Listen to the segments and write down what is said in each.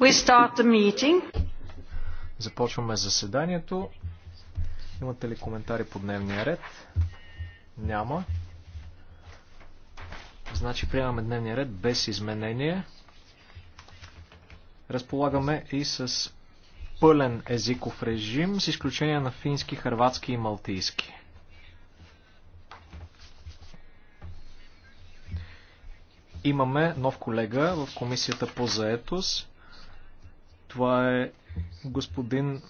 We start the meeting. Започваме заседанието. Имате ли коментари по дневния ред? Няма. Значи приемаме дневния ред без изменение. Разполагаме и с пълен езиков режим, с изключение на фински, хърватски и малтийски. Имаме нов колега в комисията по заетост. Това е господин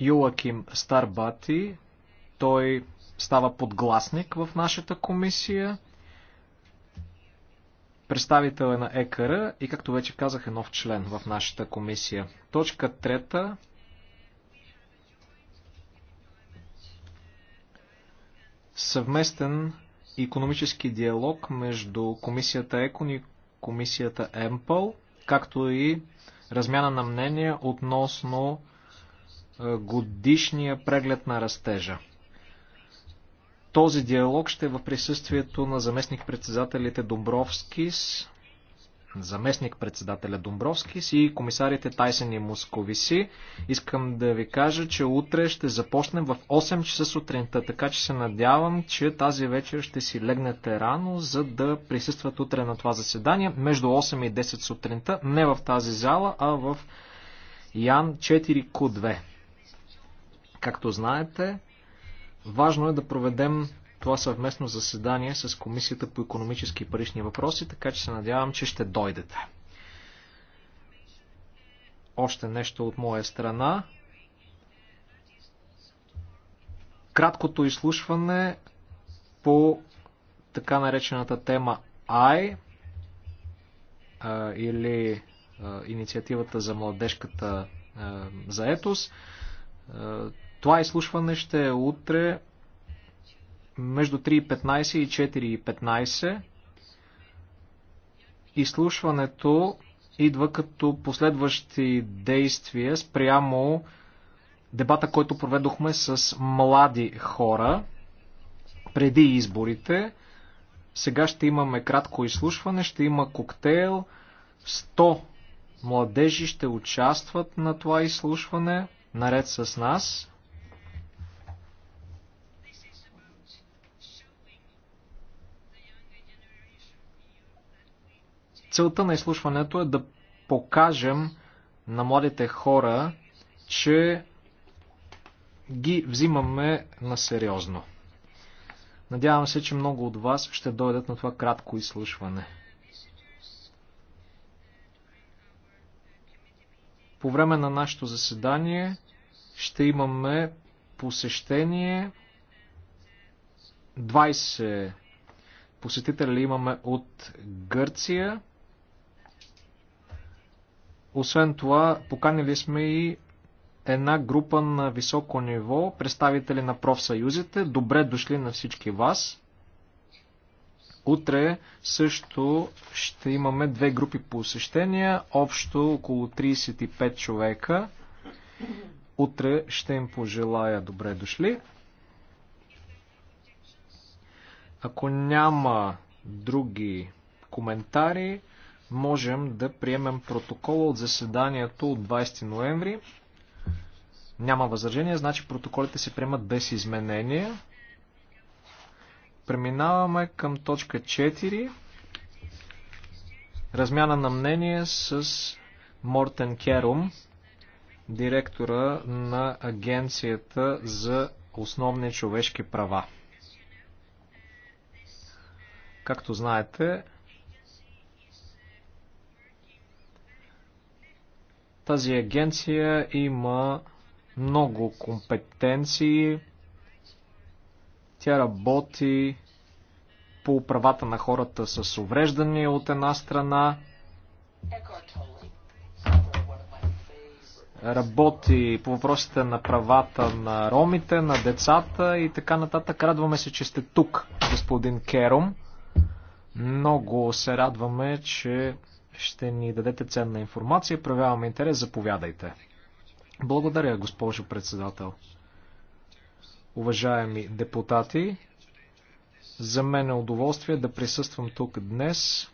Юлаким Старбати. Той става подгласник в нашата комисия. Представител е на ЕКР и, както вече казах, е нов член в нашата комисия. Точка трета съвместен економически диалог между комисията ЕКОН и комисията ЕМПЛ, както и размяна на мнения относно е, годишния преглед на растежа. Този диалог ще е в присъствието на заместник-председателите Домбровскис заместник председателя Домбровски си и комисарите Тайсен и Московиси. Искам да ви кажа, че утре ще започнем в 8 часа сутринта, така че се надявам, че тази вечер ще си легнете рано, за да присъстват утре на това заседание между 8 и 10 сутринта, не в тази зала, а в Ян 4Q2. Както знаете, важно е да проведем това съвместно заседание с Комисията по економически и парични въпроси, така че се надявам, че ще дойдете. Още нещо от моя страна. Краткото изслушване по така наречената тема I или инициативата за младежката заетост. Това изслушване ще е утре между 3.15 и 4.15. Изслушването идва като последващи действия спрямо дебата, който проведохме с млади хора преди изборите. Сега ще имаме кратко изслушване, ще има коктейл. 100 младежи ще участват на това изслушване, наред с нас. Целта на изслушването е да покажем на младите хора, че ги взимаме на сериозно. Надявам се, че много от вас ще дойдат на това кратко изслушване. По време на нашето заседание ще имаме посещение 20 посетители имаме от Гърция. Освен това, поканили сме и една група на високо ниво, представители на профсъюзите. Добре дошли на всички вас. Утре също ще имаме две групи посещения, общо около 35 човека. Утре ще им пожелая добре дошли. Ако няма други коментари, можем да приемем протокола от заседанието от 20 ноември. Няма възражение, значи протоколите се приемат без изменения. Преминаваме към точка 4. Размяна на мнение с Мортен Керум, директора на Агенцията за основни човешки права. Както знаете, Тази агенция има много компетенции. Тя работи по правата на хората с увреждания от една страна. Работи по въпросите на правата на ромите, на децата и така нататък. Радваме се, че сте тук, господин Кером. Много се радваме, че ще ни дадете ценна информация. Проявяваме интерес, заповядайте. Благодаря, госпожо председател. Уважаеми депутати, за мен е удоволствие да присъствам тук днес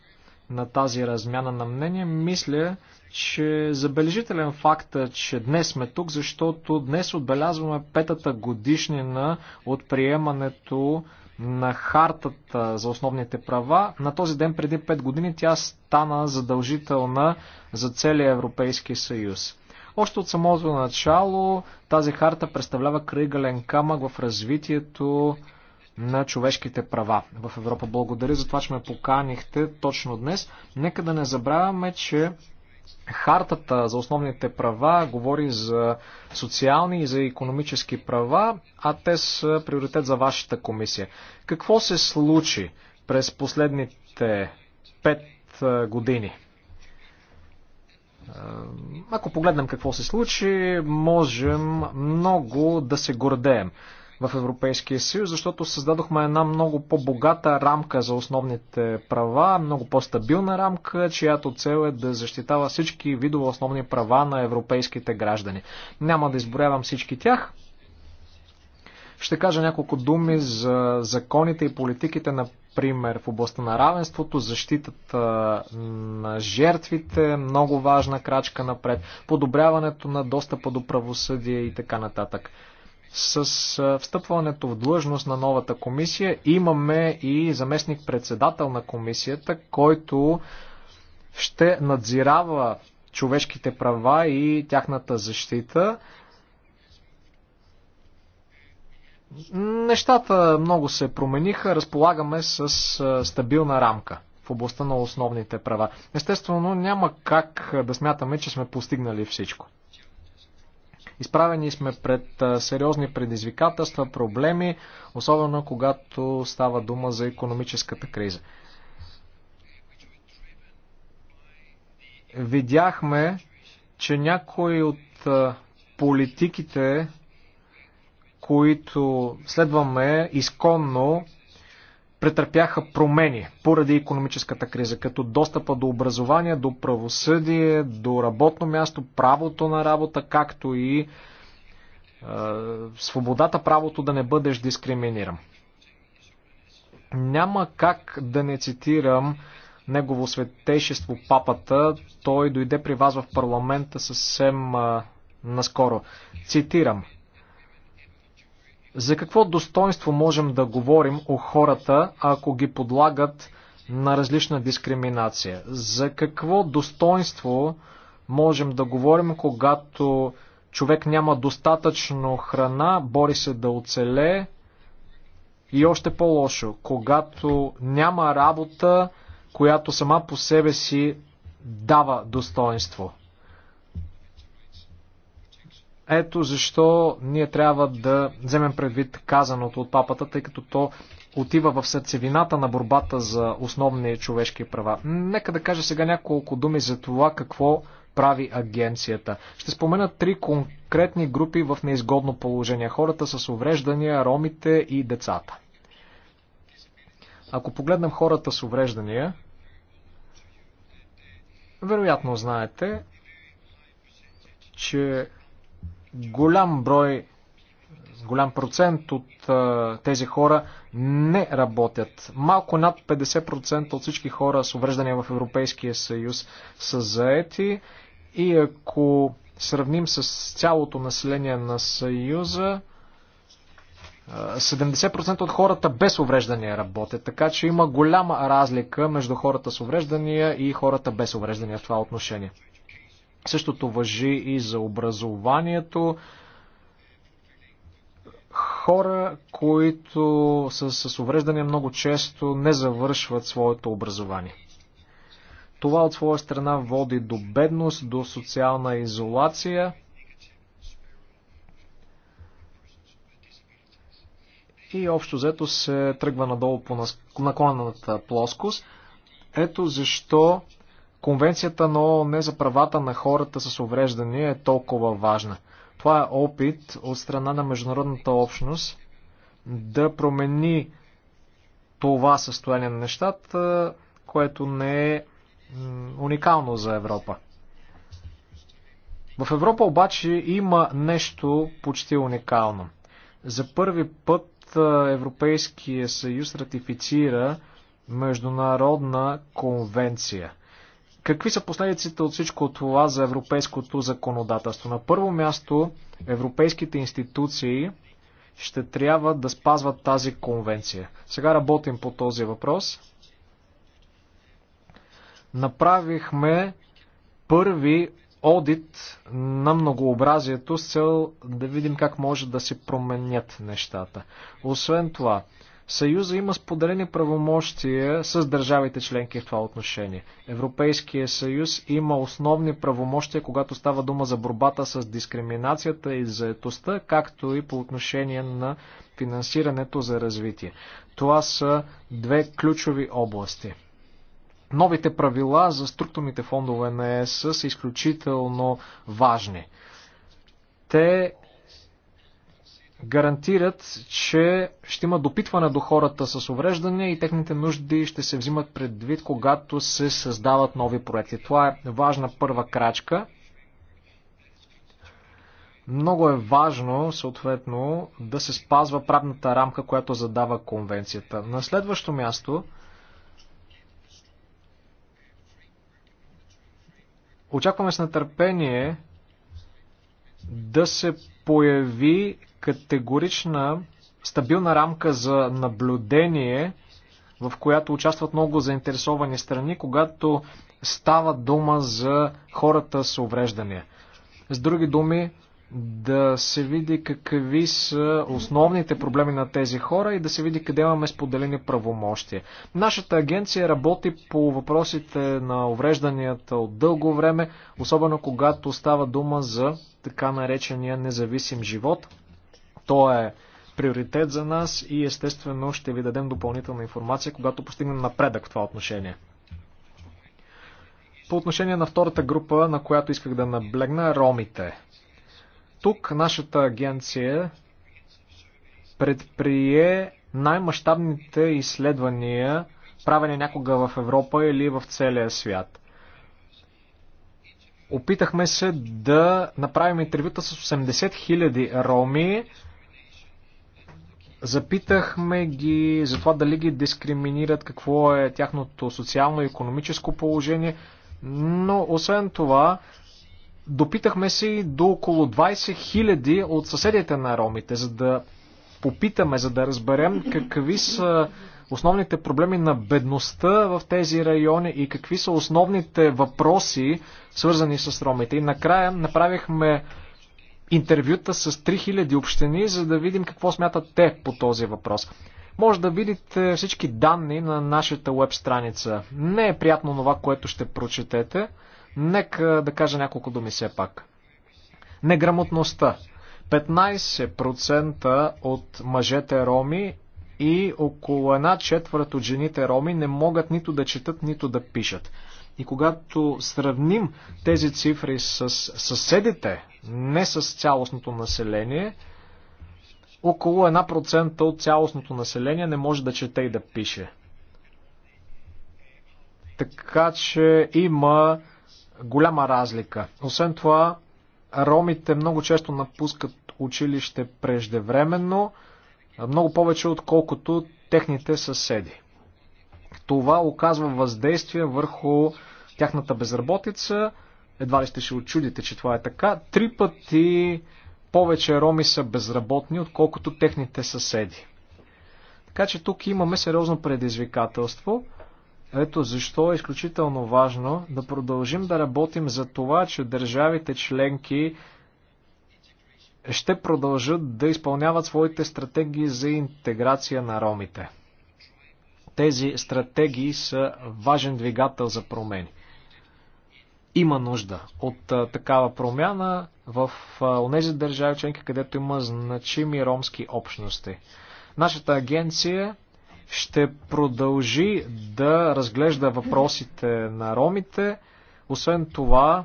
на тази размяна на мнение. Мисля, че е забележителен факт, че днес сме тук, защото днес отбелязваме петата годишнина от приемането на хартата за основните права. На този ден преди 5 години тя стана задължителна за целия Европейски съюз. Още от самото начало тази харта представлява кръгален камък в развитието на човешките права в Европа. Благодаря за това, че ме поканихте точно днес. Нека да не забравяме, че Хартата за основните права говори за социални и за економически права, а те са приоритет за вашата комисия. Какво се случи през последните пет години? Ако погледнем какво се случи, можем много да се гордеем в Европейския съюз, защото създадохме една много по-богата рамка за основните права, много по-стабилна рамка, чиято цел е да защитава всички видове основни права на европейските граждани. Няма да изброявам всички тях. Ще кажа няколко думи за законите и политиките например, в областта на равенството, защитата на жертвите, много важна крачка напред, подобряването на достъпа до правосъдие и така нататък. С встъпването в длъжност на новата комисия имаме и заместник-председател на комисията, който ще надзирава човешките права и тяхната защита. Нещата много се промениха, разполагаме с стабилна рамка в областта на основните права. Естествено, няма как да смятаме, че сме постигнали всичко. Изправени сме пред сериозни предизвикателства, проблеми, особено когато става дума за економическата криза. Видяхме, че някои от политиките, които следваме изконно, претърпяха промени поради економическата криза, като достъпа до образование, до правосъдие, до работно място, правото на работа, както и е, свободата, правото да не бъдеш дискриминиран. Няма как да не цитирам негово светейшество папата. Той дойде при вас в парламента съвсем е, наскоро. Цитирам. За какво достоинство можем да говорим о хората, ако ги подлагат на различна дискриминация? За какво достоинство можем да говорим, когато човек няма достатъчно храна, бори се да оцеле и още по-лошо, когато няма работа, която сама по себе си дава достоинство? Ето защо ние трябва да вземем предвид казаното от папата, тъй като то отива в сърцевината на борбата за основни човешки права. Нека да кажа сега няколко думи за това какво прави агенцията. Ще спомена три конкретни групи в неизгодно положение. Хората с увреждания, ромите и децата. Ако погледнем хората с увреждания, вероятно знаете, че голям брой, голям процент от тези хора не работят. Малко над 50% от всички хора с увреждания в Европейския съюз са заети и ако сравним с цялото население на съюза, 70% от хората без увреждания работят, така че има голяма разлика между хората с увреждания и хората без увреждания в това отношение. Същото въжи и за образованието. Хора, които са с увреждане много често не завършват своето образование. Това от своя страна води до бедност, до социална изолация и общо взето се тръгва надолу по наклонената плоскост. Ето защо Конвенцията на ООН за правата на хората с увреждания е толкова важна. Това е опит от страна на международната общност да промени това състояние на нещата, което не е уникално за Европа. В Европа обаче има нещо почти уникално. За първи път Европейския съюз ратифицира международна конвенция – Какви са последиците от всичко това за европейското законодателство? На първо място, европейските институции ще трябва да спазват тази конвенция. Сега работим по този въпрос. Направихме първи одит на многообразието с цел да видим как може да се променят нещата. Освен това, Съюза има споделени правомощия с държавите членки в това отношение. Европейския съюз има основни правомощия, когато става дума за борбата с дискриминацията и заетостта, както и по отношение на финансирането за развитие. Това са две ключови области. Новите правила за структурните фондове на ЕС са изключително важни. Те гарантират, че ще има допитване до хората с увреждане и техните нужди ще се взимат предвид, когато се създават нови проекти. Това е важна първа крачка. Много е важно, съответно, да се спазва правната рамка, която задава конвенцията. На следващо място, очакваме с нетърпение да се появи категорична, стабилна рамка за наблюдение, в която участват много заинтересовани страни, когато става дума за хората с увреждания. С други думи, да се види какви са основните проблеми на тези хора и да се види къде имаме споделени правомощия. Нашата агенция работи по въпросите на уврежданията от дълго време, особено когато става дума за така наречения независим живот. То е приоритет за нас и естествено ще ви дадем допълнителна информация, когато постигнем напредък в това отношение. По отношение на втората група, на която исках да наблегна, ромите. Тук нашата агенция предприе най-мащабните изследвания, правени някога в Европа или в целия свят. Опитахме се да направим интервюта с 80 000 роми, Запитахме ги за това дали ги дискриминират, какво е тяхното социално-економическо и положение, но освен това допитахме се и до около 20 000 от съседите на ромите, за да попитаме, за да разберем какви са основните проблеми на бедността в тези райони и какви са основните въпроси, свързани с ромите. И накрая направихме интервюта с 3000 общини, за да видим какво смятат те по този въпрос. Може да видите всички данни на нашата веб страница. Не е приятно това, което ще прочетете. Нека да кажа няколко думи все пак. Неграмотността. 15% от мъжете роми и около една четвърт от жените роми не могат нито да четат, нито да пишат. И когато сравним тези цифри с съседите не с цялостното население. Около 1% от цялостното население не може да чете и да пише. Така че има голяма разлика. Освен това, ромите много често напускат училище преждевременно, много повече отколкото техните съседи. Това оказва въздействие върху тяхната безработица, едва ли ще се очудите, че това е така. Три пъти повече роми са безработни, отколкото техните съседи. Така че тук имаме сериозно предизвикателство. Ето защо е изключително важно да продължим да работим за това, че държавите членки ще продължат да изпълняват своите стратегии за интеграция на ромите. Тези стратегии са важен двигател за промени има нужда от а, такава промяна в тези държави членки, където има значими ромски общности. Нашата агенция ще продължи да разглежда въпросите на ромите. Освен това,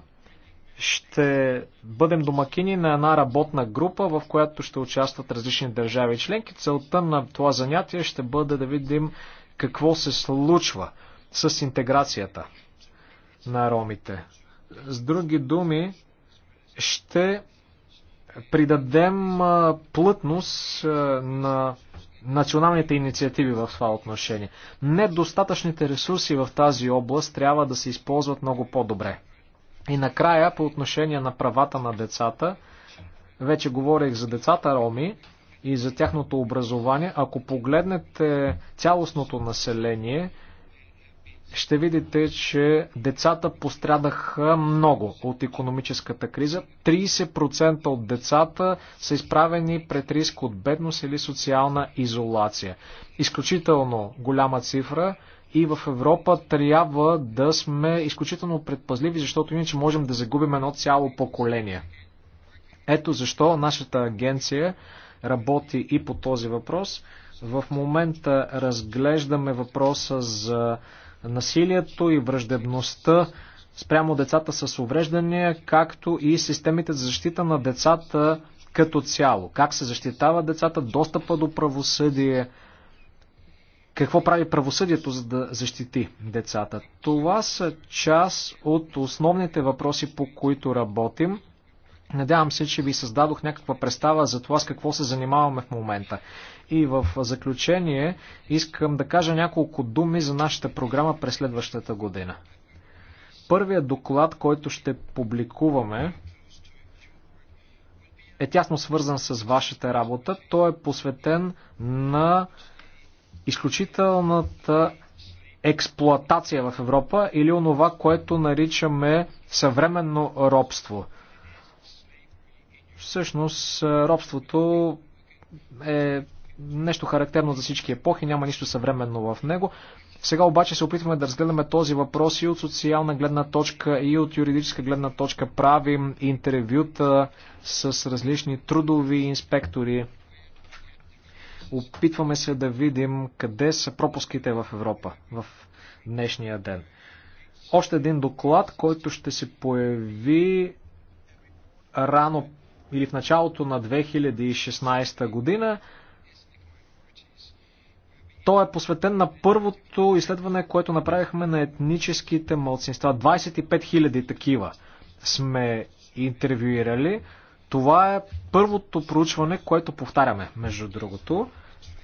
ще бъдем домакини на една работна група, в която ще участват различни държави членки. Целта на това занятие ще бъде да видим какво се случва с интеграцията на ромите. С други думи, ще придадем плътност на националните инициативи в това отношение. Недостатъчните ресурси в тази област трябва да се използват много по-добре. И накрая, по отношение на правата на децата, вече говорих за децата роми и за тяхното образование. Ако погледнете цялостното население, ще видите, че децата пострадаха много от економическата криза. 30% от децата са изправени пред риск от бедност или социална изолация. Изключително голяма цифра и в Европа трябва да сме изключително предпазливи, защото иначе можем да загубим едно цяло поколение. Ето защо нашата агенция работи и по този въпрос. В момента разглеждаме въпроса за насилието и враждебността спрямо децата с увреждания, както и системите за защита на децата като цяло. Как се защитават децата, достъпа до правосъдие, какво прави правосъдието, за да защити децата. Това са част от основните въпроси, по които работим. Надявам се, че ви създадох някаква представа за това с какво се занимаваме в момента. И в заключение искам да кажа няколко думи за нашата програма през следващата година. Първият доклад, който ще публикуваме, е тясно свързан с вашата работа. Той е посветен на изключителната експлоатация в Европа или онова, което наричаме съвременно робство. Всъщност, робството е нещо характерно за всички епохи, няма нищо съвременно в него. Сега обаче се опитваме да разгледаме този въпрос и от социална гледна точка, и от юридическа гледна точка. Правим интервюта с различни трудови инспектори. Опитваме се да видим къде са пропуските в Европа в днешния ден. Още един доклад, който ще се появи рано или в началото на 2016 година то е посветен на първото изследване, което направихме на етническите младсинства. 25 000 такива сме интервюирали. Това е първото проучване, което повтаряме, между другото.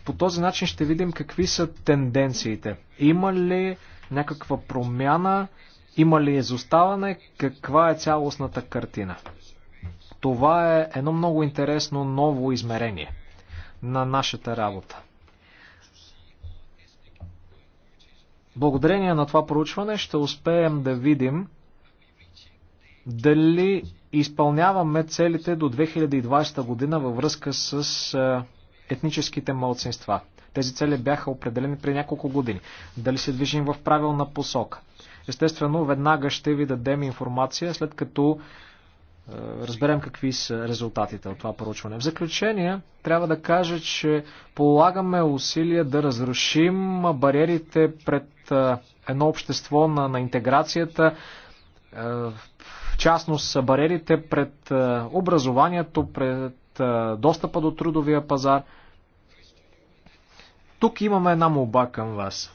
По този начин ще видим какви са тенденциите. Има ли някаква промяна, има ли изоставане, каква е цялостната картина. Това е едно много интересно ново измерение на нашата работа. Благодарение на това проучване ще успеем да видим дали изпълняваме целите до 2020 година във връзка с етническите младсинства. Тези цели бяха определени при няколко години. Дали се движим в правилна посока? Естествено, веднага ще ви дадем информация, след като е, разберем какви са резултатите от това поручване. В заключение, трябва да кажа, че полагаме усилия да разрушим бариерите пред едно общество на, на интеграцията, в частност барерите пред образованието, пред достъпа до трудовия пазар. Тук имаме една молба към вас.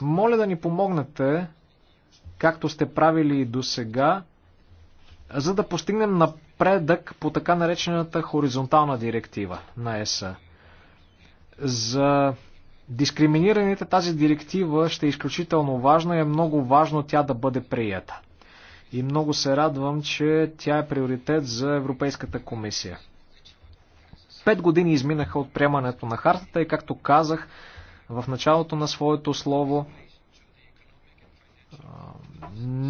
Моля да ни помогнете, както сте правили и до сега, за да постигнем напредък по така наречената хоризонтална директива на ЕСА за Дискриминираните тази директива ще е изключително важна и е много важно тя да бъде приета. И много се радвам, че тя е приоритет за Европейската комисия. Пет години изминаха от приемането на хартата и, както казах, в началото на своето слово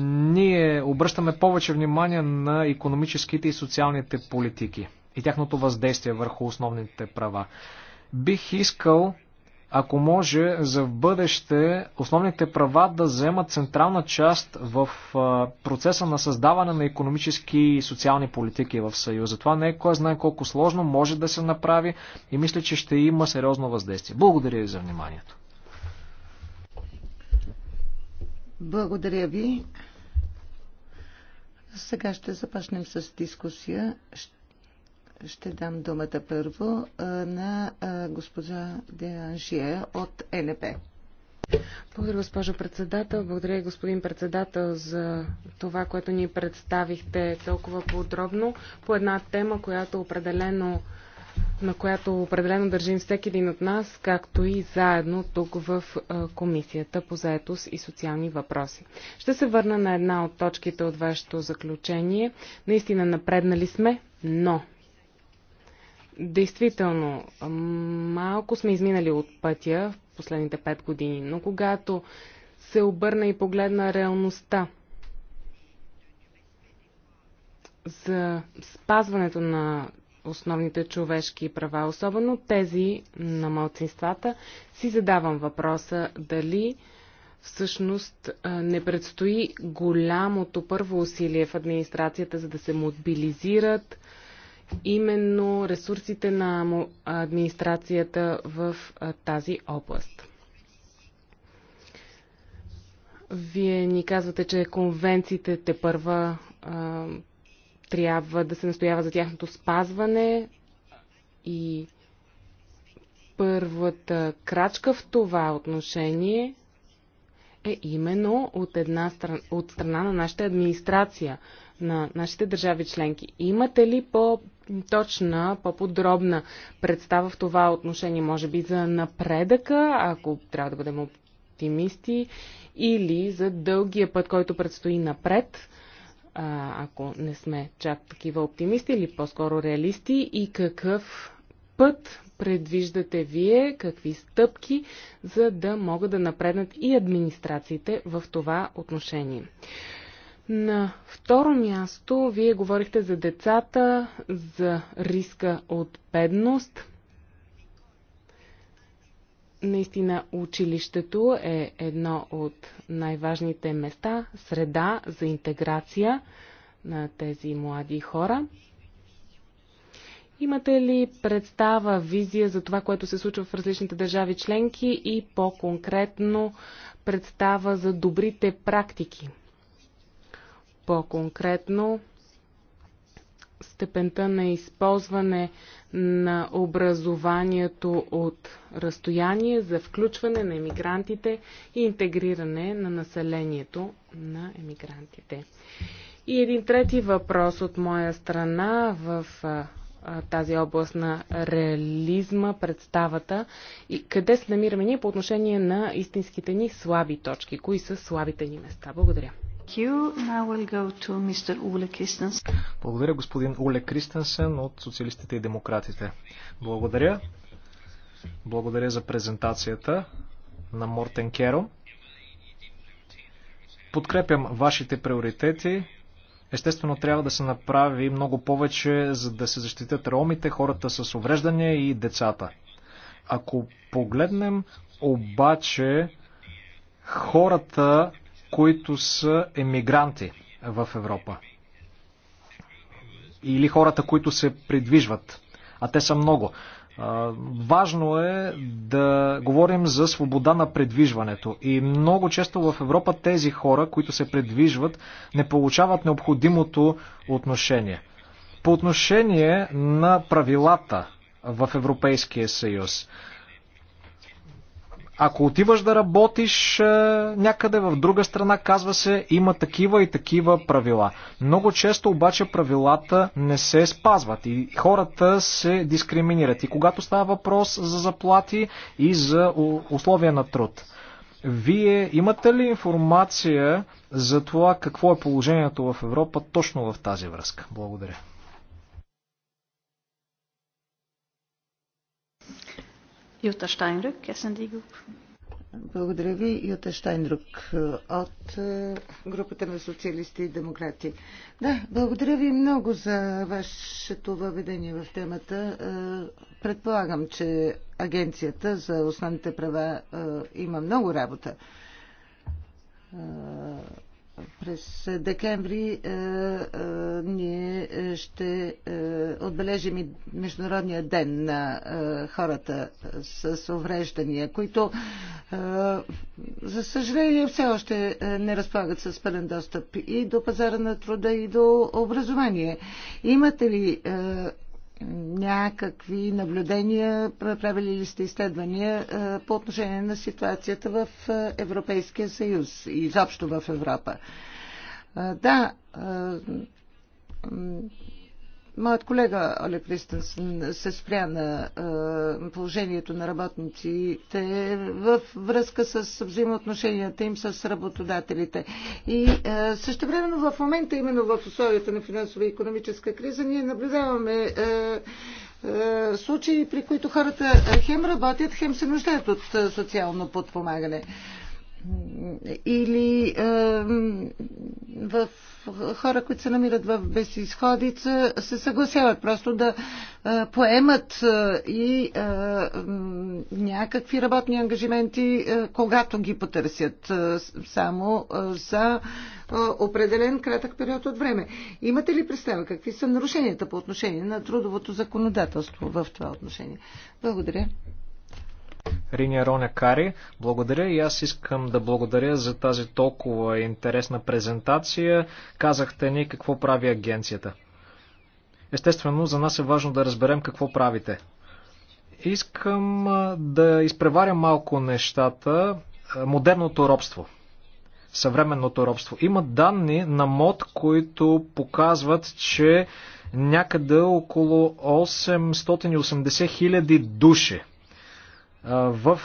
ние обръщаме повече внимание на економическите и социалните политики и тяхното въздействие върху основните права. Бих искал ако може за в бъдеще основните права да вземат централна част в процеса на създаване на економически и социални политики в Съюза. Това не е кой знае колко сложно, може да се направи и мисля, че ще има сериозно въздействие. Благодаря ви за вниманието. Благодаря ви. Сега ще започнем с дискусия. Ще ще дам думата първо на госпожа Деанжие от НП. Благодаря, госпожо председател. Благодаря, господин председател, за това, което ни представихте толкова подробно по една тема, която определено на която определено държим всеки един от нас, както и заедно тук в Комисията по заетост и социални въпроси. Ще се върна на една от точките от вашето заключение. Наистина напреднали сме, но Действително, малко сме изминали от пътя в последните пет години, но когато се обърна и погледна реалността за спазването на основните човешки права, особено тези на малцинствата, си задавам въпроса дали всъщност не предстои голямото първо усилие в администрацията, за да се мобилизират именно ресурсите на администрацията в тази област. Вие ни казвате, че конвенциите те първа а, трябва да се настоява за тяхното спазване и първата крачка в това отношение е именно от, една страна, от страна на нашата администрация, на нашите държави членки. Имате ли по по-точна, по-подробна представа в това отношение, може би за напредъка, ако трябва да бъдем оптимисти, или за дългия път, който предстои напред, ако не сме чак такива оптимисти или по-скоро реалисти, и какъв път предвиждате вие, какви стъпки, за да могат да напреднат и администрациите в това отношение. На второ място, вие говорихте за децата, за риска от бедност. Наистина, училището е едно от най-важните места, среда за интеграция на тези млади хора. Имате ли представа, визия за това, което се случва в различните държави членки и по-конкретно представа за добрите практики? По-конкретно, степента на използване на образованието от разстояние за включване на емигрантите и интегриране на населението на емигрантите. И един трети въпрос от моя страна в тази област на реализма, представата и къде се намираме ние по отношение на истинските ни слаби точки. Кои са слабите ни места? Благодаря. Благодаря, господин Оле Кристенсен от Социалистите и Демократите. Благодаря. Благодаря за презентацията на Мортен Керо. Подкрепям вашите приоритети. Естествено, трябва да се направи много повече, за да се защитят ромите, хората с увреждания и децата. Ако погледнем обаче хората които са емигранти в Европа. Или хората, които се придвижват. А те са много. Важно е да говорим за свобода на предвижването. И много често в Европа тези хора, които се предвижват, не получават необходимото отношение. По отношение на правилата в Европейския съюз. Ако отиваш да работиш е, някъде в друга страна, казва се, има такива и такива правила. Много често обаче правилата не се спазват и хората се дискриминират. И когато става въпрос за заплати и за условия на труд. Вие имате ли информация за това какво е положението в Европа точно в тази връзка? Благодаря. Юта Штайнрук, СНД Груп. Благодаря ви, Юта Штайнрук от е, групата на социалисти и демократи. Да, благодаря ви много за вашето въведение в темата. Е, предполагам, че Агенцията за основните права е, има много работа през декември е, е, ние е, ще е, отбележим и Международния ден на е, хората с увреждания, които, е, за съжаление, все още е, не разполагат с пълен достъп и до пазара на труда, и до образование. Имате ли е, някакви наблюдения, правили ли сте изследвания е, по отношение на ситуацията в е, Европейския съюз и изобщо в Европа? Е, да, Моят колега Оле Кристенсен се спря на положението на работниците в връзка с взаимоотношенията им с работодателите. И също времено в момента, именно в условията на финансова и економическа криза, ние наблюдаваме случаи, при които хората хем работят, хем се нуждаят от социално подпомагане или е, в хора, които се намират в безисходица, се съгласяват просто да е, поемат е, и е, някакви работни ангажименти, е, когато ги потърсят е, само е, за е, определен кратък период от време. Имате ли представа какви са нарушенията по отношение на трудовото законодателство в това отношение? Благодаря. Риня Роня Кари. Благодаря и аз искам да благодаря за тази толкова интересна презентация. Казахте ни какво прави агенцията. Естествено, за нас е важно да разберем какво правите. Искам да изпреваря малко нещата. Модерното робство съвременното робство. Има данни на МОД, които показват, че някъде около 880 хиляди души в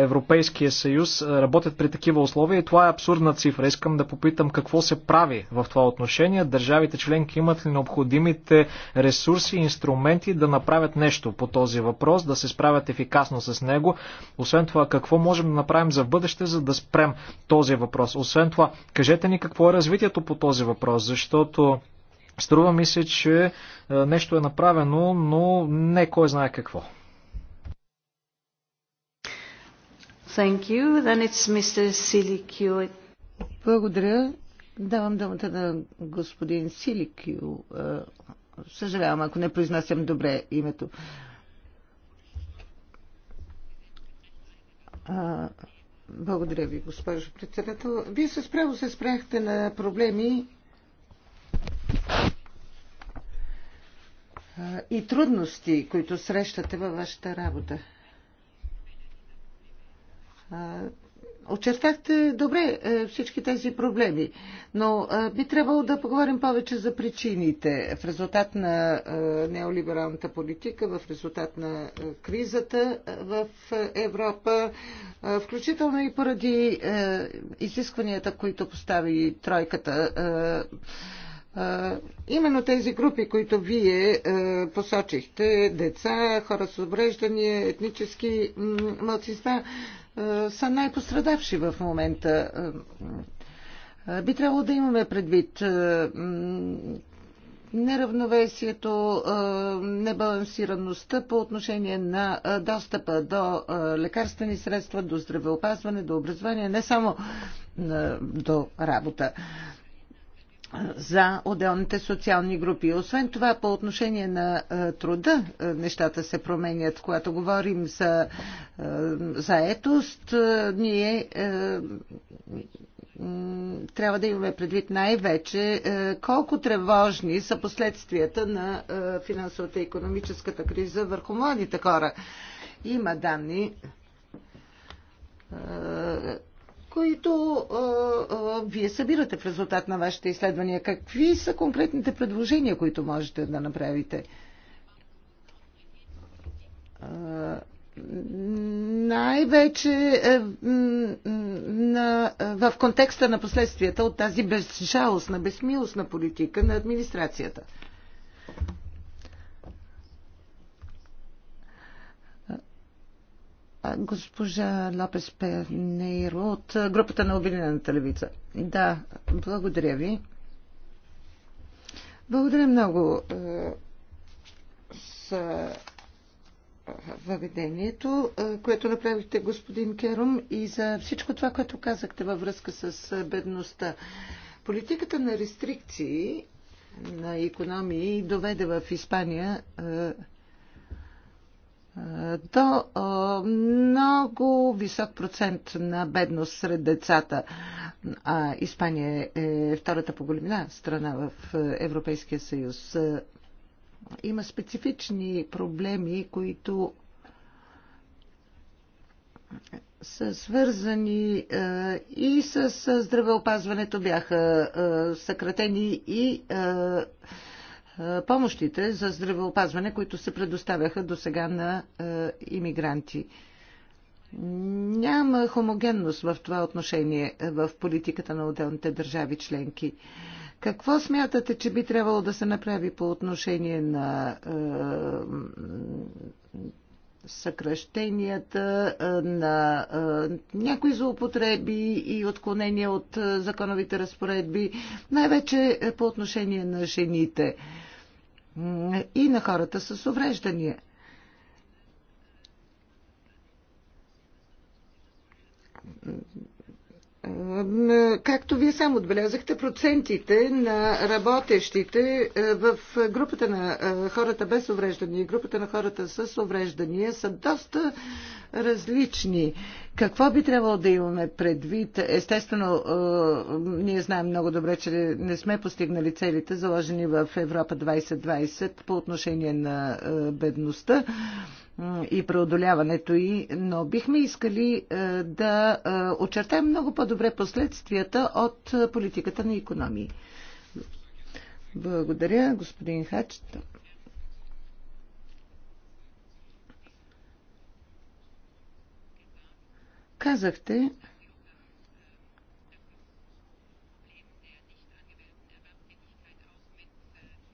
Европейския съюз работят при такива условия и това е абсурдна цифра. Искам да попитам какво се прави в това отношение. Държавите членки имат ли необходимите ресурси и инструменти да направят нещо по този въпрос, да се справят ефикасно с него. Освен това, какво можем да направим за бъдеще, за да спрем този въпрос. Освен това, кажете ни какво е развитието по този въпрос, защото струва ми се, че нещо е направено, но не кой знае какво. Thank you. Then it's Mr. Благодаря. Давам думата на господин Силикю. Е, съжалявам, ако не произнасям добре името. Благодаря ви, госпожо председател. Вие се справо се спряхте на проблеми и трудности, които срещате във вашата работа. Очертахте добре е, всички тези проблеми, но е, би трябвало да поговорим повече за причините в резултат на е, неолибералната политика, в резултат на кризата в Европа, включително и поради изискванията, които постави тройката Именно тези групи, които вие посочихте, деца, хора с обреждания, етнически младсинства, са най-пострадавши в момента. Би трябвало да имаме предвид неравновесието, небалансираността по отношение на достъпа до лекарствени средства, до здравеопазване, до образование, не само до работа за отделните социални групи. Освен това, по отношение на е, труда, е, нещата се променят. Когато говорим за е, заетост, ние трябва да имаме предвид най-вече колко тревожни са последствията на финансовата и економическата криза върху младите хора. Има данни които а, а, вие събирате в резултат на вашите изследвания. Какви са конкретните предложения, които можете да направите? най-вече е, в контекста на последствията от тази безжалостна, безмилостна политика на администрацията. Госпожа Лапес Пернейро от групата на Обединената левица. Да, благодаря ви. Благодаря много за въведението, което направихте, господин Керум, и за всичко това, което казахте във връзка с бедността. Политиката на рестрикции на економии доведе в Испания до много висок процент на бедност сред децата. А Испания е втората по големина страна в Европейския съюз. Има специфични проблеми, които са свързани и с здравеопазването бяха съкратени и е, помощите за здравеопазване, които се предоставяха до сега на е, иммигранти. Няма хомогенност в това отношение е, в политиката на отделните държави членки. Какво смятате, че би трябвало да се направи по отношение на е, съкръщенията, на е, някои злоупотреби и отклонения от законовите разпоредби, най-вече по отношение на жените? Е, и на хората с увреждания. Както вие сам отбелязахте, процентите на работещите е, в групата на е, хората без увреждания и групата на хората с увреждания са доста различни. Какво би трябвало да имаме предвид? Естествено, е, ние знаем много добре, че не сме постигнали целите, заложени в Европа 2020 по отношение на бедността и преодоляването й, но бихме искали е, да е, очертаем много по-добре последствията от е, политиката на економии. Благодаря, господин Хач. Казахте,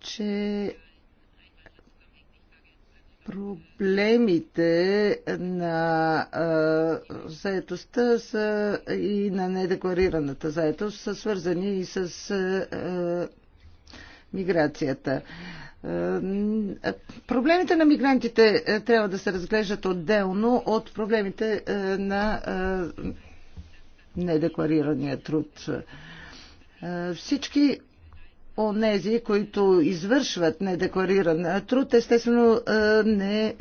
че Проблемите на а, заетостта са и на недекларираната заетост са свързани и с а, миграцията. Проблемите на мигрантите трябва да се разглеждат отделно от проблемите на недекларирания труд. Всички онези, които извършват недеклариран труд, естествено е, не е,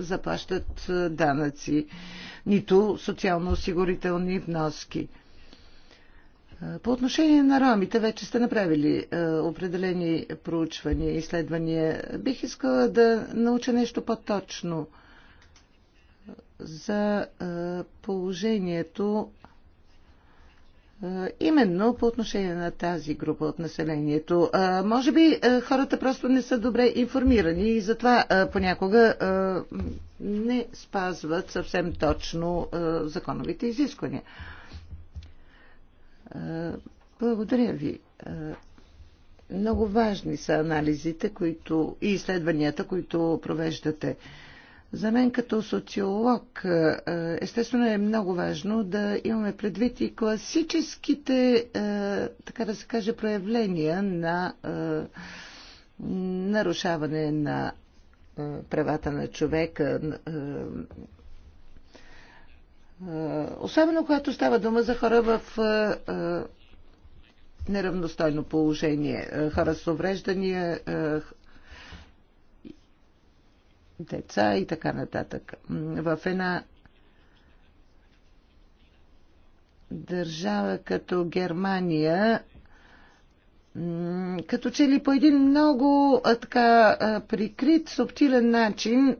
заплащат е, данъци, нито социално-осигурителни вноски. По отношение на ромите, вече сте направили определени проучвания и изследвания. Бих искала да науча нещо по-точно за положението Именно по отношение на тази група от населението. Може би хората просто не са добре информирани и затова понякога не спазват съвсем точно законовите изисквания. Благодаря ви. Много важни са анализите които, и изследванията, които провеждате. За мен като социолог е, естествено е много важно да имаме предвид и класическите, е, така да се каже, проявления на е, нарушаване на правата на човека, особено когато става дума за хора в неравностойно положение, хора с увреждания, деца и така нататък. В една държава като Германия, като че ли по един много така прикрит, субтилен начин,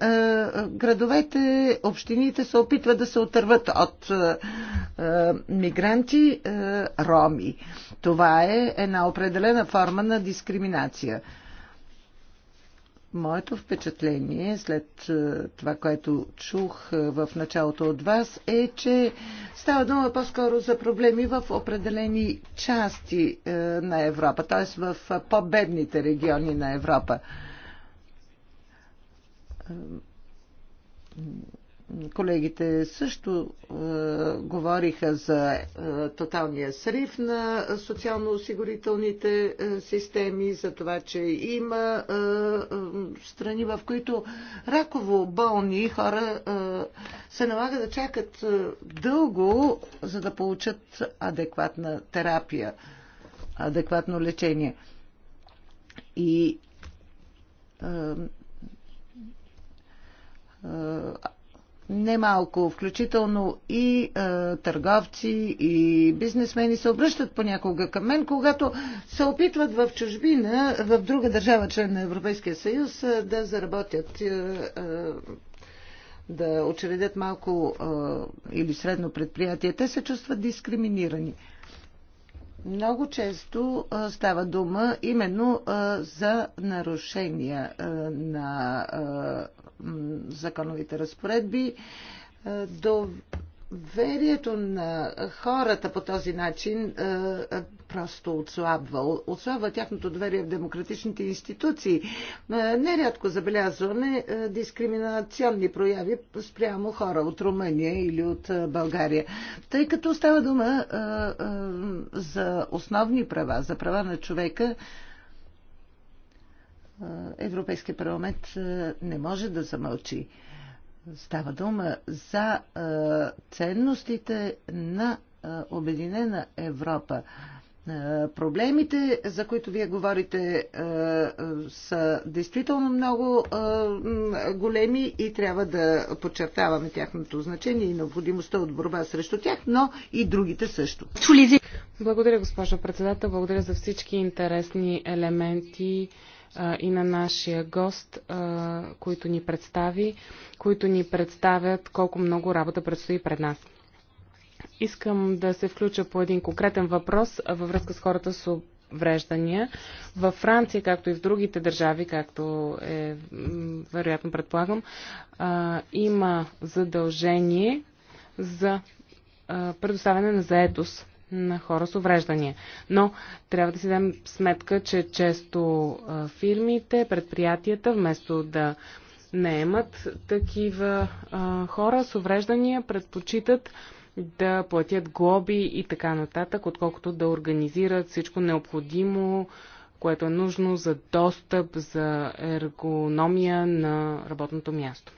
градовете, общините се опитват да се отърват от мигранти, роми. Това е една определена форма на дискриминация. Моето впечатление след е, това, което чух е, в началото от вас, е, че става дума по-скоро за проблеми в определени части е, на Европа, т.е. в по-бедните региони на Европа Колегите също е, говориха за е, тоталния срив на социално-осигурителните е, системи, за това, че има е, е, страни, в които раково болни хора е, се налага да чакат е, дълго, за да получат адекватна терапия, адекватно лечение. И е, е, немалко, включително и е, търговци, и бизнесмени се обръщат понякога към мен, когато се опитват в чужбина, в друга държава, член на Европейския съюз, е, да заработят. Е, е, да учредят малко а, е, или средно предприятие, те се чувстват дискриминирани. Много често става дума именно за нарушения на законовите разпоредби до Верието на хората по този начин е, е, просто отслабва. Отслабва тяхното доверие в демократичните институции. Е, нерядко забелязваме дискриминационни прояви спрямо хора от Румъния или от България. Тъй като става дума за основни права, за права на човека, Европейския парламент не може да замълчи. Става дума за ценностите на Обединена Европа. Проблемите, за които вие говорите, са действително много големи и трябва да подчертаваме тяхното значение и необходимостта от борба срещу тях, но и другите също. Благодаря, госпожо председател. Благодаря за всички интересни елементи и на нашия гост, които ни представи, които ни представят колко много работа предстои пред нас. Искам да се включа по един конкретен въпрос във връзка с хората с увреждания. Във Франция, както и в другите държави, както е, вероятно предполагам, има задължение за предоставяне на заетост на хора с увреждания. Но трябва да си дадем сметка, че често фирмите, предприятията, вместо да наемат такива а, хора с увреждания, предпочитат да платят глоби и така нататък, отколкото да организират всичко необходимо, което е нужно за достъп, за ергономия на работното място.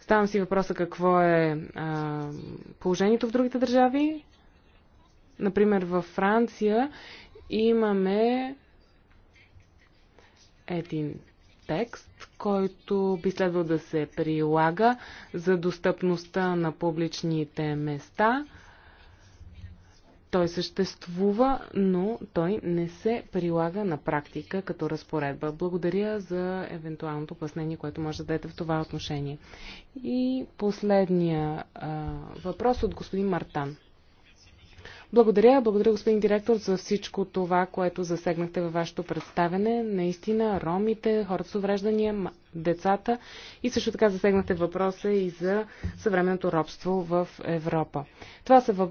Ставам си въпроса какво е а, положението в другите държави. Например, във Франция имаме един текст, който би следвал да се прилага за достъпността на публичните места. Той съществува, но той не се прилага на практика като разпоредба. Благодаря за евентуалното пояснение, което може да дадете в това отношение. И последния а, въпрос от господин Мартан. Благодаря, благодаря господин директор за всичко това, което засегнахте във вашето представене. Наистина, ромите, хората с увреждания, децата и също така засегнахте въпроса и за съвременното робство в Европа. Това са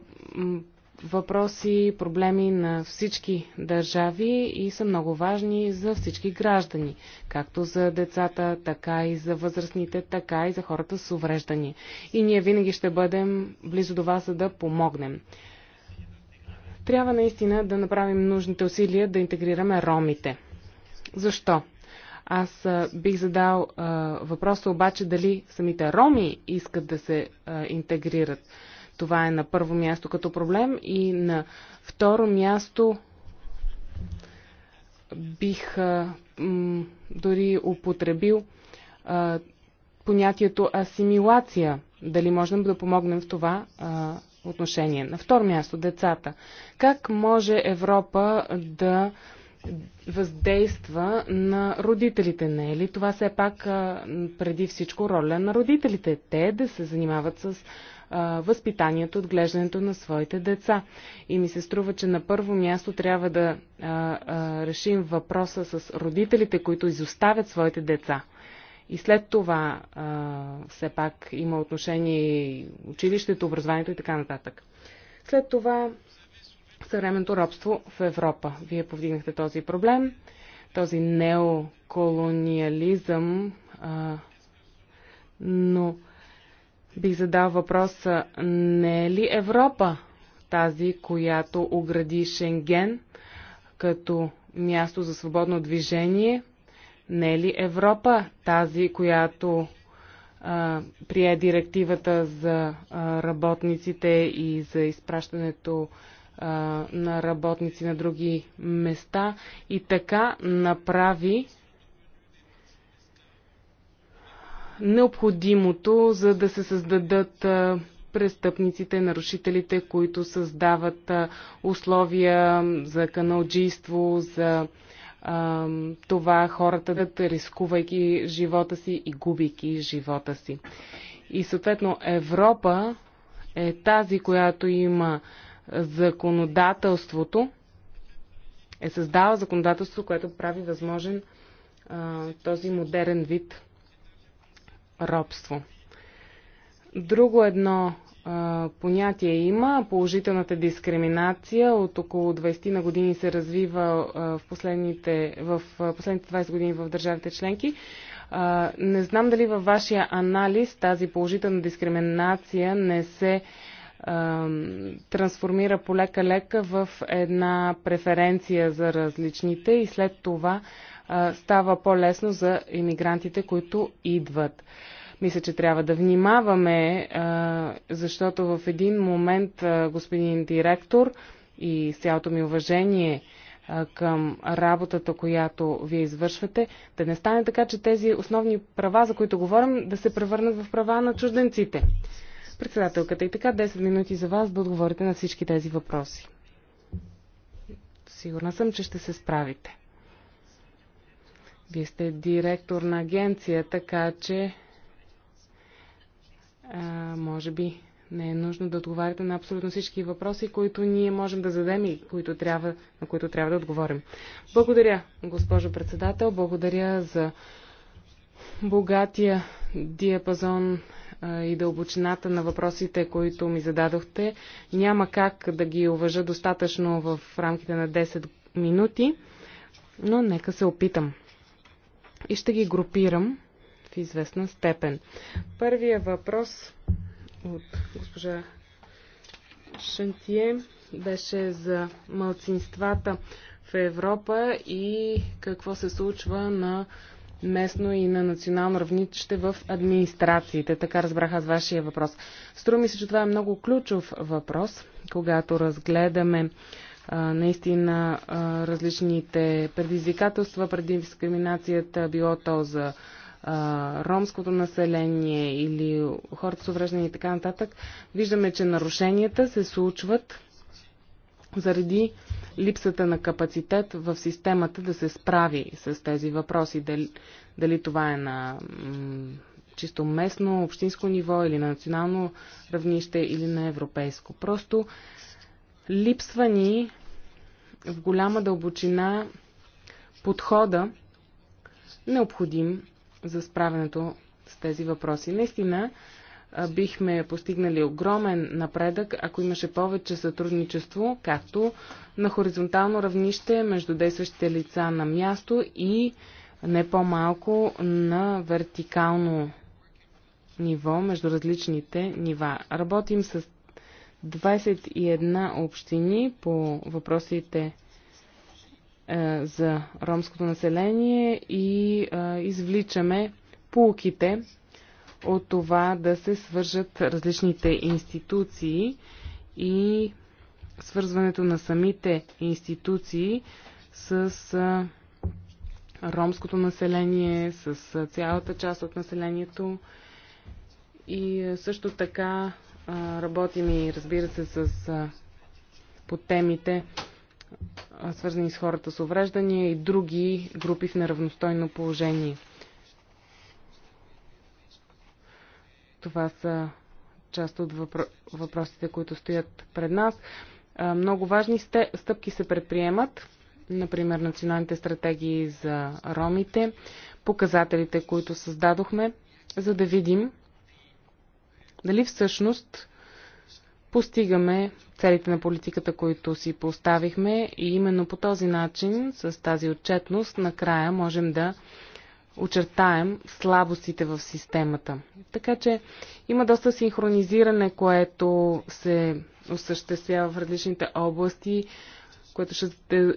въпроси, проблеми на всички държави и са много важни за всички граждани, както за децата, така и за възрастните, така и за хората с увреждания. И ние винаги ще бъдем близо до вас, за да помогнем. Трябва наистина да направим нужните усилия да интегрираме ромите. Защо? Аз бих задал а, въпроса обаче дали самите роми искат да се а, интегрират. Това е на първо място като проблем и на второ място бих а, м, дори употребил а, понятието асимилация. Дали можем да помогнем в това а, отношение. На второ място, децата. Как може Европа да въздейства на родителите? Не е ли това все пак преди всичко роля на родителите? Те да се занимават с възпитанието, отглеждането на своите деца. И ми се струва, че на първо място трябва да а, а, решим въпроса с родителите, които изоставят своите деца. И след това а, все пак има отношение училището, образованието и така нататък. След това съвременното робство в Европа. Вие повдигнахте този проблем, този неоколониализъм, а, но бих задал въпроса, не е ли Европа тази, която огради Шенген като място за свободно движение – не е ли Европа тази, която а, прие директивата за а, работниците и за изпращането а, на работници на други места и така направи необходимото, за да се създадат а, престъпниците, нарушителите, които създават а, условия за каналджийство, за а, това хората да рискувайки живота си и губики живота си. И съответно Европа е тази, която има законодателството, е създала законодателство, което прави възможен а, този модерен вид робство. Друго едно понятие има. Положителната дискриминация от около 20 на години се развива в последните, в последните 20 години в държавите членки. Не знам дали във вашия анализ тази положителна дискриминация не се трансформира полека-лека в една преференция за различните и след това става по-лесно за иммигрантите, които идват. Мисля, че трябва да внимаваме, защото в един момент, господин директор, и с цялото ми уважение към работата, която вие извършвате, да не стане така, че тези основни права, за които говорим, да се превърнат в права на чужденците. Председателката и така 10 минути за вас да отговорите на всички тези въпроси. Сигурна съм, че ще се справите. Вие сте директор на агенция, така че а, може би не е нужно да отговаряте на абсолютно всички въпроси, които ние можем да зададем и които трябва, на които трябва да отговорим. Благодаря, госпожо председател. Благодаря за богатия диапазон и дълбочината на въпросите, които ми зададохте. Няма как да ги уважа достатъчно в рамките на 10 минути, но нека се опитам. И ще ги групирам в известна степен. Първия въпрос от госпожа Шантие беше за малцинствата в Европа и какво се случва на местно и на национално равнище в администрациите. Така разбрах аз вашия въпрос. Струми се, че това е много ключов въпрос, когато разгледаме а, наистина а, различните предизвикателства преди дискриминацията, било то за а, ромското население или хората с увреждане и така нататък, виждаме, че нарушенията се случват заради липсата на капацитет в системата да се справи с тези въпроси. Дали, дали това е на чисто местно, общинско ниво или на национално равнище или на европейско. Просто липсва ни в голяма дълбочина подхода необходим за справянето с тези въпроси. Наистина, бихме постигнали огромен напредък, ако имаше повече сътрудничество, както на хоризонтално равнище между действащите лица на място и не по-малко на вертикално ниво между различните нива. Работим с 21 общини по въпросите е, за ромското население и е, извличаме полуките от това да се свържат различните институции и свързването на самите институции с е, ромското население, с цялата част от населението. И също така работим и, разбира се, с, по темите свързани с хората с увреждания и други групи в неравностойно положение. Това са част от въпро... въпросите, които стоят пред нас. Много важни стъпки се предприемат, например националните стратегии за ромите, показателите, които създадохме, за да видим дали всъщност постигаме целите на политиката, които си поставихме и именно по този начин, с тази отчетност, накрая можем да очертаем слабостите в системата. Така че има доста синхронизиране, което се осъществява в различните области, което ще,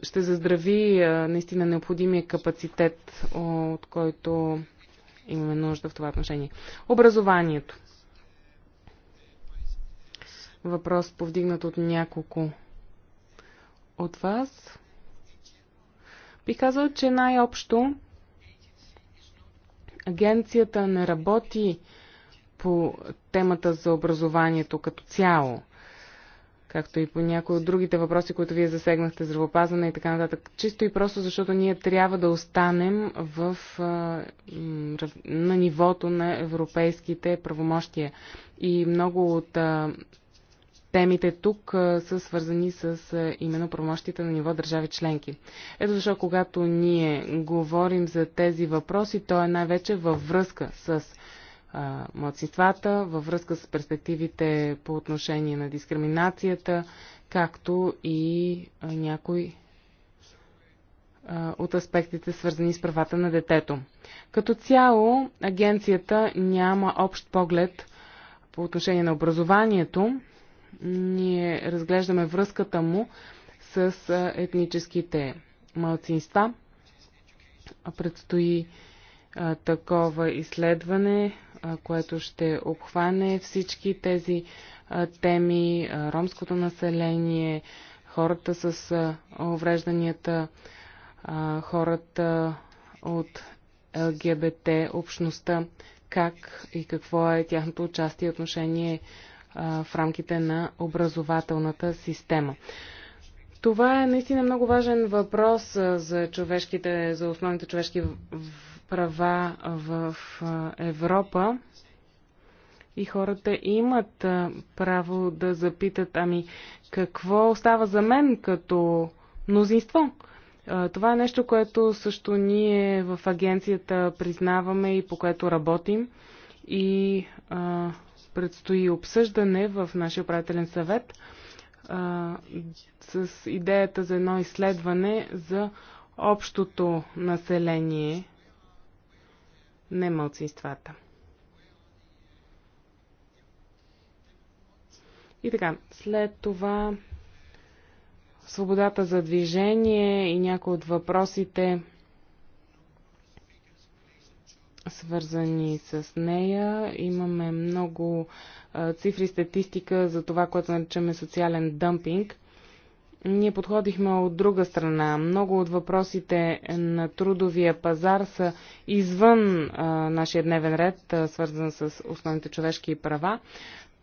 ще заздрави наистина необходимия капацитет, от който имаме нужда в това отношение. Образованието въпрос, повдигнат от няколко от вас. Би казал, че най-общо агенцията не работи по темата за образованието като цяло, както и по някои от другите въпроси, които вие засегнахте, здравопазване и така нататък. Чисто и просто, защото ние трябва да останем в, на нивото на европейските правомощия. И много от темите тук са свързани с именно промощите на ниво държави членки. Ето защо, когато ние говорим за тези въпроси, то е най-вече във връзка с младсинствата, във връзка с перспективите по отношение на дискриминацията, както и някои от аспектите, свързани с правата на детето. Като цяло, агенцията няма общ поглед по отношение на образованието, ние разглеждаме връзката му с етническите малцинства. Предстои а, такова изследване, а, което ще обхване всички тези а, теми, ромското население, хората с уврежданията, хората от ЛГБТ общността, как и какво е тяхното участие и отношение в рамките на образователната система. Това е наистина много важен въпрос за, човешките, за основните човешки права в Европа. И хората имат право да запитат, ами какво остава за мен като мнозинство? Това е нещо, което също ние в агенцията признаваме и по което работим. И а, предстои обсъждане в нашия управителен съвет а, с идеята за едно изследване за общото население, не мълцинствата. И така, след това свободата за движение и някои от въпросите, свързани с нея. Имаме много цифри, статистика за това, което наричаме социален дъмпинг. Ние подходихме от друга страна. Много от въпросите на трудовия пазар са извън а, нашия дневен ред, а, свързан с основните човешки права,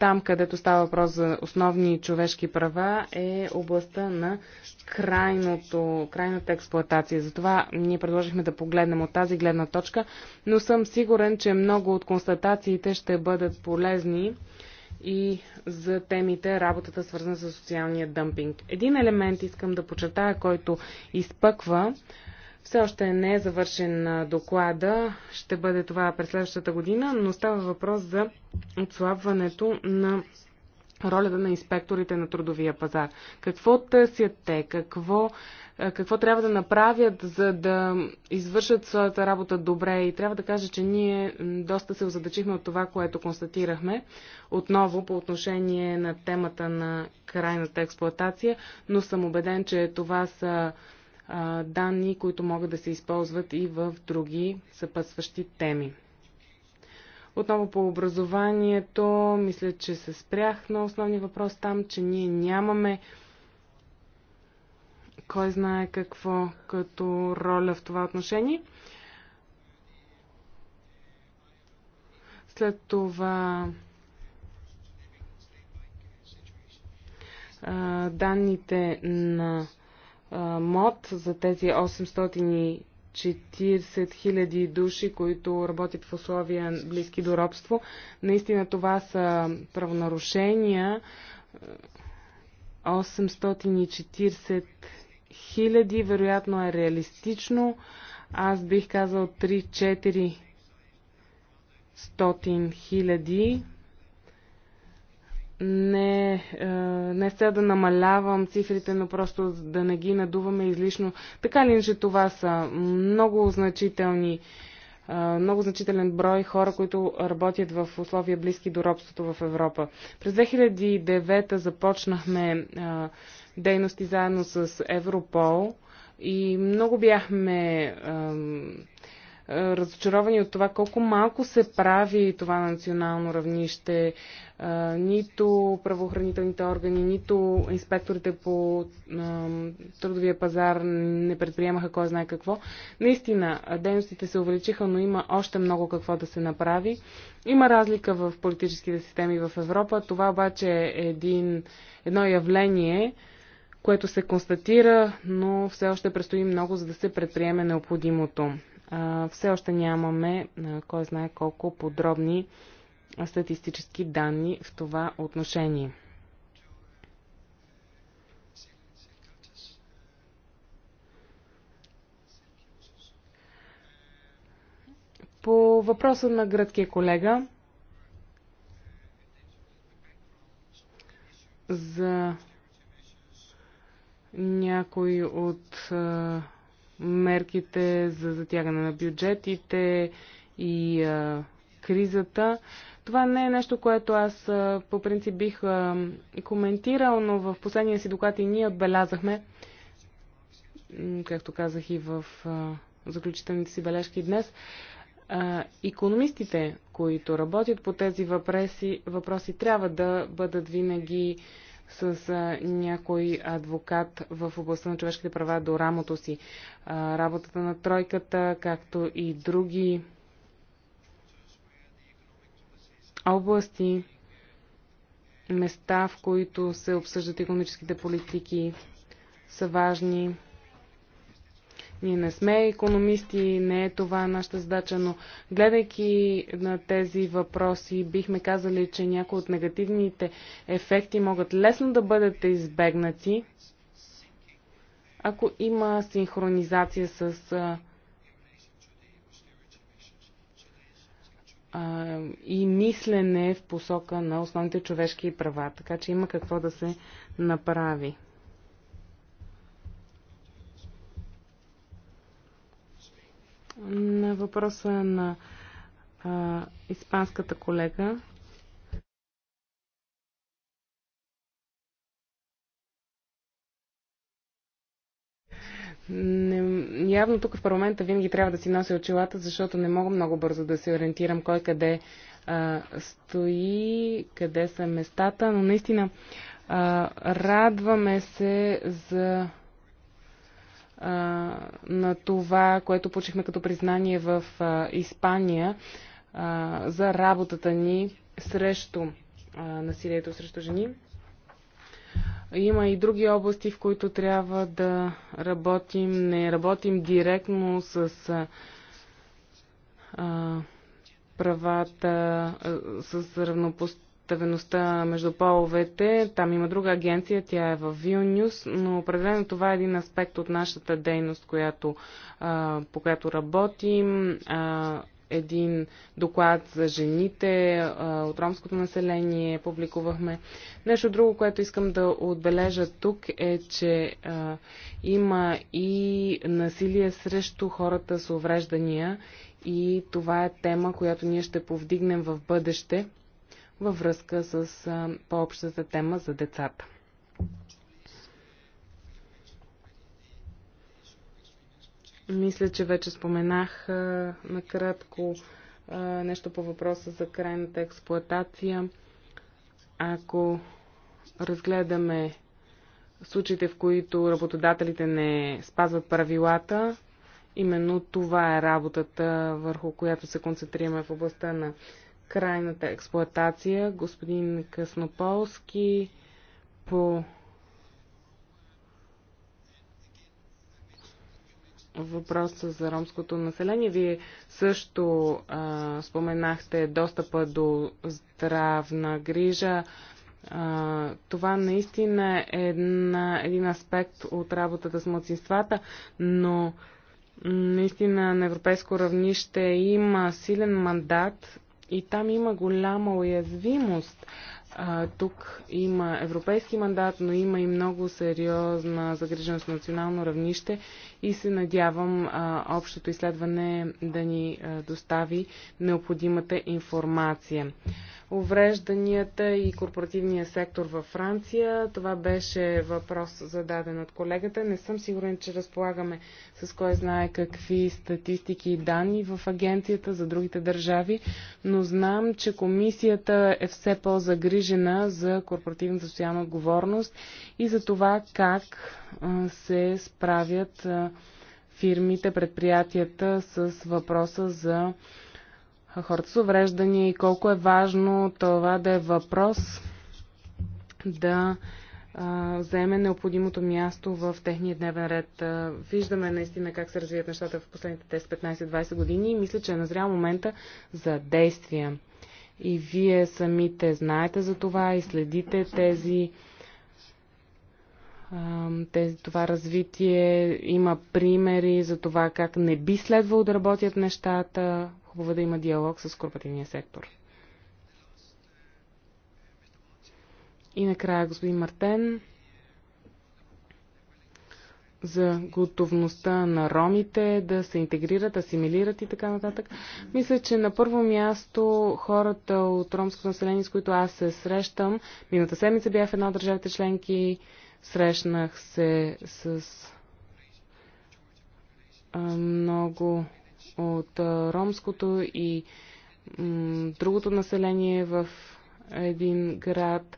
там, където става въпрос за основни човешки права, е областта на крайното, крайната експлоатация. Затова ние предложихме да погледнем от тази гледна точка, но съм сигурен, че много от констатациите ще бъдат полезни и за темите работата свързана с социалния дъмпинг. Един елемент искам да почертая, който изпъква все още не е завършен доклада, ще бъде това през следващата година, но става въпрос за отслабването на ролята на инспекторите на трудовия пазар. Какво търсят те? Какво, какво трябва да направят, за да извършат своята работа добре? И трябва да кажа, че ние доста се озадачихме от това, което констатирахме отново по отношение на темата на крайната експлоатация, но съм убеден, че това са данни, които могат да се използват и в други съпътстващи теми. Отново по образованието, мисля, че се спрях на основни въпрос там, че ние нямаме кой знае какво като роля в това отношение. След това данните на МОД за тези 840 000 души, които работят в условия близки до робство. Наистина това са правонарушения. 840 хиляди, вероятно е реалистично. Аз бих казал 3-4 хиляди не, е, не се да намалявам цифрите, но просто да не ги надуваме излишно. Така ли, че това са много значителни е, много значителен брой хора, които работят в условия близки до робството в Европа. През 2009 започнахме е, дейности заедно с Европол и много бяхме е, разочаровани от това колко малко се прави това национално равнище. Е, нито правоохранителните органи, нито инспекторите по е, трудовия пазар не предприемаха кой знае какво. Наистина, дейностите се увеличиха, но има още много какво да се направи. Има разлика в политическите системи в Европа. Това обаче е един, едно явление, което се констатира, но все още предстои много, за да се предприеме необходимото все още нямаме кой знае колко подробни статистически данни в това отношение. По въпроса на градския колега за някои от мерките за затягане на бюджетите и а, кризата. Това не е нещо, което аз а, по принцип бих а, коментирал, но в последния си доклад и ние отбелязахме, както казах и в а, заключителните си бележки днес, а, економистите, които работят по тези въпроси, въпроси трябва да бъдат винаги а, с а, някой адвокат в областта на човешките права до рамото си. А, работата на тройката, както и други области, места, в които се обсъждат економическите политики, са важни. Ние не сме економисти, не е това нашата задача, но гледайки на тези въпроси, бихме казали, че някои от негативните ефекти могат лесно да бъдат избегнати, ако има синхронизация с а, а, и мислене в посока на основните човешки права. Така че има какво да се направи. на въпроса на а, испанската колега. Не, явно тук в парламента винаги трябва да си нося очилата, защото не мога много бързо да се ориентирам кой къде а, стои, къде са местата, но наистина а, радваме се за на това, което получихме като признание в Испания за работата ни срещу насилието срещу жени. Има и други области, в които трябва да работим. Не работим директно с правата, с равнопоставеността равнопоставеността между половете. Там има друга агенция, тя е в Вилнюс, но определено това е един аспект от нашата дейност, която, по която работим. един доклад за жените от ромското население публикувахме. Нещо друго, което искам да отбележа тук е, че има и насилие срещу хората с увреждания и това е тема, която ние ще повдигнем в бъдеще във връзка с по-общата тема за децата. Мисля, че вече споменах а, накратко а, нещо по въпроса за крайната експлоатация. Ако разгледаме случаите, в които работодателите не спазват правилата, именно това е работата, върху която се концентрираме в областта на крайната експлоатация. Господин Къснополски по въпроса за ромското население. Вие също а, споменахте достъпа до здравна грижа. А, това наистина е една, един аспект от работата с младсинствата, но наистина на европейско равнище има силен мандат и там има голяма уязвимост. А, тук има европейски мандат, но има и много сериозна загриженост на национално равнище и се надявам а, общото изследване да ни а, достави необходимата информация. Уврежданията и корпоративния сектор във Франция. Това беше въпрос зададен от колегата. Не съм сигурен, че разполагаме с кой знае какви статистики и данни в агенцията за другите държави, но знам, че комисията е все по-загрижена за корпоративната социална отговорност и за това как се справят фирмите, предприятията с въпроса за хората с увреждания и колко е важно това да е въпрос да а, заеме необходимото място в техния дневен ред. А, виждаме наистина как се развият нещата в последните 10-15-20 години и мисля, че е назрял момента за действия. И вие самите знаете за това и следите тези тези, това развитие. Има примери за това как не би следвало да работят нещата. Хубаво е да има диалог с корпоративния сектор. И накрая господин Мартен за готовността на ромите да се интегрират, асимилират и така нататък. Мисля, че на първо място хората от ромското население, с които аз се срещам, миналата седмица бях в една от държавите членки, Срещнах се с много от ромското и другото население в един град.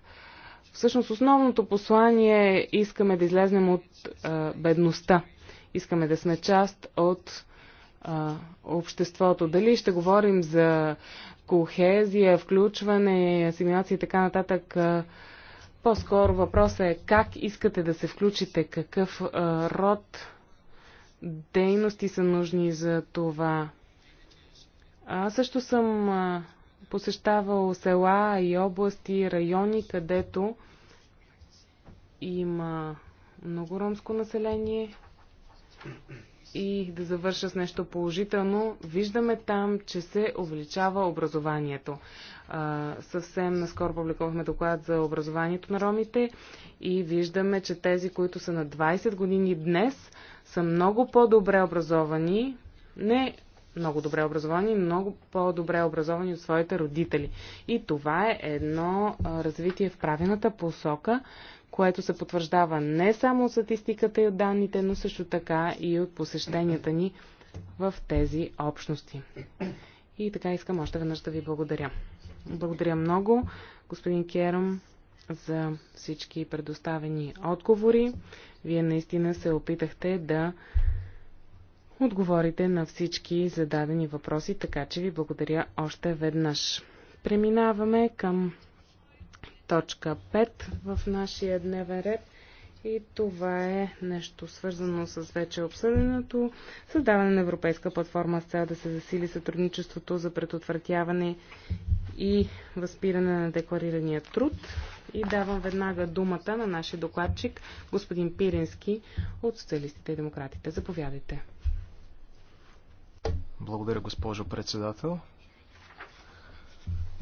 Всъщност основното послание е искаме да излезнем от а, бедността. Искаме да сме част от а, обществото. Дали ще говорим за кохезия, включване, асимилация и така нататък. А, по-скоро въпросът е как искате да се включите, какъв а, род дейности са нужни за това. Аз също съм а, посещавал села и области, райони, където има много ромско население и да завърша с нещо положително. Виждаме там, че се увеличава образованието. А, съвсем наскоро публикувахме доклад за образованието на ромите и виждаме, че тези, които са на 20 години днес, са много по-добре образовани, не много добре образовани, много по-добре образовани от своите родители. И това е едно развитие в правилната посока, което се потвърждава не само от статистиката и от данните, но също така и от посещенията ни в тези общности. И така искам още веднъж да ви благодаря. Благодаря много, господин Керам, за всички предоставени отговори. Вие наистина се опитахте да отговорите на всички зададени въпроси, така че ви благодаря още веднъж. Преминаваме към точка 5 в нашия дневен ред. И това е нещо свързано с вече обсъденото. Създаване на европейска платформа с цел да се засили сътрудничеството за предотвратяване и възпиране на декларирания труд. И давам веднага думата на нашия докладчик, господин Пирински от Социалистите и Демократите. Заповядайте. Благодаря, госпожо председател.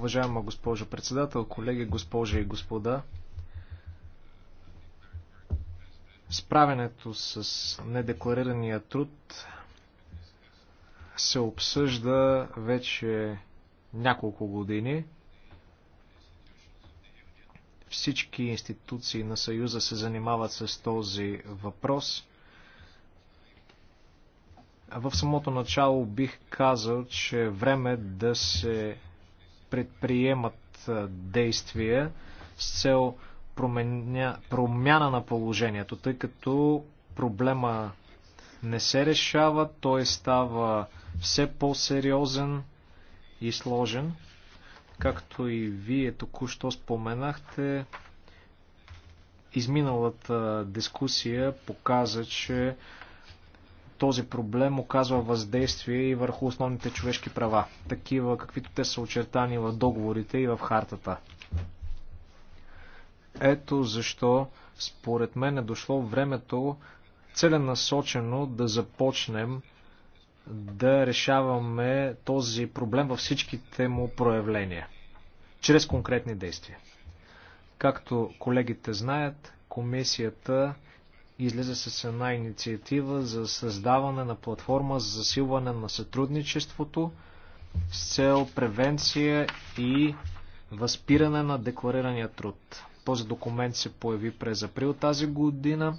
Уважаема госпожо председател, колеги, госпожи и господа, справянето с недекларирания труд се обсъжда вече няколко години. Всички институции на Съюза се занимават с този въпрос. В самото начало бих казал, че е време да се предприемат действия с цел променя, промяна на положението, тъй като проблема не се решава, той става все по-сериозен и сложен. Както и вие току-що споменахте, изминалата дискусия показа, че този проблем оказва въздействие и върху основните човешки права, такива каквито те са очертани в договорите и в хартата. Ето защо, според мен, е дошло времето целенасочено да започнем да решаваме този проблем във всичките му проявления, чрез конкретни действия. Както колегите знаят, комисията излезе с една инициатива за създаване на платформа за засилване на сътрудничеството с цел превенция и възпиране на декларирания труд. Този документ се появи през април тази година.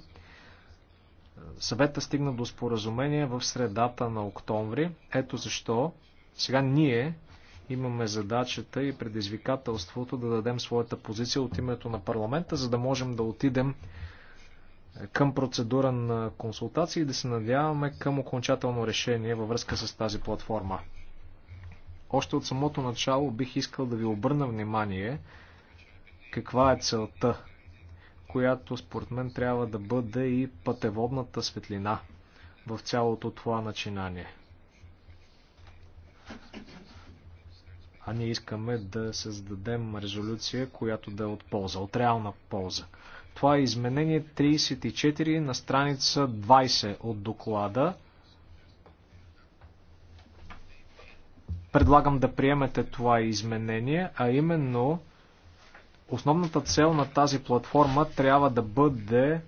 Съвета стигна до споразумение в средата на октомври. Ето защо сега ние имаме задачата и предизвикателството да дадем своята позиция от името на парламента, за да можем да отидем към процедура на консултации и да се надяваме към окончателно решение във връзка с тази платформа. Още от самото начало бих искал да ви обърна внимание каква е целта, която според мен трябва да бъде и пътеводната светлина в цялото това начинание. А ние искаме да създадем резолюция, която да е от полза, от реална полза това е изменение 34 на страница 20 от доклада. Предлагам да приемете това изменение, а именно основната цел на тази платформа трябва да бъде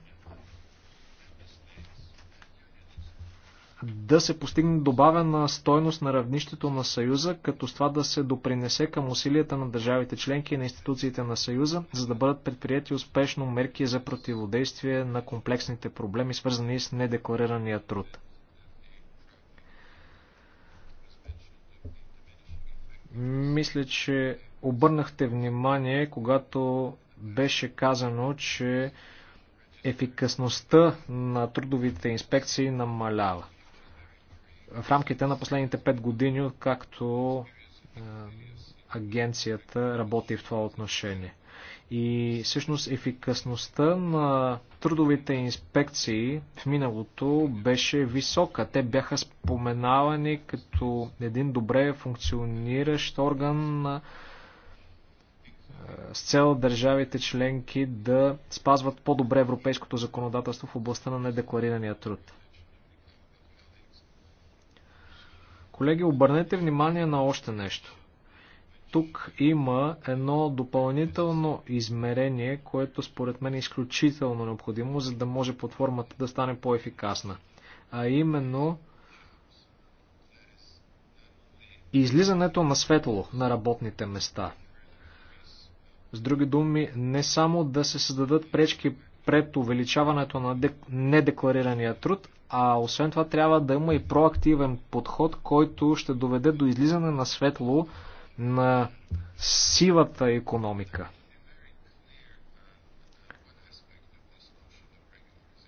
да се постигне добавена стойност на равнището на Съюза, като с това да се допринесе към усилията на държавите членки и на институциите на Съюза, за да бъдат предприяти успешно мерки за противодействие на комплексните проблеми, свързани с недекларирания труд. Мисля, че обърнахте внимание, когато беше казано, че ефикасността на трудовите инспекции намалява в рамките на последните 5 години, откакто е, агенцията работи в това отношение. И всъщност ефикасността на трудовите инспекции в миналото беше висока. Те бяха споменавани като един добре функциониращ орган е, с цел държавите членки да спазват по-добре европейското законодателство в областта на недекларирания труд. Колеги, обърнете внимание на още нещо. Тук има едно допълнително измерение, което според мен е изключително необходимо, за да може платформата да стане по-ефикасна. А именно излизането на светло на работните места. С други думи, не само да се създадат пречки пред увеличаването на недекларирания труд, а освен това трябва да има и проактивен подход, който ще доведе до излизане на светло на сивата економика.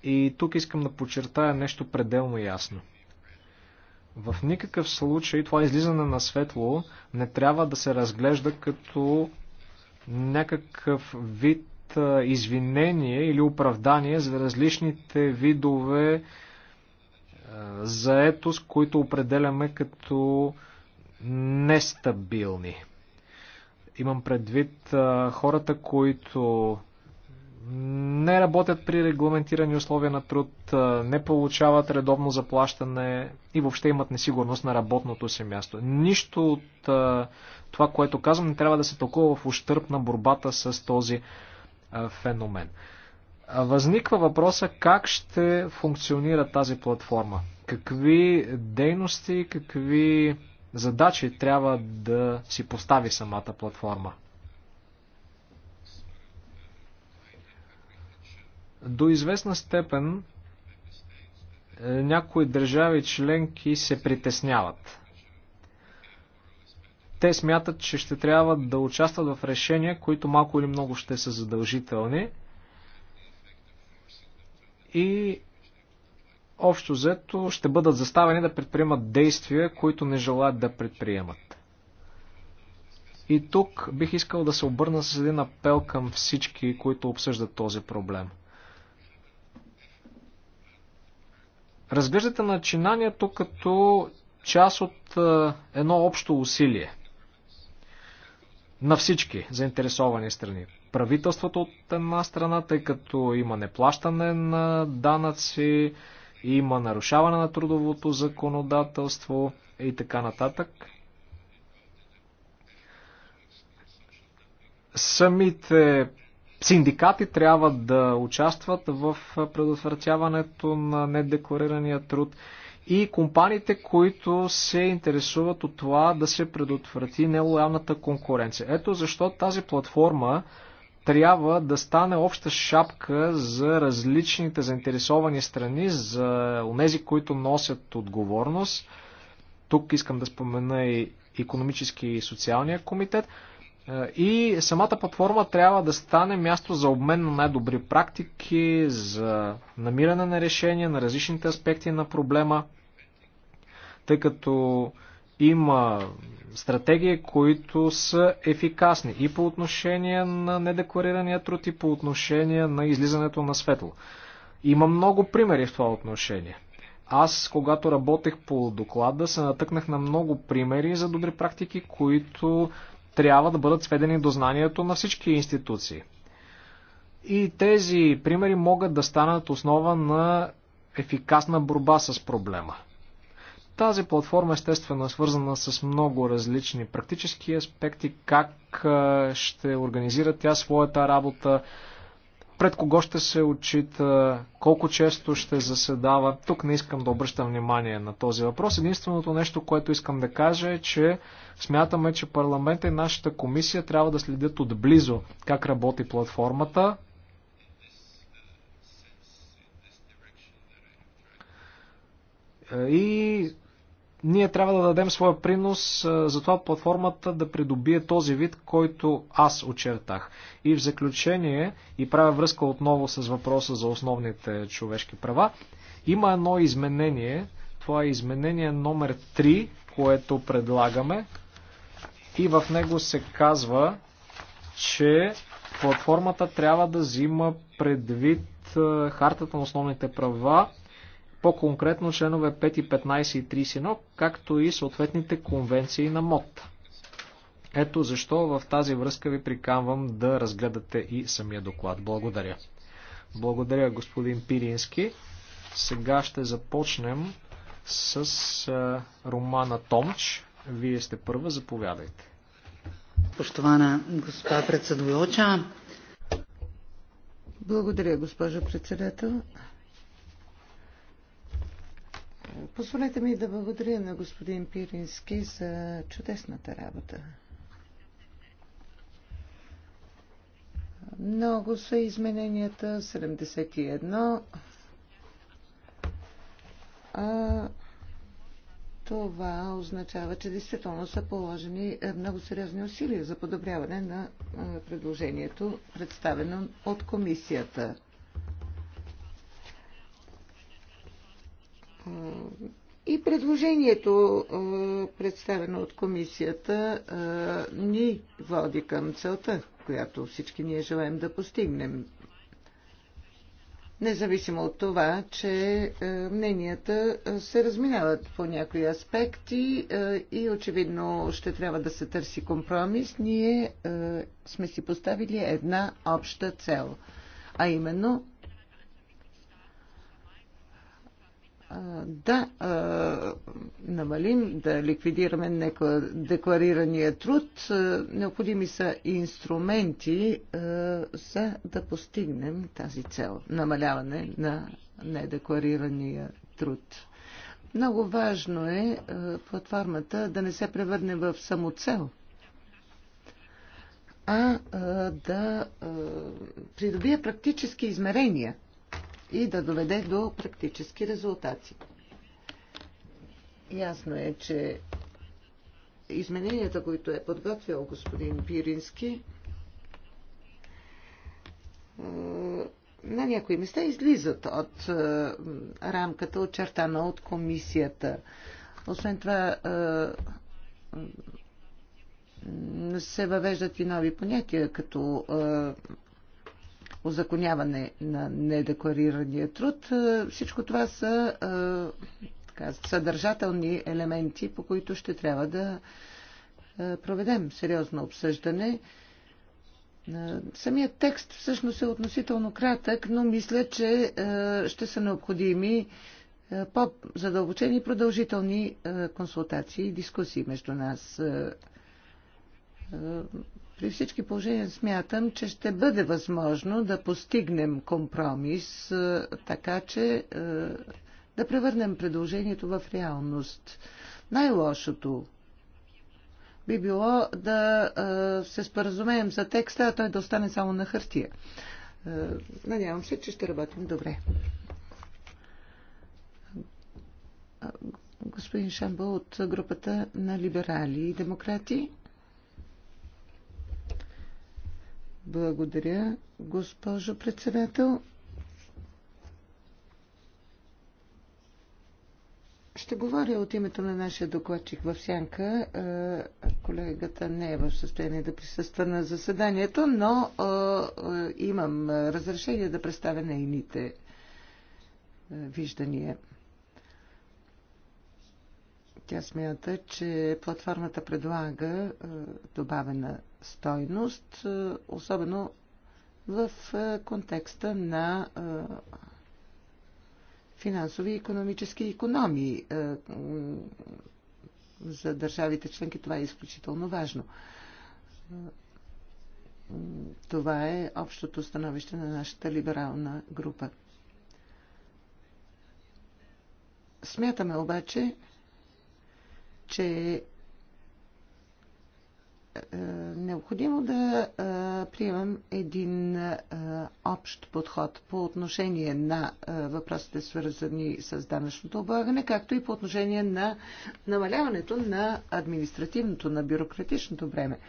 И тук искам да подчертая нещо пределно ясно. В никакъв случай това излизане на светло не трябва да се разглежда като някакъв вид извинение или оправдание за различните видове заетост, които определяме като нестабилни. Имам предвид хората, които не работят при регламентирани условия на труд, не получават редовно заплащане и въобще имат несигурност на работното си място. Нищо от това, което казвам, не трябва да се тълкува в ущърп на борбата с този феномен. Възниква въпроса как ще функционира тази платформа. Какви дейности, какви задачи трябва да си постави самата платформа. До известна степен е, някои държави членки се притесняват. Те смятат, че ще трябва да участват в решения, които малко или много ще са задължителни – и общо взето ще бъдат заставени да предприемат действия, които не желаят да предприемат. И тук бих искал да се обърна с един апел към всички, които обсъждат този проблем. Разглеждате начинанието като част от едно общо усилие – на всички заинтересовани страни. Правителството от една страна, тъй като има неплащане на данъци, има нарушаване на трудовото законодателство и така нататък. Самите синдикати трябва да участват в предотвратяването на недекларирания труд и компаниите, които се интересуват от това да се предотврати нелоялната конкуренция. Ето защо тази платформа трябва да стане обща шапка за различните заинтересовани страни, за тези, които носят отговорност. Тук искам да спомена и економически и социалния комитет. Е, и самата платформа трябва да стане място за обмен на най-добри практики, за намиране на решения на различните аспекти на проблема – тъй като има стратегии, които са ефикасни и по отношение на недекларирания труд, и по отношение на излизането на светло. Има много примери в това отношение. Аз, когато работех по доклада, се натъкнах на много примери за добри практики, които трябва да бъдат сведени до знанието на всички институции. И тези примери могат да станат основа на ефикасна борба с проблема. Тази платформа естествено е свързана с много различни практически аспекти, как ще организира тя своята работа, пред кого ще се отчита, колко често ще заседава. Тук не искам да обръщам внимание на този въпрос. Единственото нещо, което искам да кажа е, че смятаме, че парламента и нашата комисия трябва да следят отблизо как работи платформата. И ние трябва да дадем своя принос за това платформата да придобие този вид, който аз очертах. И в заключение, и правя връзка отново с въпроса за основните човешки права, има едно изменение, това е изменение номер 3, което предлагаме и в него се казва, че платформата трябва да взима предвид хартата на основните права по-конкретно членове 5 15 и 31, както и съответните конвенции на МОД. Ето защо в тази връзка ви приканвам да разгледате и самия доклад. Благодаря. Благодаря, господин Пирински. Сега ще започнем с а, Романа Томч. Вие сте първа, заповядайте. Поштована госпожа председател. Благодаря, госпожа председател. Позволете ми да благодаря на господин Пирински за чудесната работа. Много са измененията, 71. А, това означава, че действително са положени е, много сериозни усилия за подобряване на е, предложението, представено от комисията. И предложението, представено от комисията, ни води към целта, която всички ние желаем да постигнем. Независимо от това, че мненията се разминават по някои аспекти и очевидно ще трябва да се търси компромис, ние сме си поставили една обща цел, а именно да намалим, да ликвидираме декларирания труд. Необходими са инструменти инструменти за да постигнем тази цел намаляване на недекларирания труд. Много важно е платформата да не се превърне в самоцел, а да придобие практически измерения – и да доведе до практически резултати. Ясно е, че измененията, които е подготвил господин Пирински, на някои места излизат от е, рамката, очертана от комисията. Освен това, е, се въвеждат и нови понятия, като е, озаконяване на недекларирания труд. Е, всичко това са е, така, съдържателни елементи, по които ще трябва да е, проведем сериозно обсъждане. Самият текст всъщност е относително кратък, но мисля, че ще са необходими по-задълбочени продължителни консултации и дискусии между нас. При всички положения смятам, че ще бъде възможно да постигнем компромис, е, така че е, да превърнем предложението в реалност. Най-лошото би било да е, се споразумеем за текста, а той да остане само на хартия. Надявам се, че ще работим добре. Господин Шамбо от групата на либерали и демократи. Благодаря, госпожо председател. Ще говоря от името на нашия докладчик в Сянка. Е, колегата не е в състояние да присъства на заседанието, но е, е, имам разрешение да представя нейните виждания. Тя смята, че платформата предлага добавена стойност, е, особено в е, контекста на е, финансови и економически економии. За държавите членки това е изключително важно. Това е общото становище на нашата либерална група. Смятаме обаче, че е, необходимо да е, приемам един е, общ подход по отношение на въпросите свързани с данъчното облагане, както и по отношение на намаляването на административното, на бюрократичното бреме.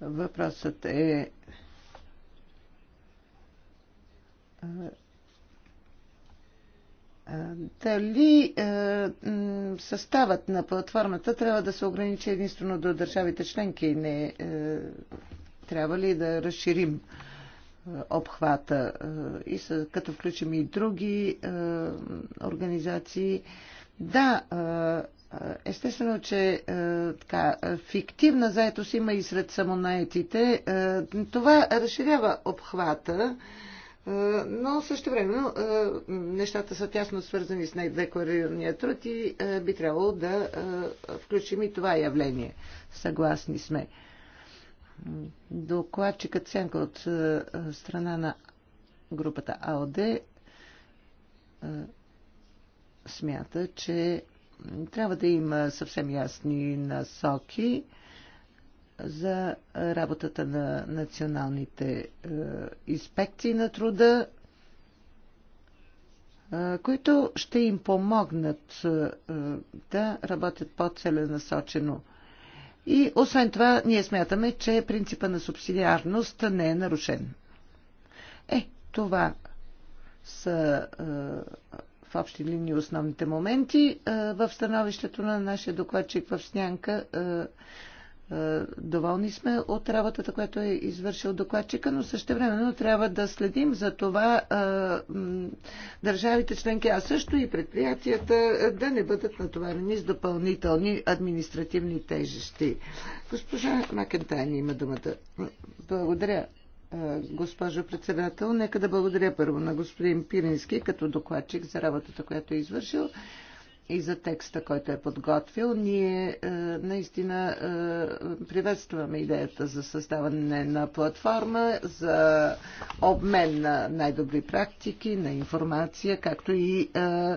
Въпросът е дали е, съставът на платформата трябва да се ограничи единствено до държавите членки? Не. Е, трябва ли да разширим е, обхвата и като включим и други организации? Да, Естествено, че така, фиктивна заетост има и сред самонаетите. Това разширява обхвата е, но също време е, нещата са тясно свързани с най-две най-декларирания труд и е, би трябвало да включим и това явление. Съгласни сме. Докладчикът Сенка от страна на групата АОД смята, че трябва да има съвсем ясни насоки, за работата на националните е, инспекции на труда, е, които ще им помогнат е, да работят по-целенасочено. И освен това, ние смятаме, че принципа на субсидиарност не е нарушен. Е, това са в общи линии основните моменти. В становището на нашия докладчик в Снянка е, доволни сме от работата, която е извършил докладчика, но също времено трябва да следим за това е, държавите членки, а също и предприятията е, да не бъдат натоварени с допълнителни административни тежести. Госпожа Макентайни има думата. Благодаря. Госпожо председател, нека да благодаря първо на господин Пирински като докладчик за работата, която е извършил и за текста, който е подготвил. Ние е, наистина е, приветстваме идеята за създаване на платформа, за обмен на най-добри практики, на информация, както и е, е,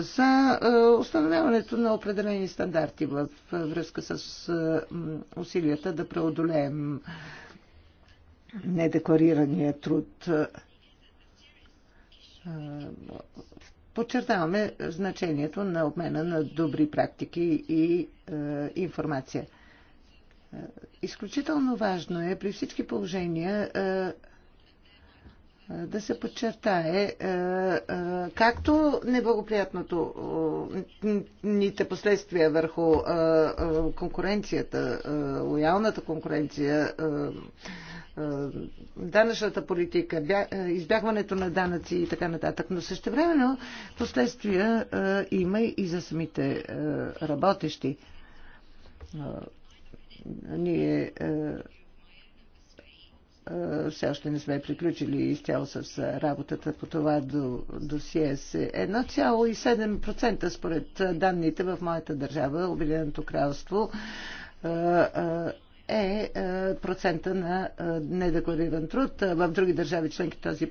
за е, установяването на определени стандарти в връзка с е, усилията да преодолеем недекларирания труд е, подчертаваме значението на обмена на добри практики и е, информация. Е, изключително важно е при всички положения е, е, да се подчертае както неблагоприятното ните последствия върху конкуренцията, лоялната конкуренция, е, данъчната политика, е, избягването на данъци и така нататък. Но същевременно последствия е, има и за самите работещи. Ние все още не сме приключили изцяло с работата по това до, до с 1,7% според данните в моята държава, Обединеното кралство е, е процента на е, недеклариран труд. В други държави членки този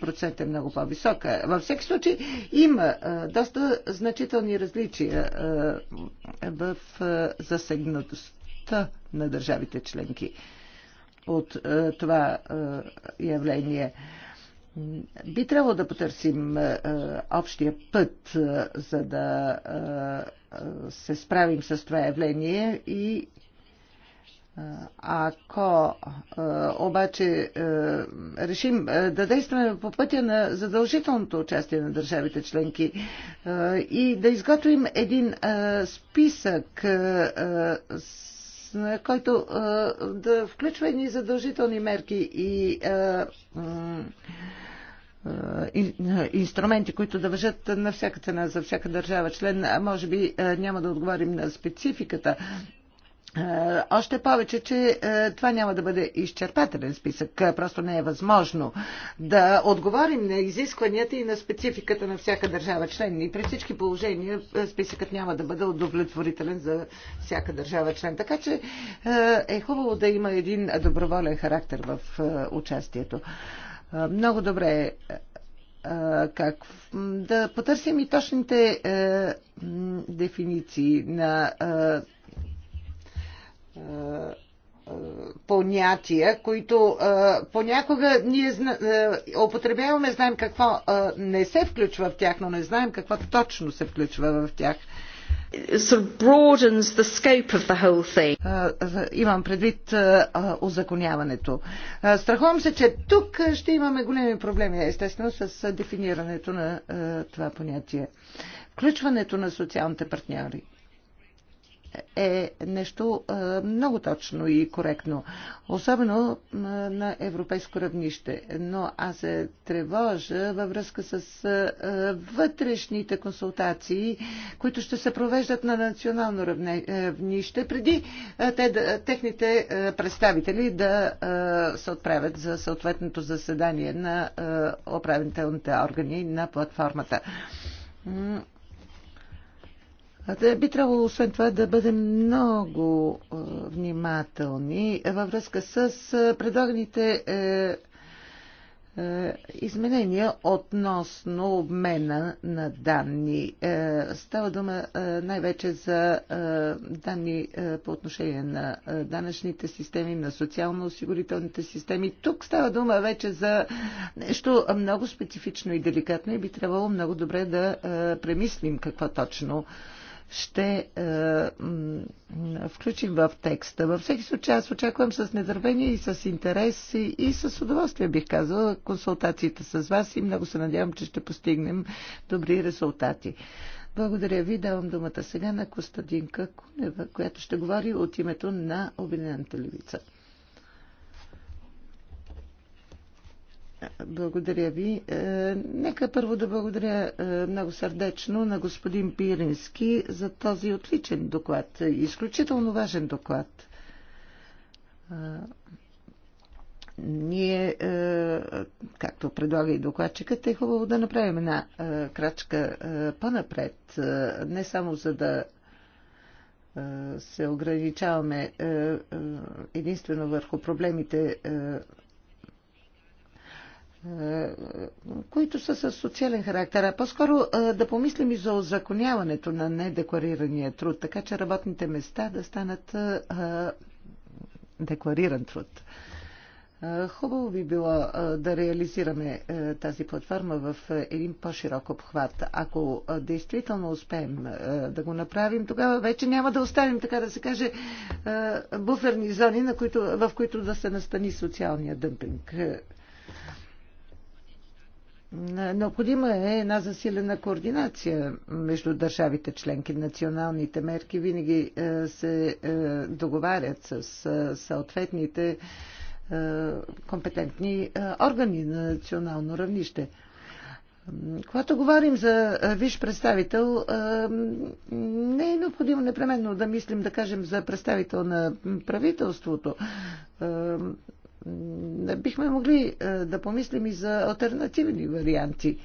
процент е много по-висок. Във всеки случай има е, доста значителни различия в засегнатостта на държавите членки от това явление. Би трябвало да потърсим общия път, за да се справим с това явление и ако обаче решим да действаме по пътя на задължителното участие на държавите членки и да изготвим един списък с който а, да включва едни задължителни мерки и а, а, инструменти, които да въжат на всяка цена за всяка държава член, може би няма да отговорим на спецификата е, още повече, че е, това няма да бъде изчерпателен списък. Е, просто не е възможно да отговорим на изискванията и на спецификата на всяка държава член. И при всички положения списъкът няма да бъде удовлетворителен за всяка държава член. Така че е хубаво да има един доброволен характер в участието. Много добре е как да потърсим и точните дефиниции на е, е, понятия, които а, е, понякога ние зна, а, употребяваме, знаем какво а, не се включва в тях, но не знаем какво точно се включва в тях. Имам предвид озаконяването. Страхувам се, че тук ще имаме големи проблеми, естествено, с дефинирането на това понятие. Включването на социалните партньори е нещо много точно и коректно, особено на европейско равнище. Но аз се тревожа във връзка с вътрешните консултации, които ще се провеждат на национално равнище, преди те, техните представители да се отправят за съответното заседание на управителните органи на платформата. Е, би трябвало, освен това, да бъдем много е, внимателни във връзка с е, предлаганите изменения относно обмена на данни. Става дума най-вече за данни по отношение на данъчните системи, на социално-осигурителните системи. Тук става дума вече за нещо много специфично и деликатно и би трябвало много добре да премислим какво точно ще е, включим в текста. Във всеки случай аз очаквам с нетърпение и с интерес и, и с удоволствие бих казала консултациите с вас и много се надявам, че ще постигнем добри резултати. Благодаря ви. Давам думата сега на Костадинка Кунева, която ще говори от името на Обединената левица. Благодаря ви. Е, нека първо да благодаря е, много сърдечно на господин Пирински за този отличен доклад, е, изключително важен доклад. Ние, както предлага и докладчикът, е хубаво да направим една крачка по-напред, не само за да се ограничаваме единствено върху проблемите които са с социален характер, а по-скоро да помислим и за озаконяването на недекларирания труд, така че работните места да станат деклариран труд. Хубаво би било да реализираме тази платформа в един по-широк обхват. Ако действително успеем да го направим, тогава вече няма да оставим, така да се каже, буферни зони, на които, в които да се настани социалния дъмпинг. Необходима е една засилена координация между държавите членки. Националните мерки винаги е, се е, договарят с е, съответните компетентни органи на национално равнище. Когато говорим за виш представител, не е необходимо непременно да мислим, да кажем, за представител на правителството бихме могли е, да помислим и за альтернативни варианти.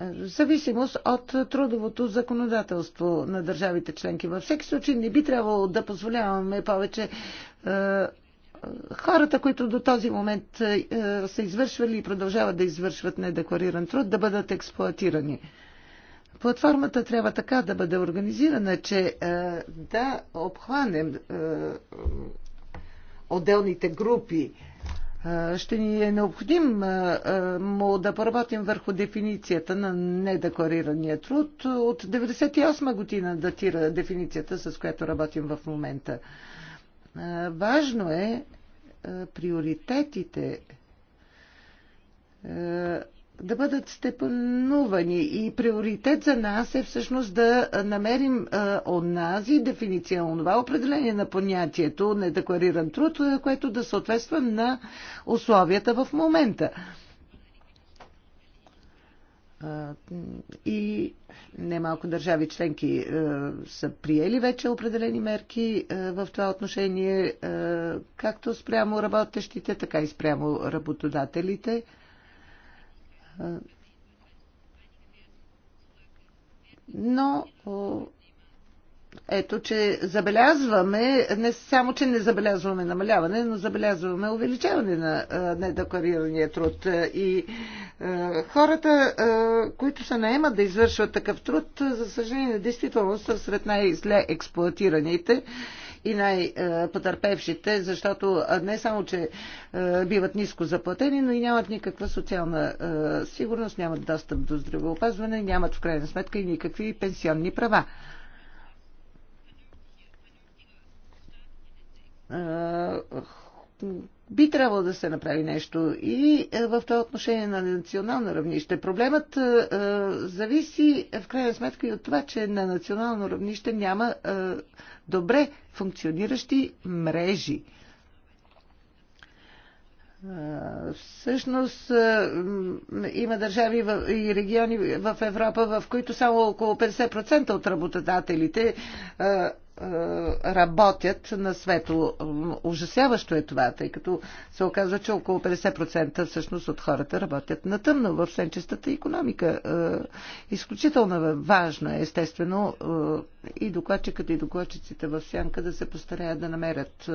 В зависимост от трудовото законодателство на държавите членки. Във всеки случай не би трябвало да позволяваме повече е, хората, които до този момент е, са извършвали и продължават да извършват недеклариран труд, да бъдат експлуатирани. Платформата трябва така да бъде организирана, че е, да обхванем е, отделните групи. Е, ще ни е необходим му да поработим върху дефиницията на недекларирания труд. От 1998 година датира дефиницията, с която работим в момента. Важно е приоритетите да бъдат степенувани и приоритет за нас е всъщност да намерим а, онази дефиниция, онова определение на понятието недеклариран труд, което да съответства на условията в момента. И немалко държави членки е, са приели вече определени мерки е, в това отношение, е, както спрямо работещите, така и спрямо работодателите. Но ето, че забелязваме, не само, че не забелязваме намаляване, но забелязваме увеличаване на недекларирания труд. И хората, които се наемат да извършват такъв труд, за съжаление, действително са сред най-зле експлуатираните и най-потърпевшите, защото не само, че е, биват ниско заплатени, но и нямат никаква социална е, сигурност, нямат достъп до здравеопазване, нямат в крайна сметка и никакви пенсионни права. Е, би трябвало да се направи нещо и в това отношение на национално равнище. Проблемът зависи в крайна сметка и от това, че на национално равнище няма добре функциониращи мрежи. Всъщност има държави и региони в Европа, в които само около 50% от работодателите е, работят на светло. Ужасяващо е това, тъй като се оказва, че около 50% всъщност от хората работят на тъмно в сенчестата економика. Е, изключително е важно е, естествено, и докладчиката и докладчиците в сянка да се постараят да намерят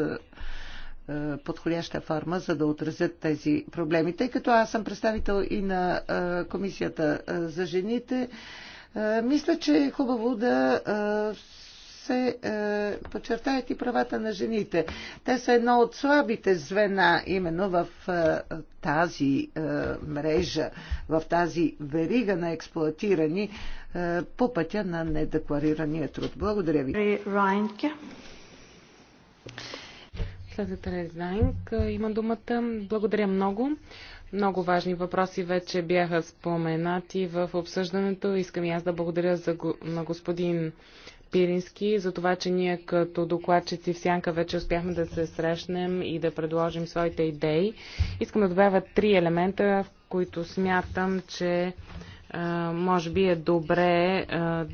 подходяща форма, за да отразят тези проблеми. Тъй като аз съм представител и на Комисията за жените, мисля, че е хубаво да се е, подчертаят и правата на жените. Те са едно от слабите звена именно в е, тази е, мрежа, в тази верига на експлуатирани е, по пътя на недекларирания труд. Благодаря ви. Райнке. Следвателен Райнк има думата. Благодаря много. Много важни въпроси вече бяха споменати в обсъждането. Искам и аз да благодаря за, на господин Пирински за това, че ние като докладчици в Сянка вече успяхме да се срещнем и да предложим своите идеи. Искам да добавя три елемента, в които смятам, че може би е добре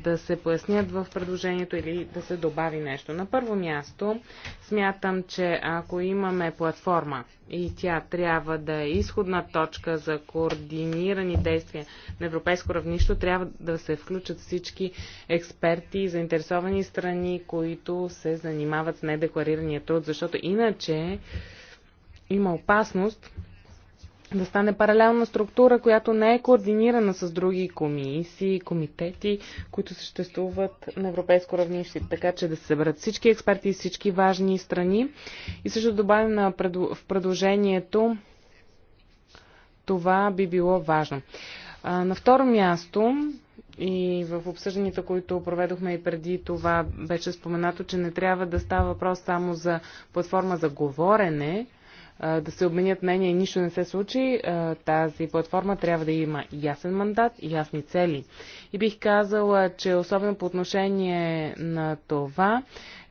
да се пояснят в предложението или да се добави нещо. На първо място смятам, че ако имаме платформа и тя трябва да е изходна точка за координирани действия на европейско равнище, трябва да се включат всички експерти и заинтересовани страни, които се занимават с недекларирания труд, защото иначе има опасност да стане паралелна структура, която не е координирана с други комисии, комитети, които съществуват на европейско равнище, така че да се съберат всички експерти и всички важни страни. И също добавим на преду... в предложението това би било важно. А, на второ място и в обсъжданията, които проведохме и преди това, беше споменато, че не трябва да става въпрос само за платформа за говорене, да се обменят мнения и нищо не се случи, тази платформа трябва да има ясен мандат и ясни цели. И бих казала, че особено по отношение на това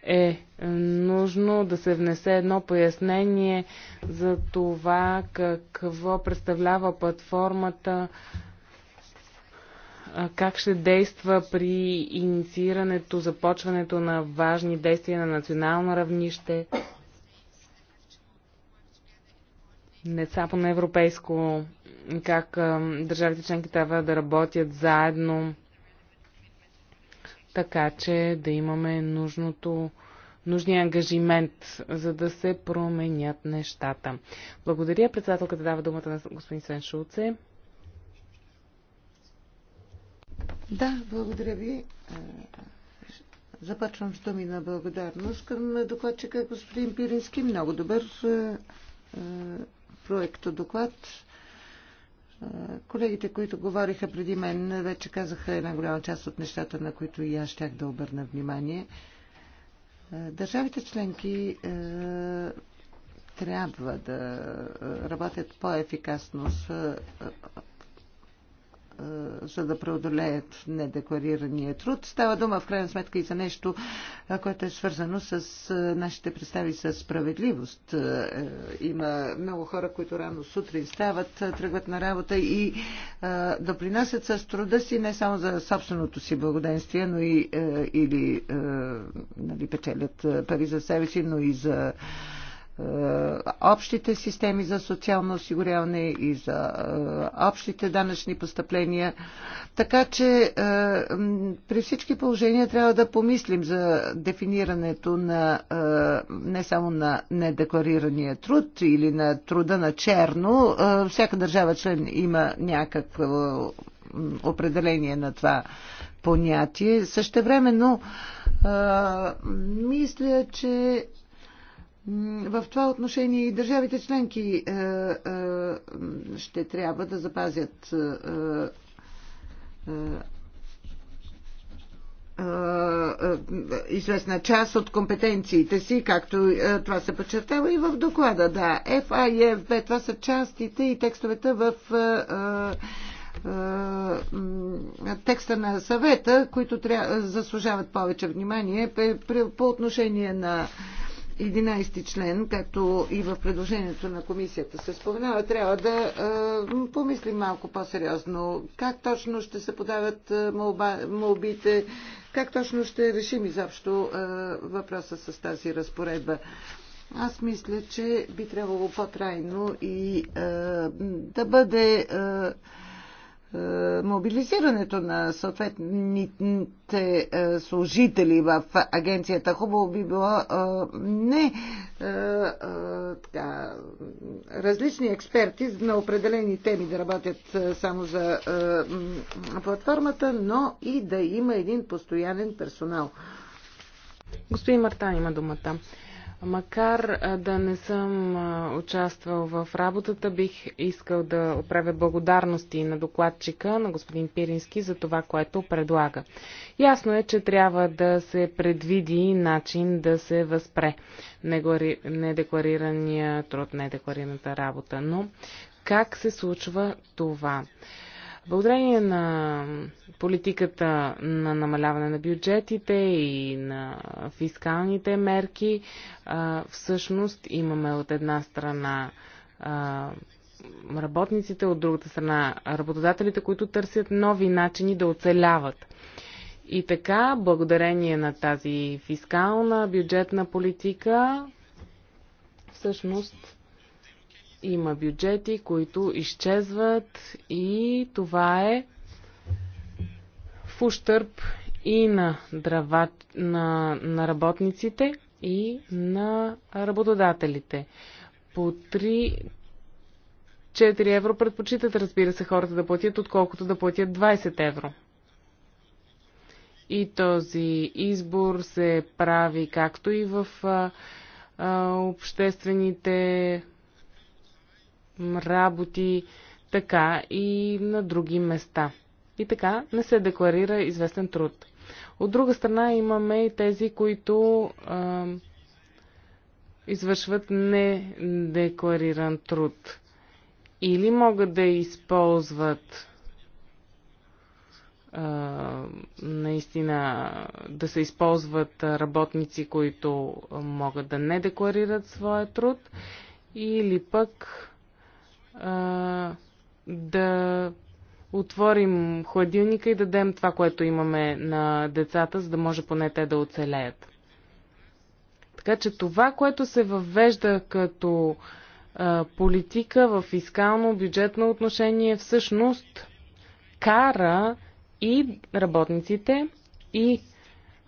е нужно да се внесе едно пояснение за това какво представлява платформата как ще действа при инициирането, започването на важни действия на национално равнище, деца по европейско, как държавите членки трябва да работят заедно, така че да имаме нужното, нужния ангажимент, за да се променят нещата. Благодаря. Председателката дава думата на господин Свен Шулце. Да, благодаря ви. Започвам с думи на благодарност към докладчика господин Пирински. Много добър проекто доклад. Колегите, които говориха преди мен, вече казаха една голяма част от нещата, на които и аз щях да обърна внимание. Държавите членки трябва да работят по-ефикасно с е, за да преодолеят недекларирания труд. Става дума в крайна сметка и за нещо, е, което е свързано с е, нашите представи с справедливост. Има много хора, които рано сутрин стават, тръгват на работа и допринасят с труда си не само за собственото си благоденствие, но и или нали, печелят пари за себе си, но и за е, общите системи за социално осигуряване и за е, общите данъчни постъпления. Така че е, при всички положения трябва да помислим за дефинирането на не само на недекларирания труд или на труда на черно. Всяка държава член има някакво определение на това понятие. Същевременно, времено мисля, че в това отношение и държавите членки е, е, ще трябва да запазят е, известна част от компетенциите си, както това се подчертава и в доклада. Да, ФА и ФБ, това са частите и текстовете в текста на съвета, които заслужават повече внимание по отношение на 11 член, както и в предложението на комисията се споменава, трябва да а, помислим малко по-сериозно. Как точно ще се подават молбите, как точно ще решим изобщо а, въпроса с тази разпоредба. Аз мисля, че би трябвало по-трайно и а, да бъде. А, е, мобилизирането на съответните е, служители в агенцията хубаво би било е, не така, различни експерти на определени теми да работят само за платформата, но и да има един постоянен персонал. Господин Мартан има думата. Макар да не съм участвал в работата, бих искал да отправя благодарности на докладчика, на господин Пирински, за това, което предлага. Ясно е, че трябва да се предвиди начин да се възпре недекларирания труд, недекларираната работа. Но как се случва това? Благодарение на политиката на намаляване на бюджетите и на фискалните мерки, всъщност имаме от една страна работниците, от другата страна работодателите, които търсят нови начини да оцеляват. И така, благодарение на тази фискална бюджетна политика, всъщност има бюджети, които изчезват и това е в ущърп и на, дрова, на, на работниците и на работодателите. По 3 4 евро предпочитат, разбира се, хората да платят, отколкото да платят 20 евро. И този избор се прави както и в а, а, обществените работи, така и на други места. И така не се декларира известен труд. От друга страна имаме и тези, които а, извършват недеклариран труд. Или могат да използват а, наистина да се използват работници, които могат да не декларират своя труд, или пък а, да отворим хладилника и дадем това, което имаме на децата, за да може поне те да оцелеят. Така че това, което се въвежда като а, политика в фискално-бюджетно отношение, всъщност кара и работниците, и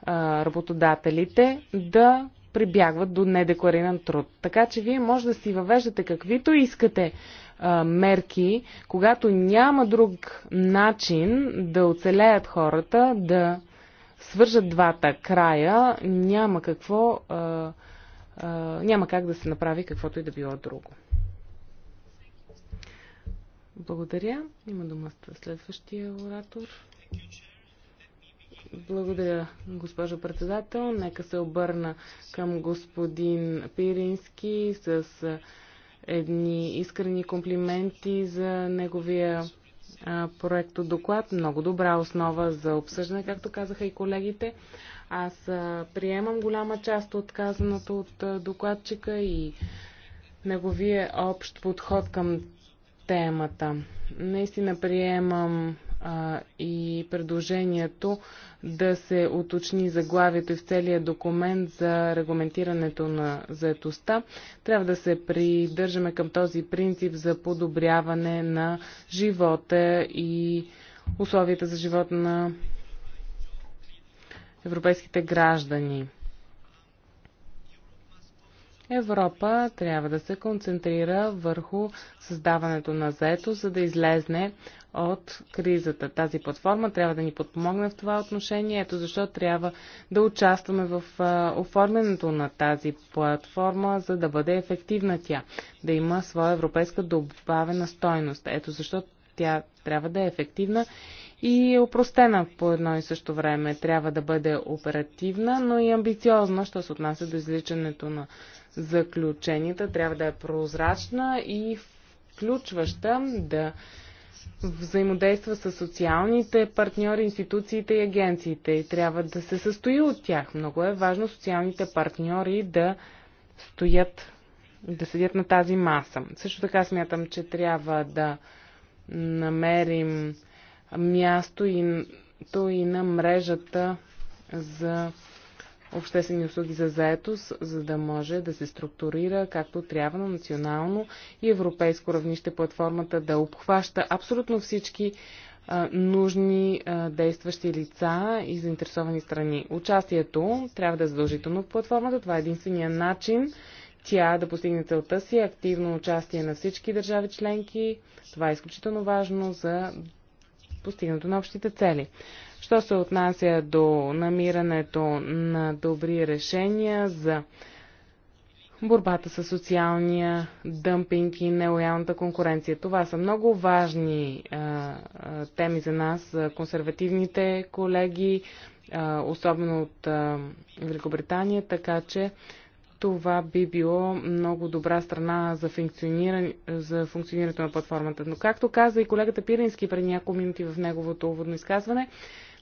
а, работодателите да прибягват до недеклариран труд. Така че вие може да си въвеждате каквито искате а, мерки, когато няма друг начин да оцелеят хората, да свържат двата края, няма какво, а, а, няма как да се направи каквото и да било друго. Благодаря. Има думата следващия оратор. Благодаря, госпожо председател. Нека се обърна към господин Пирински с едни искрени комплименти за неговия проекто доклад. Много добра основа за обсъждане, както казаха и колегите. Аз приемам голяма част от казаното от докладчика и неговия общ подход към темата. Наистина приемам а, и предложението да се уточни заглавието и в целия документ за регламентирането на заетостта. Трябва да се придържаме към този принцип за подобряване на живота и условията за живот на европейските граждани. Европа трябва да се концентрира върху създаването на заето, за да излезне от кризата. Тази платформа трябва да ни подпомогне в това отношение. Ето защо трябва да участваме в оформянето на тази платформа, за да бъде ефективна тя, да има своя европейска добавена стойност. Ето защо тя трябва да е ефективна и е упростена по едно и също време. Трябва да бъде оперативна, но и амбициозна, що се отнася до изличането на заключенията. Трябва да е прозрачна и включваща да взаимодейства с социалните партньори, институциите и агенциите и трябва да се състои от тях. Много е важно социалните партньори да стоят, да седят на тази маса. Също така смятам, че трябва да намерим място и, то и на мрежата за обществени услуги за заетост, за да може да се структурира както трябва на национално и европейско равнище платформата да обхваща абсолютно всички нужни действащи лица и заинтересовани страни. Участието трябва да е задължително в платформата. Това е единствения начин тя да постигне целта си, активно участие на всички държави членки. Това е изключително важно за постигането на общите цели. Що се отнася до намирането на добри решения за борбата с социалния дъмпинг и нелоялната конкуренция. Това са много важни а, а, теми за нас, а, консервативните колеги, а, особено от а, Великобритания, така че това би било много добра страна за, функциониране, за функционирането на платформата. Но както каза и колегата Пирински преди няколко минути в неговото уводно изказване,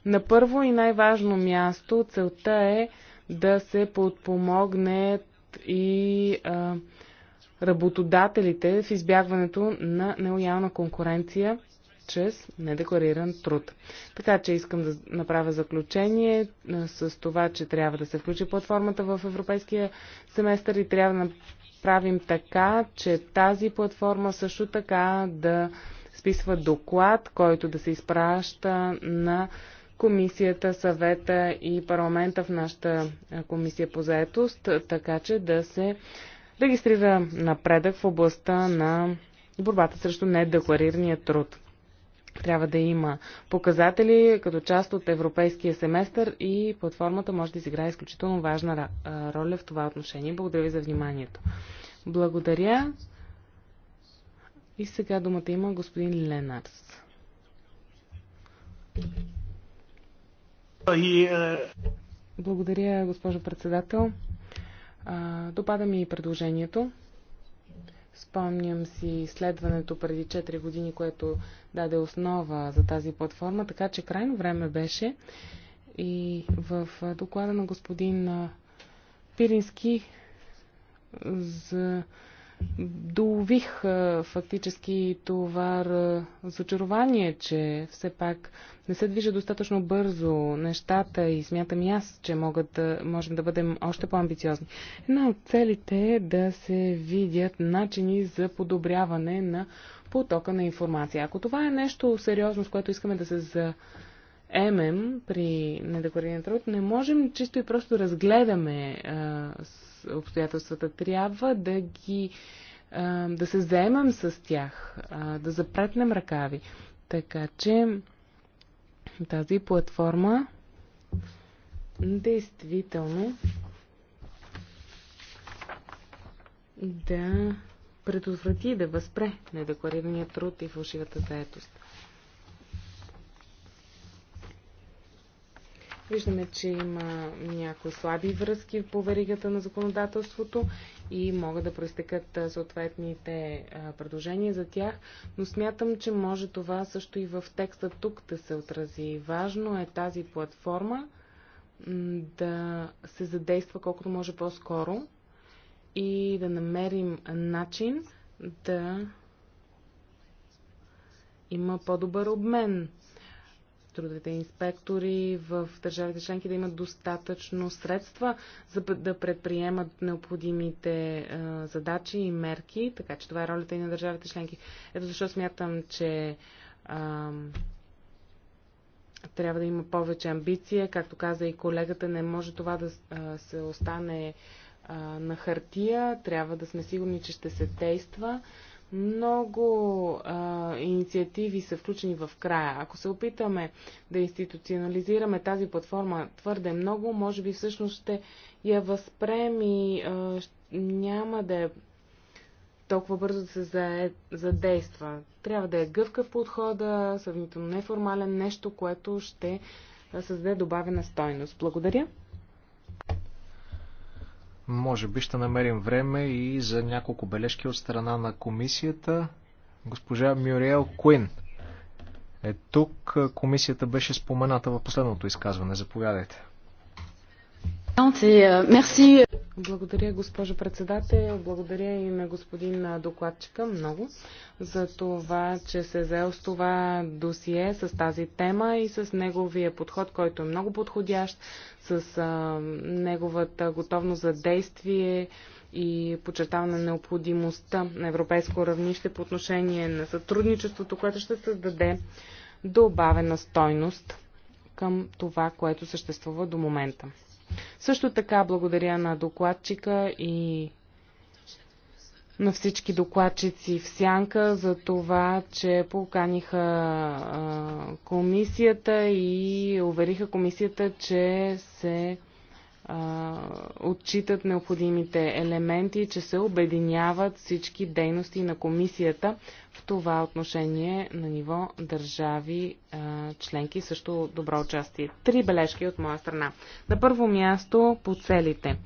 на първо и най-важно място целта е да се подпомогнат и а, работодателите в избягването на нелоялна конкуренция чрез недеклариран труд. Така че искам да направя заключение с това, че трябва да се включи платформата в европейския семестър и трябва да правим така, че тази платформа също така да списва доклад, който да се изпраща на комисията, съвета и парламента в нашата комисия по заетост, така че да се регистрира напредък в областта на борбата срещу недекларирания труд. Трябва да има показатели като част от европейския семестър и платформата може да изиграе изключително важна роля в това отношение. Благодаря ви за вниманието. Благодаря. И сега думата има господин Ленарс. Благодаря, госпожо председател. Допада ми и предложението. Спомням си изследването преди 4 години, което даде основа за тази платформа, така че крайно време беше и в доклада на господин Пирински за долових фактически това разочарование, че все пак не се движа достатъчно бързо нещата и смятам и аз, че могат можем да бъдем още по-амбициозни. Една от целите е да се видят начини за подобряване на потока на информация. Ако това е нещо сериозно, с което искаме да се за ММ при недекларирания труд, не можем чисто и просто да разгледаме а, обстоятелствата. Трябва да ги да се заемем с тях, да запретнем ръкави. Така че тази платформа действително да предотврати, да възпре недекларирания труд и фалшивата заетост. Виждаме, че има някои слаби връзки по веригата на законодателството и могат да проистекат съответните предложения за тях, но смятам, че може това също и в текста тук да се отрази. Важно е тази платформа да се задейства колкото може по-скоро и да намерим начин да има по-добър обмен трудовите инспектори в държавите членки да имат достатъчно средства за да предприемат необходимите а, задачи и мерки, така че това е ролята и на държавите членки. Ето защо смятам, че а, трябва да има повече амбиция. Както каза и колегата, не може това да а, се остане а, на хартия. Трябва да сме сигурни, че ще се действа. Много а, инициативи са включени в края. Ако се опитаме да институционализираме тази платформа твърде много, може би всъщност ще я възпрем и а, няма да е толкова бързо да се задейства. Трябва да е гъвкав подхода, съвнително неформален, нещо, което ще създаде добавена стойност. Благодаря. Може би ще намерим време и за няколко бележки от страна на комисията. Госпожа Мюриел Куин е тук. Комисията беше спомената в последното изказване. Заповядайте. Мерси. Благодаря, госпожо председател. Благодаря и на господин докладчика много за това, че се взел с това досие, с тази тема и с неговия подход, който е много подходящ, с неговата готовност за действие и подчертаване на необходимостта на европейско равнище по отношение на сътрудничеството, което ще създаде добавена стойност към това, което съществува до момента. Също така благодаря на докладчика и на всички докладчици в Сянка за това, че поканиха комисията и увериха комисията, че се отчитат необходимите елементи, че се обединяват всички дейности на комисията в това отношение на ниво държави членки, също добро участие. Три бележки от моя страна. На първо място по целите.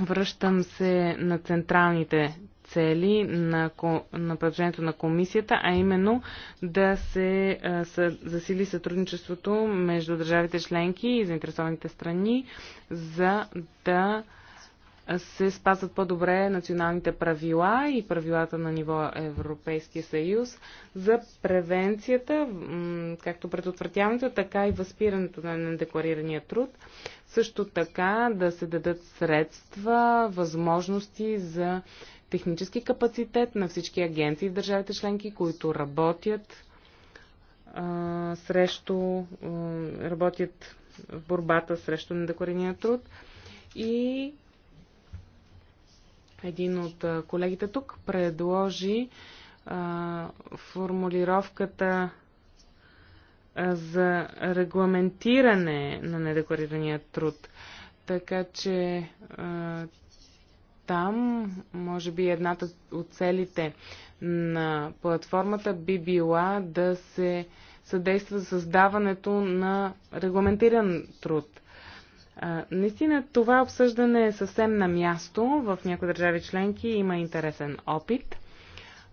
Връщам се на централните цели на, на предложението на комисията, а именно да се засили сътрудничеството между държавите членки и заинтересованите страни, за да се спазват по-добре националните правила и правилата на ниво Европейския съюз за превенцията, както предотвратяването, така и възпирането на недекларирания труд. Също така да се дадат средства, възможности за технически капацитет на всички агенции в държавите членки, които работят а, срещу, а, работят в борбата срещу недекорения труд. И един от колегите тук предложи а, формулировката за регламентиране на недекорирания труд. Така че а, там, може би едната от целите на платформата би била да се съдейства за създаването на регламентиран труд. наистина това обсъждане е съвсем на място. В някои държави членки има интересен опит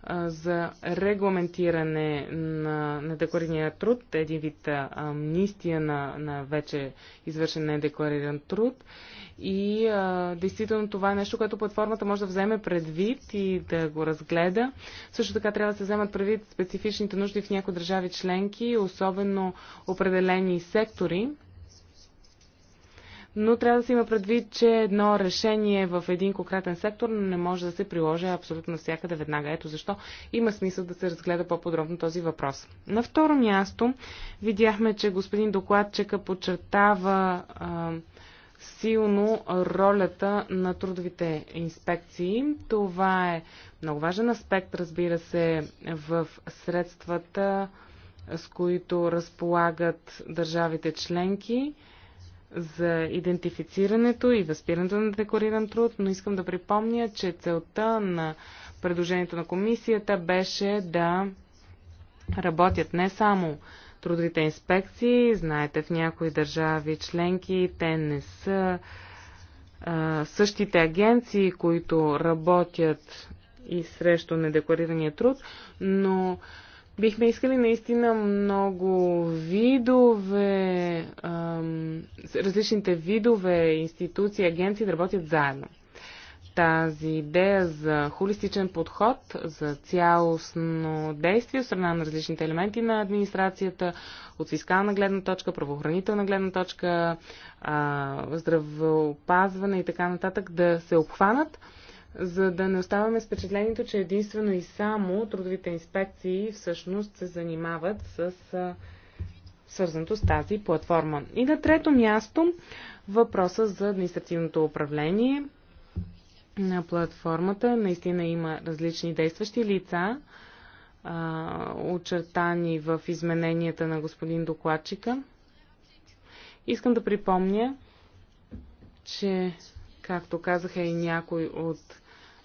за регламентиране на недекларирания труд, един вид амнистия на, на вече извършен недеклариран труд. И а, действително това е нещо, което платформата може да вземе предвид и да го разгледа. Също така трябва да се вземат предвид специфичните нужди в някои държави членки, особено определени сектори, но трябва да се има предвид, че едно решение в един конкретен сектор не може да се приложи абсолютно навсякъде веднага. Ето защо има смисъл да се разгледа по-подробно този въпрос. На второ място видяхме, че господин докладчика подчертава а, силно ролята на трудовите инспекции. Това е много важен аспект, разбира се, в средствата, с които разполагат държавите членки за идентифицирането и възпирането на декориран труд, но искам да припомня, че целта на предложението на комисията беше да работят не само трудовите инспекции, знаете в някои държави членки те не са а, същите агенции, които работят и срещу недекларирания труд, но Бихме искали наистина много видове, различните видове институции, агенции да работят заедно. Тази идея за холистичен подход, за цялостно действие от страна на различните елементи на администрацията, от фискална гледна точка, правоохранителна гледна точка, здравеопазване и така нататък, да се обхванат – за да не оставаме с впечатлението, че единствено и само трудовите инспекции всъщност се занимават с свързаното с тази платформа. И на трето място въпроса за административното управление на платформата. Наистина има различни действащи лица, очертани в измененията на господин докладчика. Искам да припомня, че, както казаха и някои от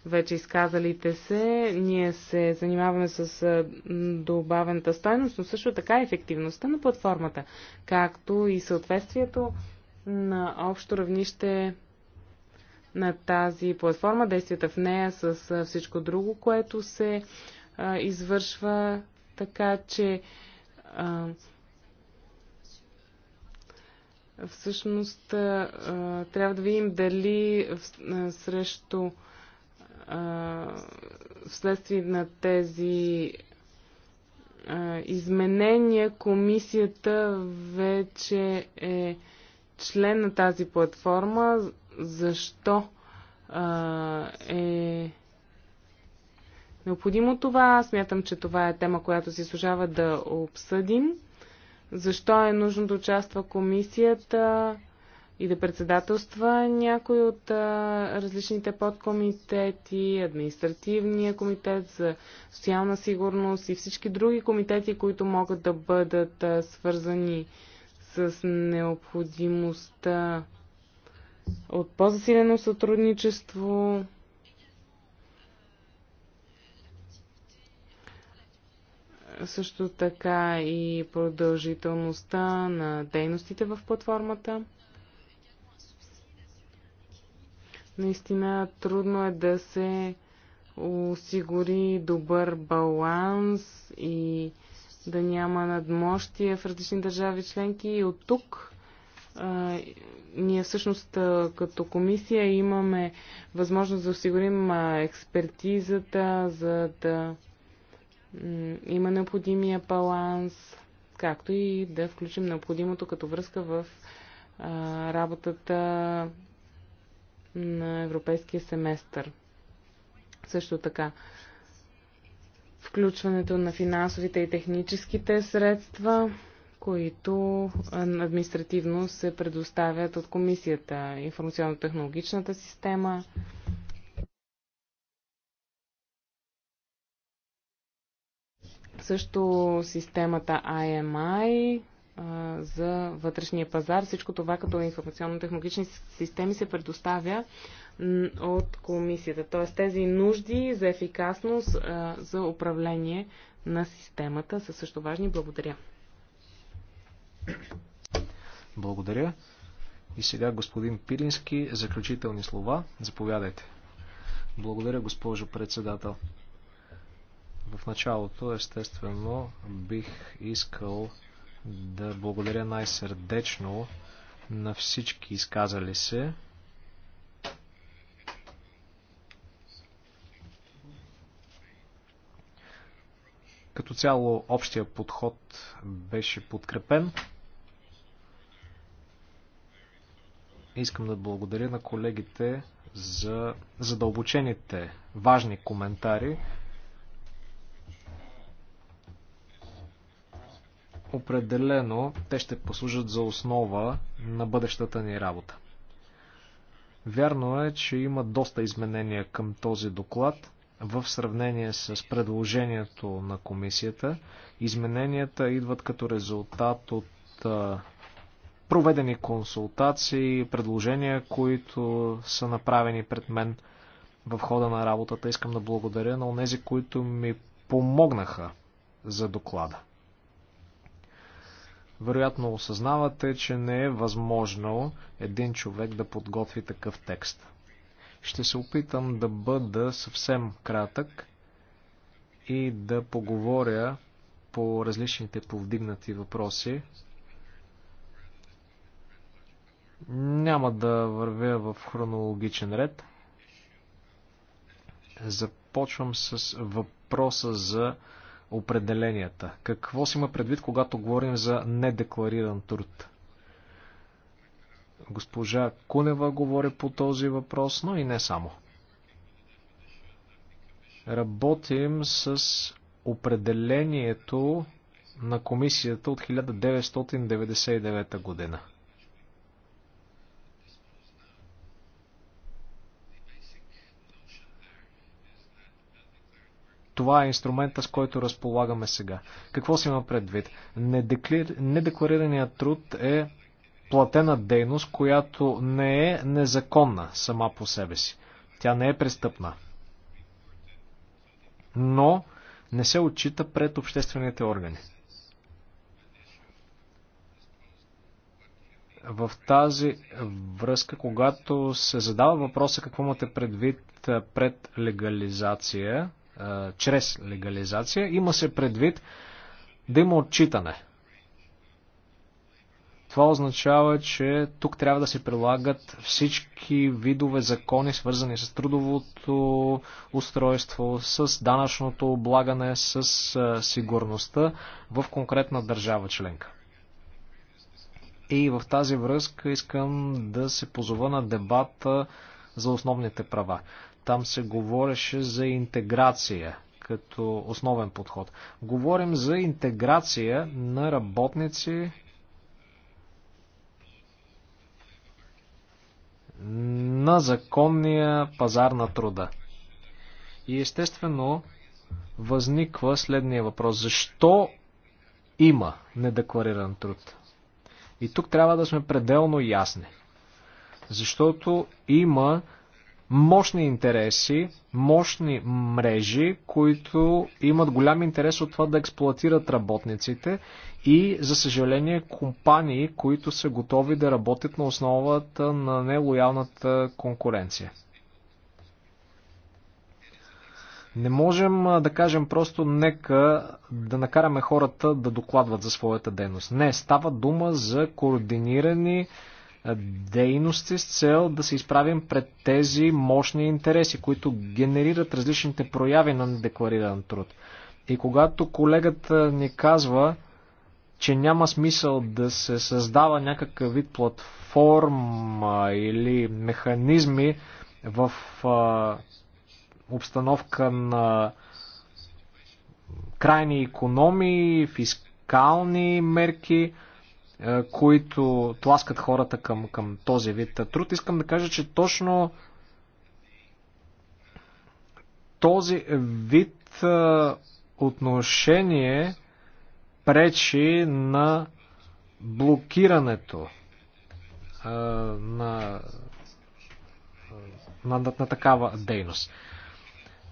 вече изказалите се. Ние се занимаваме с добавената стойност, но също така ефективността на платформата, както и съответствието на общо равнище на тази платформа, действията в нея с всичко друго, което се а, извършва, така че а, всъщност а, трябва да видим дали в, а, срещу вследствие на тези а, изменения комисията вече е член на тази платформа. Защо а, е необходимо това? Смятам, че това е тема, която си служава да обсъдим. Защо е нужно да участва комисията? и да председателства някой от а, различните подкомитети, административния комитет за социална сигурност и всички други комитети, които могат да бъдат а, свързани с необходимостта от по-засилено сътрудничество. Също така и продължителността на дейностите в платформата. Наистина трудно е да се осигури добър баланс и да няма надмощие в различни държави членки. И от тук а, ние всъщност а, като комисия имаме възможност да осигурим а, експертизата, за да има необходимия баланс, както и да включим необходимото като връзка в а, работата на европейския семестър. Също така, включването на финансовите и техническите средства, които е, административно се предоставят от комисията. Информационно-технологичната система, също системата IMI, за вътрешния пазар. Всичко това като информационно-технологични системи се предоставя от комисията. Т.е. тези нужди за ефикасност, за управление на системата са също важни. Благодаря. Благодаря. И сега господин Пилински, заключителни слова. Заповядайте. Благодаря, госпожо председател. В началото, естествено, бих искал да благодаря най-сърдечно на всички изказали се. Като цяло общия подход беше подкрепен. Искам да благодаря на колегите за задълбочените важни коментари. определено те ще послужат за основа на бъдещата ни работа. Вярно е, че има доста изменения към този доклад в сравнение с предложението на комисията. Измененията идват като резултат от проведени консултации, предложения, които са направени пред мен в хода на работата. Искам да благодаря на онези, които ми помогнаха за доклада. Вероятно осъзнавате, че не е възможно един човек да подготви такъв текст. Ще се опитам да бъда съвсем кратък и да поговоря по различните повдигнати въпроси. Няма да вървя в хронологичен ред. Започвам с въпроса за определенията. Какво си има предвид, когато говорим за недеклариран труд? Госпожа Кунева говори по този въпрос, но и не само. Работим с определението на комисията от 1999 година. Това е инструмента, с който разполагаме сега. Какво си има предвид? Недекларираният труд е платена дейност, която не е незаконна сама по себе си. Тя не е престъпна. Но не се отчита пред обществените органи. в тази връзка, когато се задава въпроса какво имате предвид пред легализация, чрез легализация. Има се предвид да има отчитане. Това означава, че тук трябва да се прилагат всички видове закони, свързани с трудовото устройство, с данъчното облагане, с сигурността в конкретна държава членка. И в тази връзка искам да се позова на дебата за основните права. Там се говореше за интеграция като основен подход. Говорим за интеграция на работници на законния пазар на труда. И естествено възниква следния въпрос. Защо има недеклариран труд? И тук трябва да сме пределно ясни. Защото има мощни интереси, мощни мрежи, които имат голям интерес от това да експлуатират работниците и, за съжаление, компании, които са готови да работят на основата на нелоялната конкуренция. Не можем да кажем просто нека да накараме хората да докладват за своята дейност. Не, става дума за координирани дейности с цел да се изправим пред тези мощни интереси, които генерират различните прояви на недеклариран труд. И когато колегата ни казва, че няма смисъл да се създава някакъв вид платформа или механизми в а, обстановка на крайни економии, фискални мерки, които тласкат хората към, към този вид труд. Искам да кажа, че точно този вид отношение пречи на блокирането на, на, на, на такава дейност.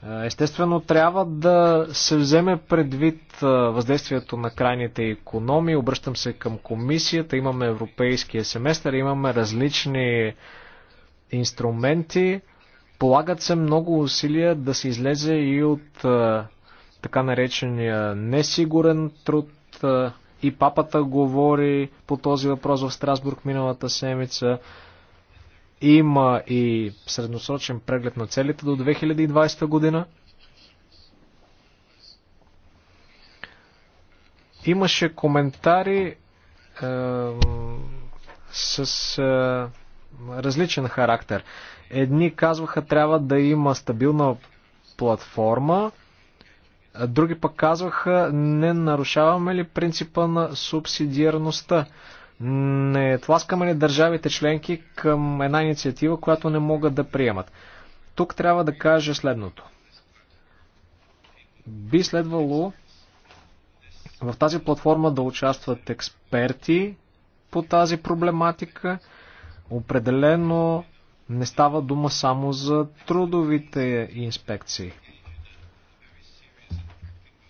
Е, естествено, трябва да се вземе предвид е, въздействието на крайните економии. Обръщам се към комисията. Имаме европейския семестър, имаме различни инструменти. Полагат се много усилия да се излезе и от е, така наречения несигурен труд. И папата говори по този въпрос в Страсбург миналата седмица. Има и средносрочен преглед на целите до 2020 година. Имаше коментари е, с е, различен характер. Едни казваха трябва да има стабилна платформа, други пък казваха не нарушаваме ли принципа на субсидиарността. Не тласкаме ли държавите членки към една инициатива, която не могат да приемат? Тук трябва да кажа следното. Би следвало в тази платформа да участват експерти по тази проблематика. Определено не става дума само за трудовите инспекции.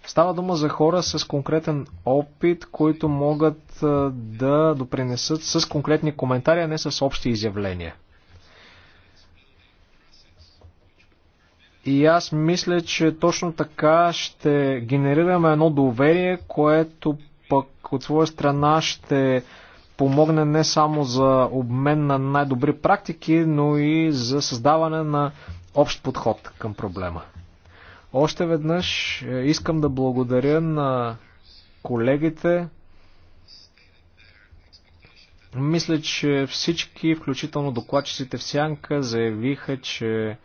Става дума за хора с конкретен опит, които могат да допринесат с конкретни коментари, а не с общи изявления. И аз мисля, че точно така ще генерираме едно доверие, което пък от своя страна ще помогне не само за обмен на най-добри практики, но и за създаване на общ подход към проблема. Още веднъж е, искам да благодаря на колегите. Мисля, че всички, включително докладчиците в Сянка, заявиха, че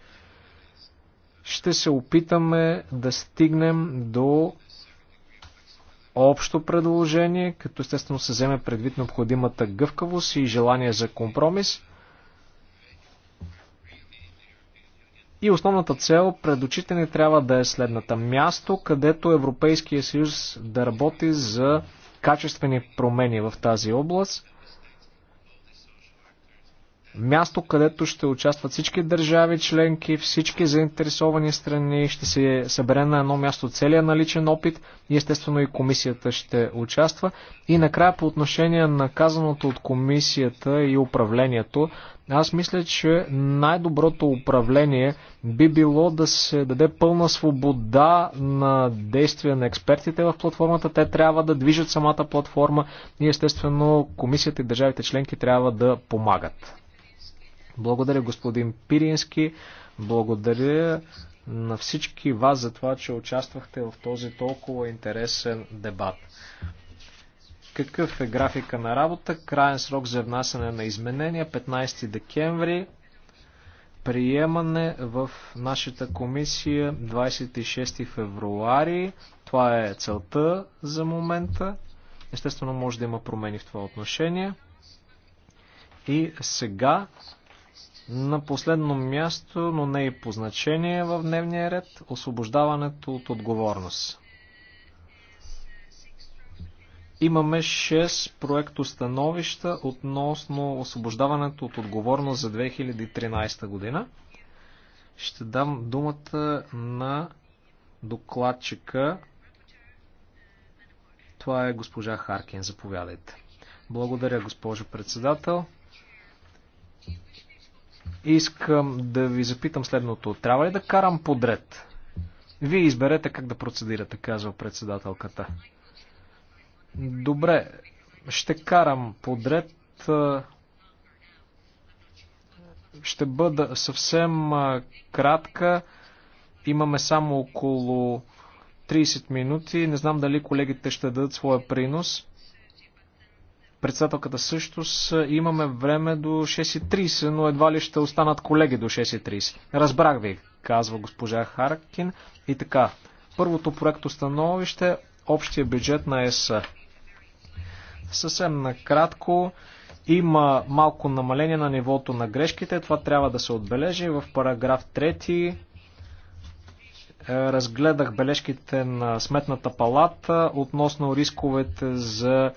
ще се опитаме да стигнем до общо предложение, като естествено се вземе предвид необходимата гъвкавост и желание за компромис. И основната цел пред очите ни трябва да е следната. Място, където Европейския съюз да работи за качествени промени в тази област – място, където ще участват всички държави членки, всички заинтересовани страни, ще се събере на едно място целият наличен опит и естествено и комисията ще участва. И накрая по отношение на казаното от комисията и управлението, аз мисля, че най-доброто управление би било да се даде пълна свобода на действия на експертите в платформата. Те трябва да движат самата платформа и естествено комисията и държавите членки трябва да помагат. Благодаря господин Пирински, благодаря на всички вас за това, че участвахте в този толкова интересен дебат. Какъв е графика на работа? Крайен срок за внасяне на изменения 15 декември. Приемане в нашата комисия 26 февруари. Това е целта за момента. Естествено може да има промени в това отношение. И сега на последно място, но не и по значение в дневния ред, освобождаването от отговорност. Имаме 6 проектостановища относно освобождаването от отговорност за 2013 година. Ще дам думата на докладчика. Това е госпожа Харкин. Заповядайте. Благодаря, госпожо председател. Искам да ви запитам следното. Трябва ли да карам подред? Вие изберете как да процедирате, казва председателката. Добре, ще карам подред. Ще бъда съвсем кратка. Имаме само около 30 минути. Не знам дали колегите ще дадат своя принос председателката също с... Е, имаме време до 6.30, но едва ли ще останат колеги до 6.30. Разбрах ви, казва госпожа Харкин. И така, първото проекто становище, общия бюджет на ЕС. Съвсем накратко, има малко намаление на нивото на грешките, това трябва да се отбележи в параграф 3 е, разгледах бележките на Сметната палата относно рисковете за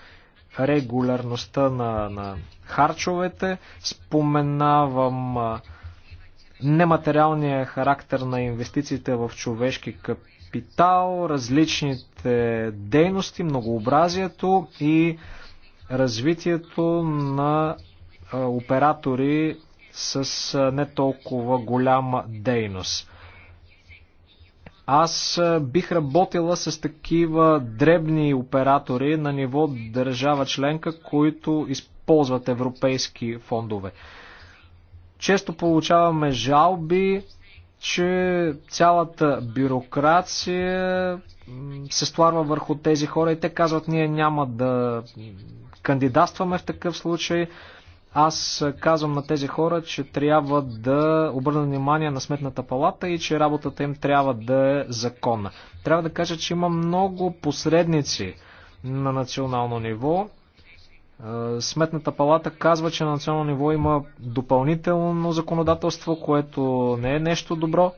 регулярността на, на харчовете, споменавам нематериалния характер на инвестициите в човешки капитал, различните дейности, многообразието и развитието на оператори с не толкова голяма дейност. Аз бих работила с такива дребни оператори на ниво държава членка, които използват европейски фондове. Често получаваме жалби, че цялата бюрокрация се стварва върху тези хора и те казват, ние няма да кандидатстваме в такъв случай. Аз казвам на тези хора, че трябва да обърна внимание на сметната палата и че работата им трябва да е законна. Трябва да кажа, че има много посредници на национално ниво. Е, сметната палата казва, че на национално ниво има допълнително законодателство, което не е нещо добро,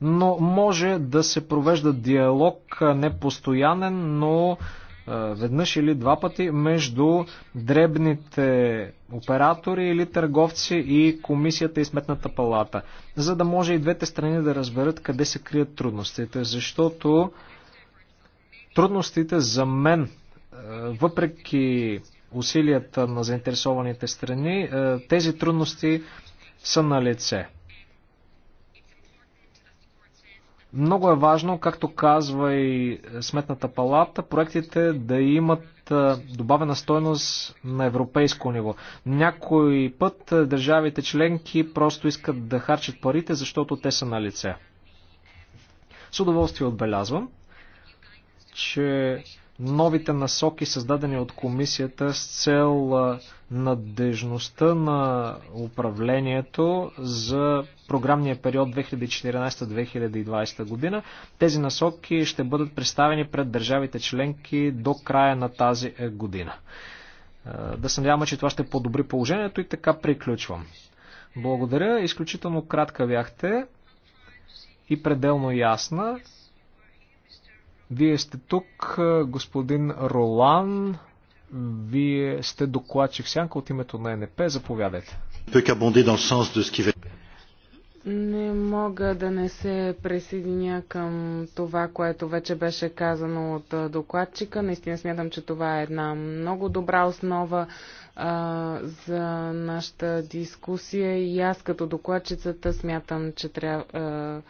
но може да се провежда диалог, непостоянен, но веднъж или два пъти между дребните оператори или търговци и комисията и сметната палата, за да може и двете страни да разберат къде се крият трудностите, защото трудностите за мен, въпреки усилията на заинтересованите страни, тези трудности са на лице. Много е важно, както казва и Сметната палата, проектите да имат добавена стойност на европейско ниво. Някой път държавите членки просто искат да харчат парите, защото те са на лице. С удоволствие отбелязвам, че новите насоки, създадени от комисията с цел надежността на управлението за програмния период 2014-2020 година. Тези насоки ще бъдат представени пред държавите членки до края на тази е, година. Е, да се надяваме, че това ще подобри положението и така приключвам. Благодаря, изключително кратка бяхте и пределно ясна. Вие сте тук, е, господин Ролан. Вие сте докладчик сянка от името на НП. Заповядайте. Не мога да не се присъединя към това, което вече беше казано от докладчика. Наистина смятам, че това е една много добра основа а, за нашата дискусия и аз като докладчицата смятам, че трябва. А,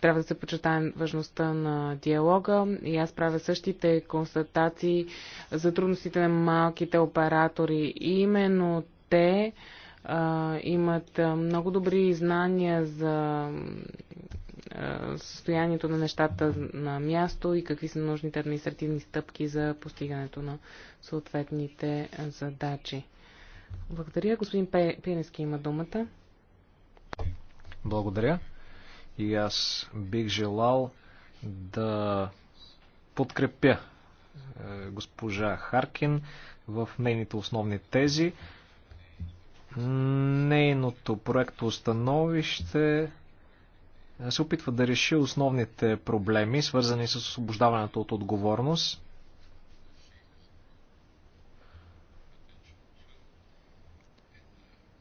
трябва да се почетаем важността на диалога и аз правя същите констатации за трудностите на малките оператори. И именно те а, а, имат много добри знания за състоянието на нещата на място и какви са нужните административни стъпки за постигането на съответните задачи. Благодаря. Господин Пенески има думата. Благодаря. И аз бих желал да подкрепя е, госпожа Харкин в нейните основни тези нейното проекто установище се опитва да реши основните проблеми, свързани с освобождаването от отговорност.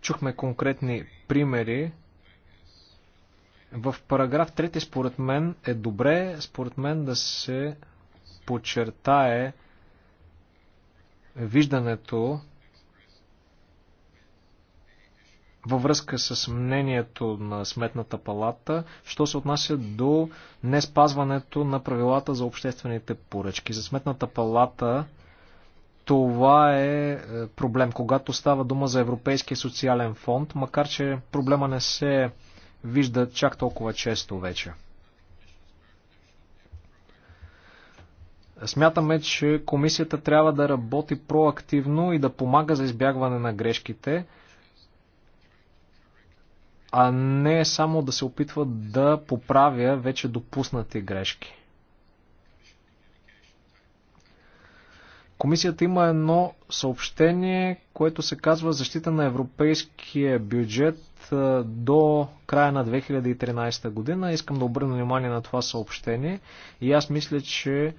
Чухме конкретни примери. В параграф 3 според мен е добре, според мен да се подчертае виждането във връзка с мнението на Сметната палата, що се отнася до не спазването на правилата за обществените поръчки. За Сметната палата това е, е проблем, когато става дума за Европейския социален фонд, макар че проблема не се вижда чак толкова често вече. Смятаме, че комисията трябва да работи проактивно и да помага за избягване на грешките – а не само да се опитва да поправя вече допуснати грешки. Комисията има едно съобщение, което се казва защита на европейския бюджет до края на 2013 година. Искам да обърна внимание на това съобщение и аз мисля, че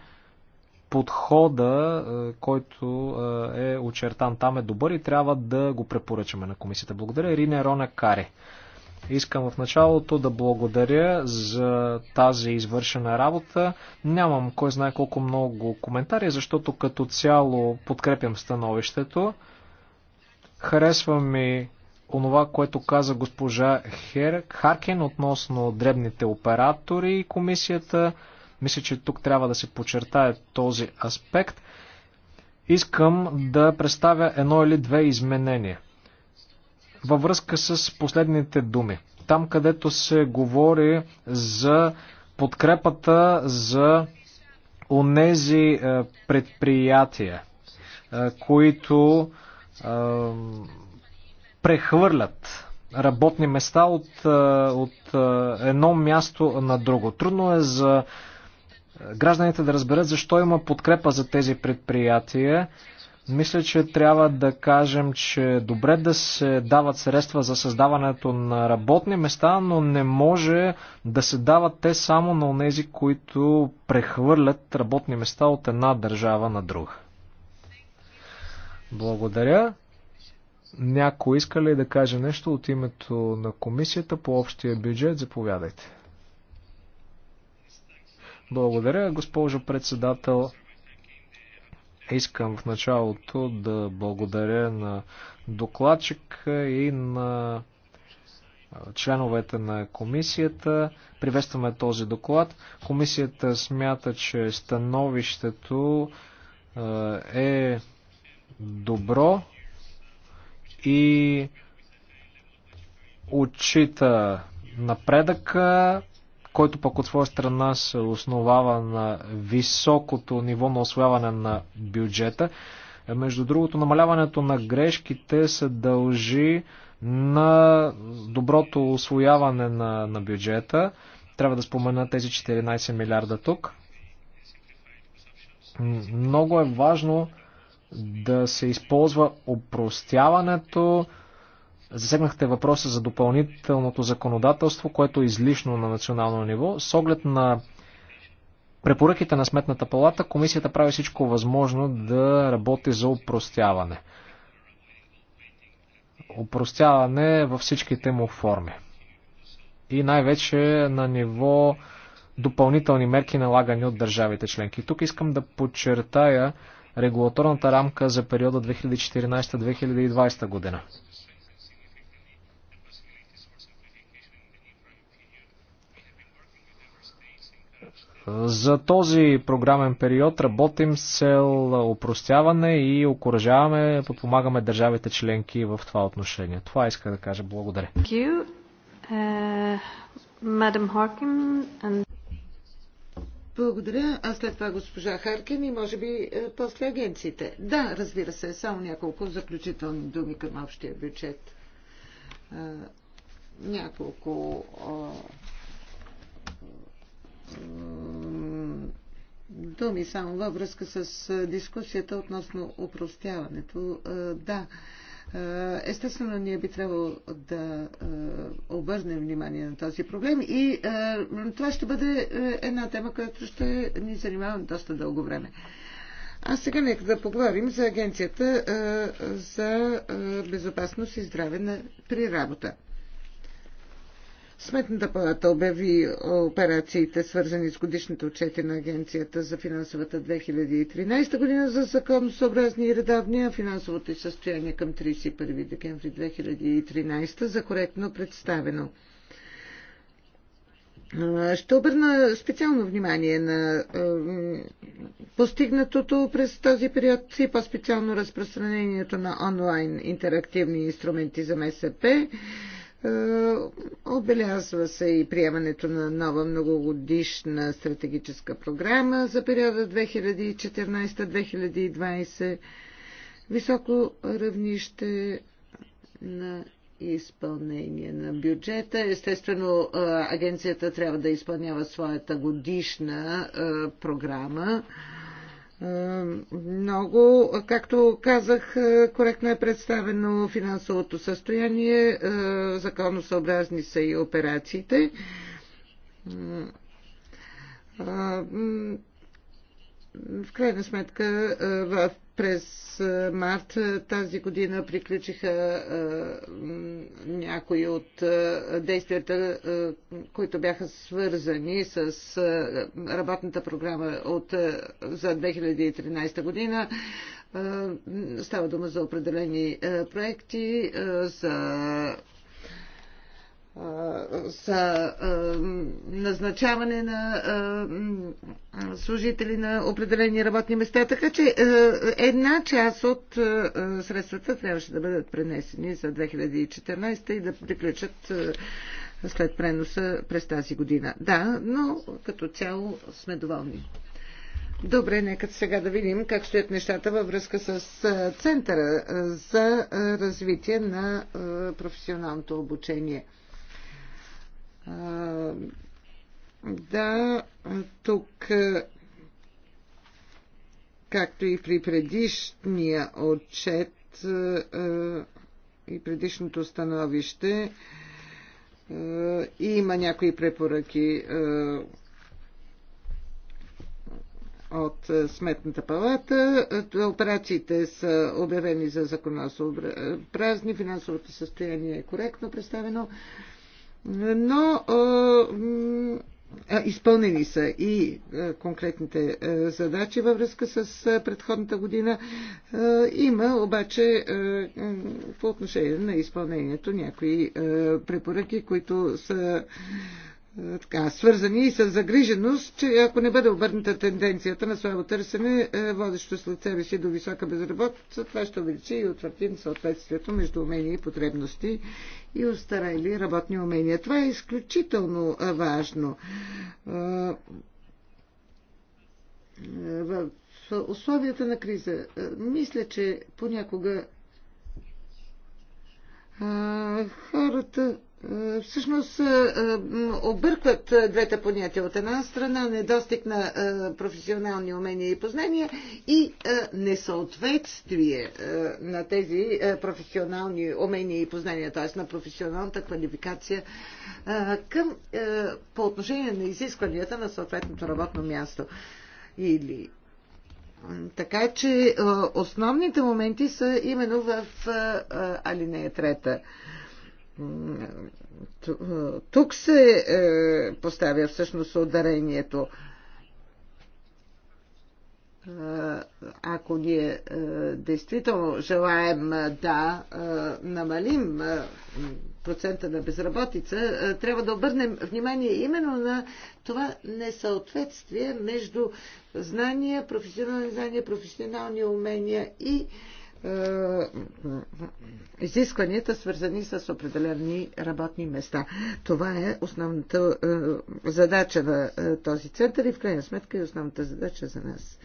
подхода, който е очертан там е добър и трябва да го препоръчаме на комисията. Благодаря. Ирина Рона Каре. Искам в началото да благодаря за тази извършена работа. Нямам кой знае колко много коментари, защото като цяло подкрепям становището. Харесва ми онова, което каза госпожа Хер... Харкен относно дребните оператори и комисията. Мисля, че тук трябва да се подчертае този аспект. Искам да представя едно или две изменения във връзка с последните думи. Там, където се говори за подкрепата за онези е, предприятия, е, които е, прехвърлят работни места от, от едно място на друго. Трудно е за гражданите да разберат защо има подкрепа за тези предприятия. Мисля, че трябва да кажем, че добре да се дават средства за създаването на работни места, но не може да се дават те само на тези, които прехвърлят работни места от една държава на друга. Благодаря. Някой иска ли да каже нещо от името на комисията по общия бюджет? Заповядайте. Благодаря, госпожо председател. Искам в началото да благодаря на докладчик и на членовете на комисията. Приветстваме този доклад. Комисията смята, че становището е добро и отчита напредъка който пък от своя страна се основава на високото ниво на освояване на бюджета. Между другото, намаляването на грешките се дължи на доброто освояване на, на бюджета. Трябва да спомена тези 14 милиарда тук. Много е важно да се използва опростяването, Засегнахте въпроса за допълнителното законодателство, което е излишно на национално ниво. С оглед на препоръките на Сметната палата, комисията прави всичко възможно да работи за упростяване. Упростяване във всичките му форми. И най-вече на ниво допълнителни мерки налагани от държавите членки. Тук искам да подчертая регулаторната рамка за периода 2014-2020 година. За този програмен период работим с цел упростяване и окоръжаваме, подпомагаме държавите членки в това отношение. Това иска да кажа. Благодаря. Uh, Благодаря. А след това госпожа Харкин и може би е, после агенциите. Да, разбира се, само няколко заключителни думи към общия бюджет. Е, няколко е, думи само във връзка с дискусията относно упростяването. Да, естествено ние би трябвало да обърнем внимание на този проблем и това ще бъде една тема, която ще ни занимава доста дълго време. А сега нека да поговорим за Агенцията за безопасност и здраве при работа. Сметната палата обяви операциите, свързани с годишните отчети на Агенцията за финансовата 2013 година за законосъобразни и редавни, а финансовото и състояние към 31 декември 2013 за коректно представено. Ще обърна специално внимание на постигнатото през този период и по-специално разпространението на онлайн интерактивни инструменти за МСП е, Отбелязва се и приемането на нова многогодишна стратегическа програма за периода 2014-2020. Високо равнище на изпълнение на бюджета. Естествено, е, агенцията трябва да изпълнява своята годишна е, програма много. Както казах, коректно е представено финансовото състояние, е, законосъобразни са и операциите. Е, е, в крайна сметка в през март тази година приключиха някои от действията, които бяха свързани с работната програма от, за 2013 година. Става дума за определени проекти, за за назначаване на служители на определени работни места. Така че една част от средствата трябваше да бъдат пренесени за 2014 и да приключат след преноса през тази година. Да, но като цяло сме доволни. Добре, нека сега да видим как стоят нещата във връзка с Центъра за развитие на професионалното обучение. Да, тук, както и при предишния отчет и предишното становище, има някои препоръки от Сметната палата. Операциите са обявени за законосообразни, финансовото състояние е коректно представено но изпълнени са и конкретните задачи във връзка с предходната година. Има обаче по отношение на изпълнението някои препоръки, които са е, така, свързани и с загриженост, че ако не бъде обърната тенденцията на слабо търсене, е, водещо след себе си до висока безработица, това ще увеличи и утвърди съответствието между умения и потребности и устарели работни умения. Това е изключително е, важно. В условията на криза, мисля, че понякога хората всъщност е, е, объркват е, двете понятия. От една страна недостиг на професионални умения и познания и несъответствие на тези професионални умения и познания, т.е. на професионалната квалификация към, по отношение на изискванията на съответното работно място. Или така че основните моменти са именно в алинея трета. Тук се е, поставя всъщност ударението. Е, ако ние е, действително желаем е, да е, намалим е, процента на безработица, е, трябва да обърнем внимание именно на това несъответствие между знания, професионални знания, професионални умения и е, е, изискванията, свързани с определени работни места. Това е основната е, задача на е, този център и в крайна сметка и основната задача за нас.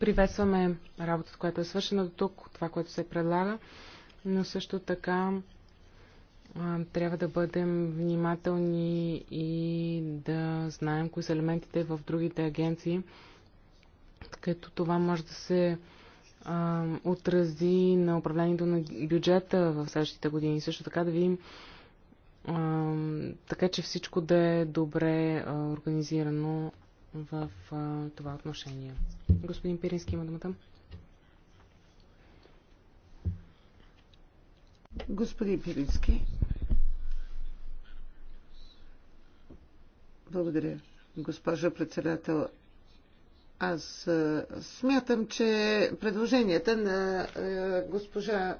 Приветстваме работата, която е свършена до тук, това, което се предлага, но също така трябва да бъдем внимателни и да знаем кои са елементите в другите агенции, като това може да се а, отрази на управлението на бюджета в следващите години. Също така да видим а, така, че всичко да е добре а, организирано в а, това отношение. Господин Пирински има думата. Господин Пирински. Благодаря, госпожо председател. Аз смятам, че предложенията на госпожа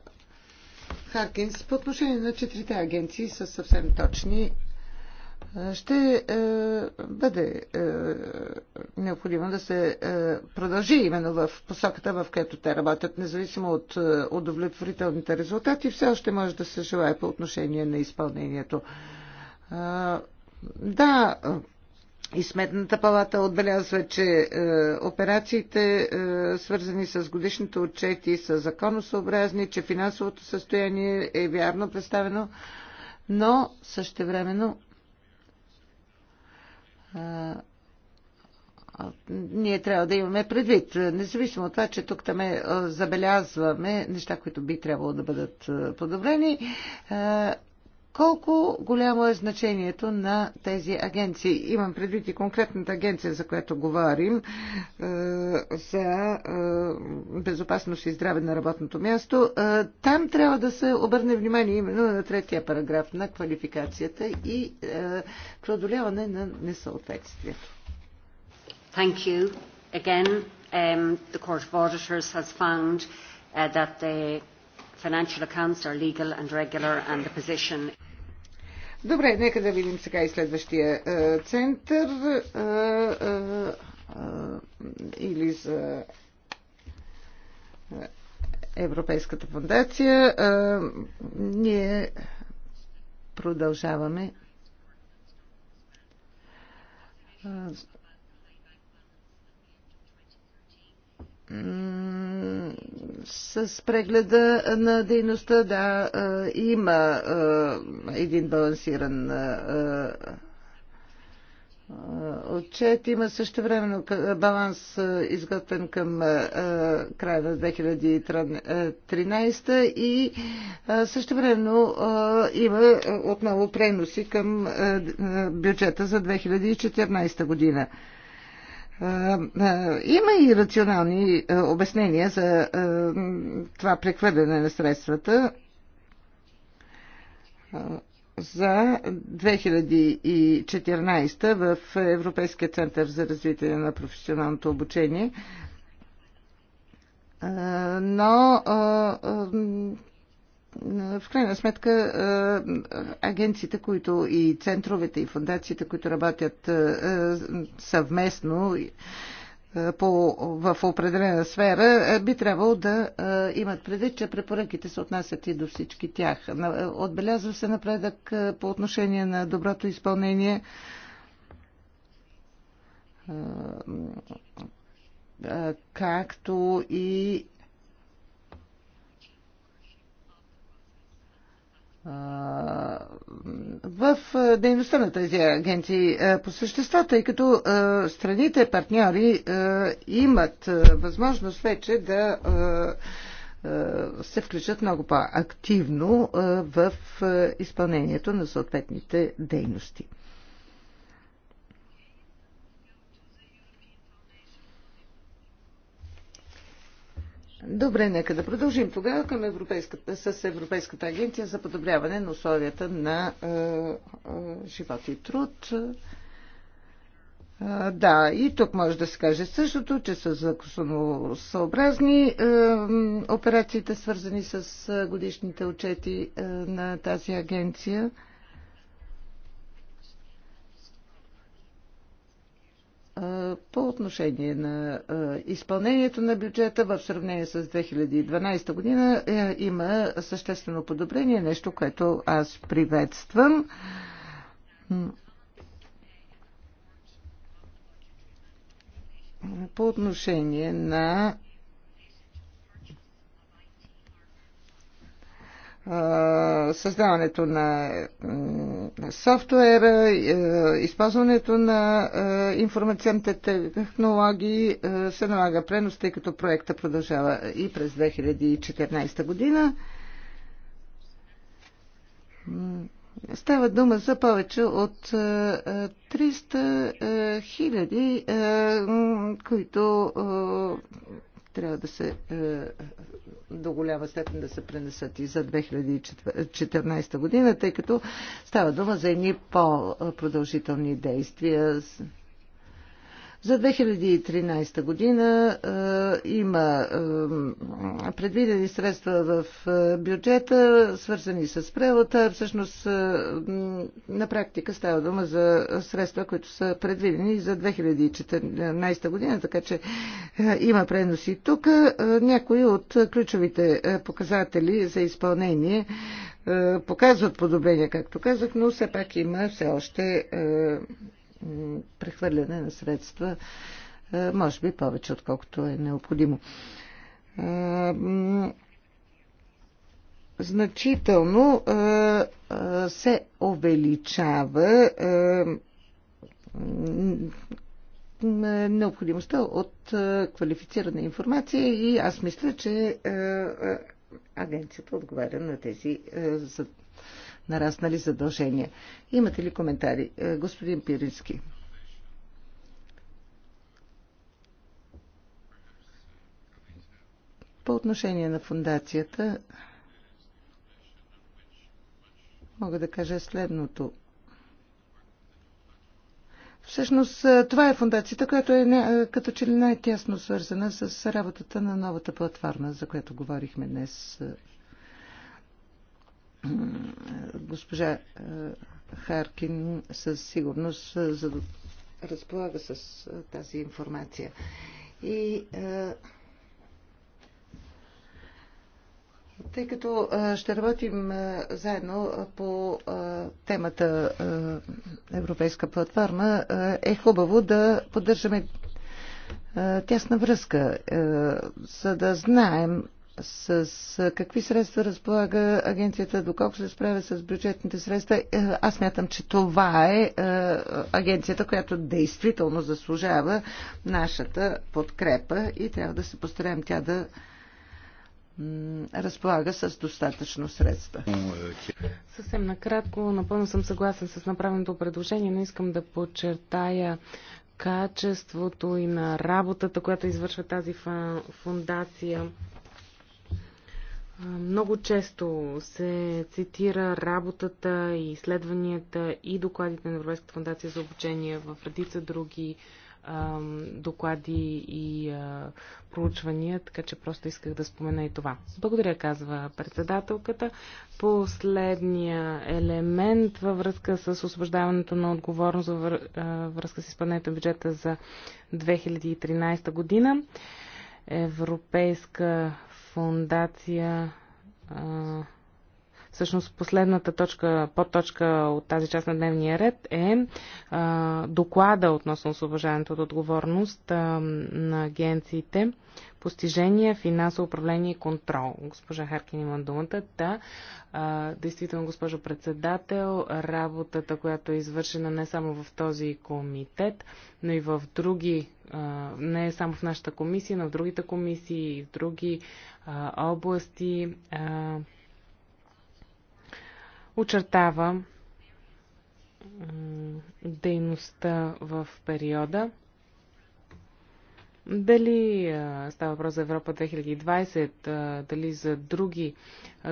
Харкинс по отношение на четирите агенции са съвсем точни. Ще бъде необходимо да се продължи именно в посоката, в която те работят, независимо от удовлетворителните резултати. Все още може да се желая по отношение на изпълнението. Да, и Сметната палата отбелязва, че е, операциите, е, свързани с годишните отчети, са законосъобразни, че финансовото състояние е вярно представено, но същевременно е, ние трябва да имаме предвид, независимо от това, че тук там е, забелязваме неща, които би трябвало да бъдат е, подобрени. Е, колко голямо е значението на тези агенции. Имам предвид и конкретната агенция, за която говорим, е, за е, безопасност и здраве на работното място. Е, там трябва да се обърне внимание именно на третия параграф на квалификацията и преодоляване на несъответствието. Thank you. Again, um, the Court of Auditors has found uh, that the financial accounts are legal and regular and the position Добре, нека да видим сега и следващия е, център е, е, е, или за е, Европейската фундация. Е, ние продължаваме е, с прегледа на дейността, да, има един балансиран отчет. Има също времено баланс изготвен към края на 2013 и също времено има отново преноси към бюджета за 2014 година. Е, е, има и рационални е, обяснения за това прехвърляне на средствата за 2014 в Европейския център за развитие на професионалното обучение. Но в крайна сметка агенциите, които и центровете и фундациите, които работят съвместно по, в определена сфера, би трябвало да имат предвид, че препоръките се отнасят и до всички тях. Отбелязва се напредък по отношение на доброто изпълнение както и в дейността на тези агенции по същества, тъй като страните партньори имат възможност вече да се включат много по-активно в изпълнението на съответните дейности. Добре, нека да продължим тогава към европейската, с Европейската агенция за подобряване на условията на е, е, живот и труд. Е, да, и тук може да се каже същото, че са законосъобразни е, операциите, свързани с е, годишните отчети е, на тази агенция. по отношение на изпълнението на бюджета в сравнение с 2012 година е, има съществено подобрение, нещо, което аз приветствам. По отношение на създаването на софтуера, е, използването на е, информационните технологии е, се налага пренос, тъй като проекта продължава и през 2014 година. Става дума за повече от 300 хиляди, които трябва да се до голяма степен да се пренесат и за 2014 година, тъй като става дума за едни по-продължителни действия за 2013 година е, има е, предвидени средства в е, бюджета, свързани с превода. Всъщност е, на практика става дума за средства, които са предвидени за 2014 година, така че е, има преноси тук. Е, някои от ключовите е, показатели за изпълнение е, показват подобрения, както казах, но все пак има все още. Е, прехвърляне на средства, може би повече, отколкото е необходимо. Значително се увеличава необходимостта от квалифицирана информация и аз мисля, че агенцията отговаря на тези нараснали задължения. Имате ли коментари? Е, господин Пирински. По отношение на фундацията, мога да кажа следното. Всъщност, е, това е фундацията, която е, е като че ли най-тясно свързана с работата на новата платформа, за която говорихме днес Госпожа е, Харкин със сигурност е, разполага с е, тази информация. И тъй като ще работим заедно по темата Европейска платформа, е хубаво да поддържаме тясна връзка, за да знаем с какви средства разполага агенцията, доколко се справя с бюджетните средства? Е, аз мятам, че това е, е агенцията, която действително заслужава нашата подкрепа и трябва да се постараем тя да разполага с достатъчно средства. Съвсем накратко, напълно съм съгласен с направеното предложение, но искам да подчертая качеството и на работата, която извършва тази фундация много често се цитира работата и изследванията и докладите на Европейската фундация за обучение в редица други доклади и проучвания, така че просто исках да спомена и това. Благодаря, казва председателката. Последния елемент във връзка с освобождаването на отговорност във връзка с изпълнението на бюджета за 2013 година. Европейска фундация а, Всъщност последната точка, подточка от тази част на дневния ред е а, доклада относно освобождането от отговорност а, на агенциите, постижения, финансово управление и контрол. Госпожа Харкин има думата. Да, а, действително, госпожо председател, работата, която е извършена не само в този комитет, но и в други, а, не само в нашата комисия, но в другите комисии и в други а, области. А, очертава дейността в периода. Дали става въпрос за Европа 2020, дали за други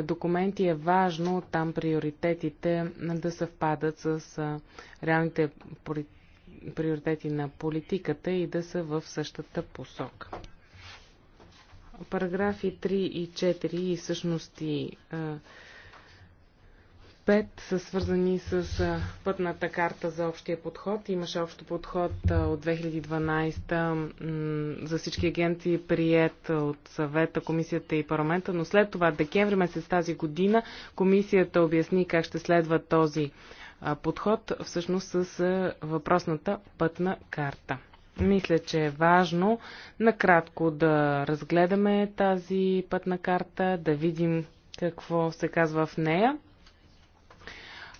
документи е важно там приоритетите да съвпадат с реалните приоритети на политиката и да са в същата посока. Параграфи 3 и 4 и всъщност и пет са свързани с пътната карта за общия подход. Имаше общо подход от 2012 за всички агенции, прият от съвета, комисията и парламента, но след това, декември месец тази година, комисията обясни как ще следва този подход всъщност с въпросната пътна карта. Мисля, че е важно накратко да разгледаме тази пътна карта, да видим какво се казва в нея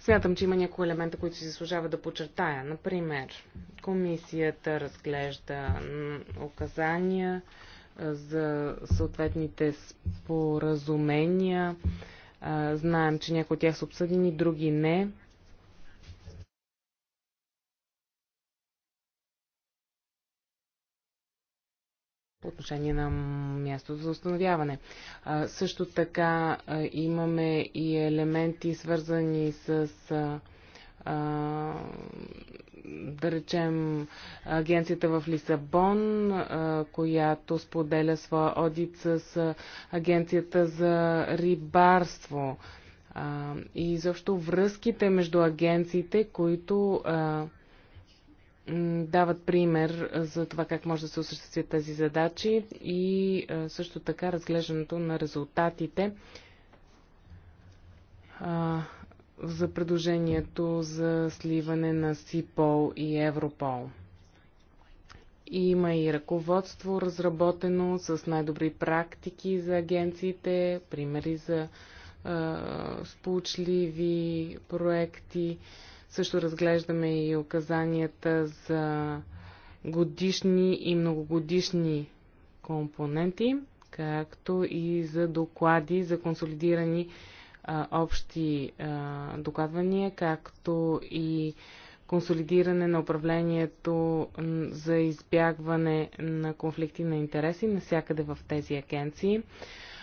Смятам, че има някои елемента, които си заслужава да подчертая. Например, комисията разглежда указания за съответните споразумения. Знаем, че някои от тях са обсъдени, други не. по отношение на мястото за установяване. А, също така а, имаме и елементи свързани с а, а, да речем агенцията в Лисабон, която споделя своя одит с агенцията за рибарство и защо връзките между агенциите, които дават пример за това как може да се осъществят тези задачи и също така разглеждането на резултатите за предложението за сливане на СИПОЛ и Европол. Има и ръководство разработено с най-добри практики за агенциите, примери за е, сполучливи проекти. Е, също разглеждаме и указанията за годишни и многогодишни компоненти, както и за доклади за консолидирани а, общи а, докладвания, както и консолидиране на управлението за избягване на конфликти на интереси навсякъде в тези агенции.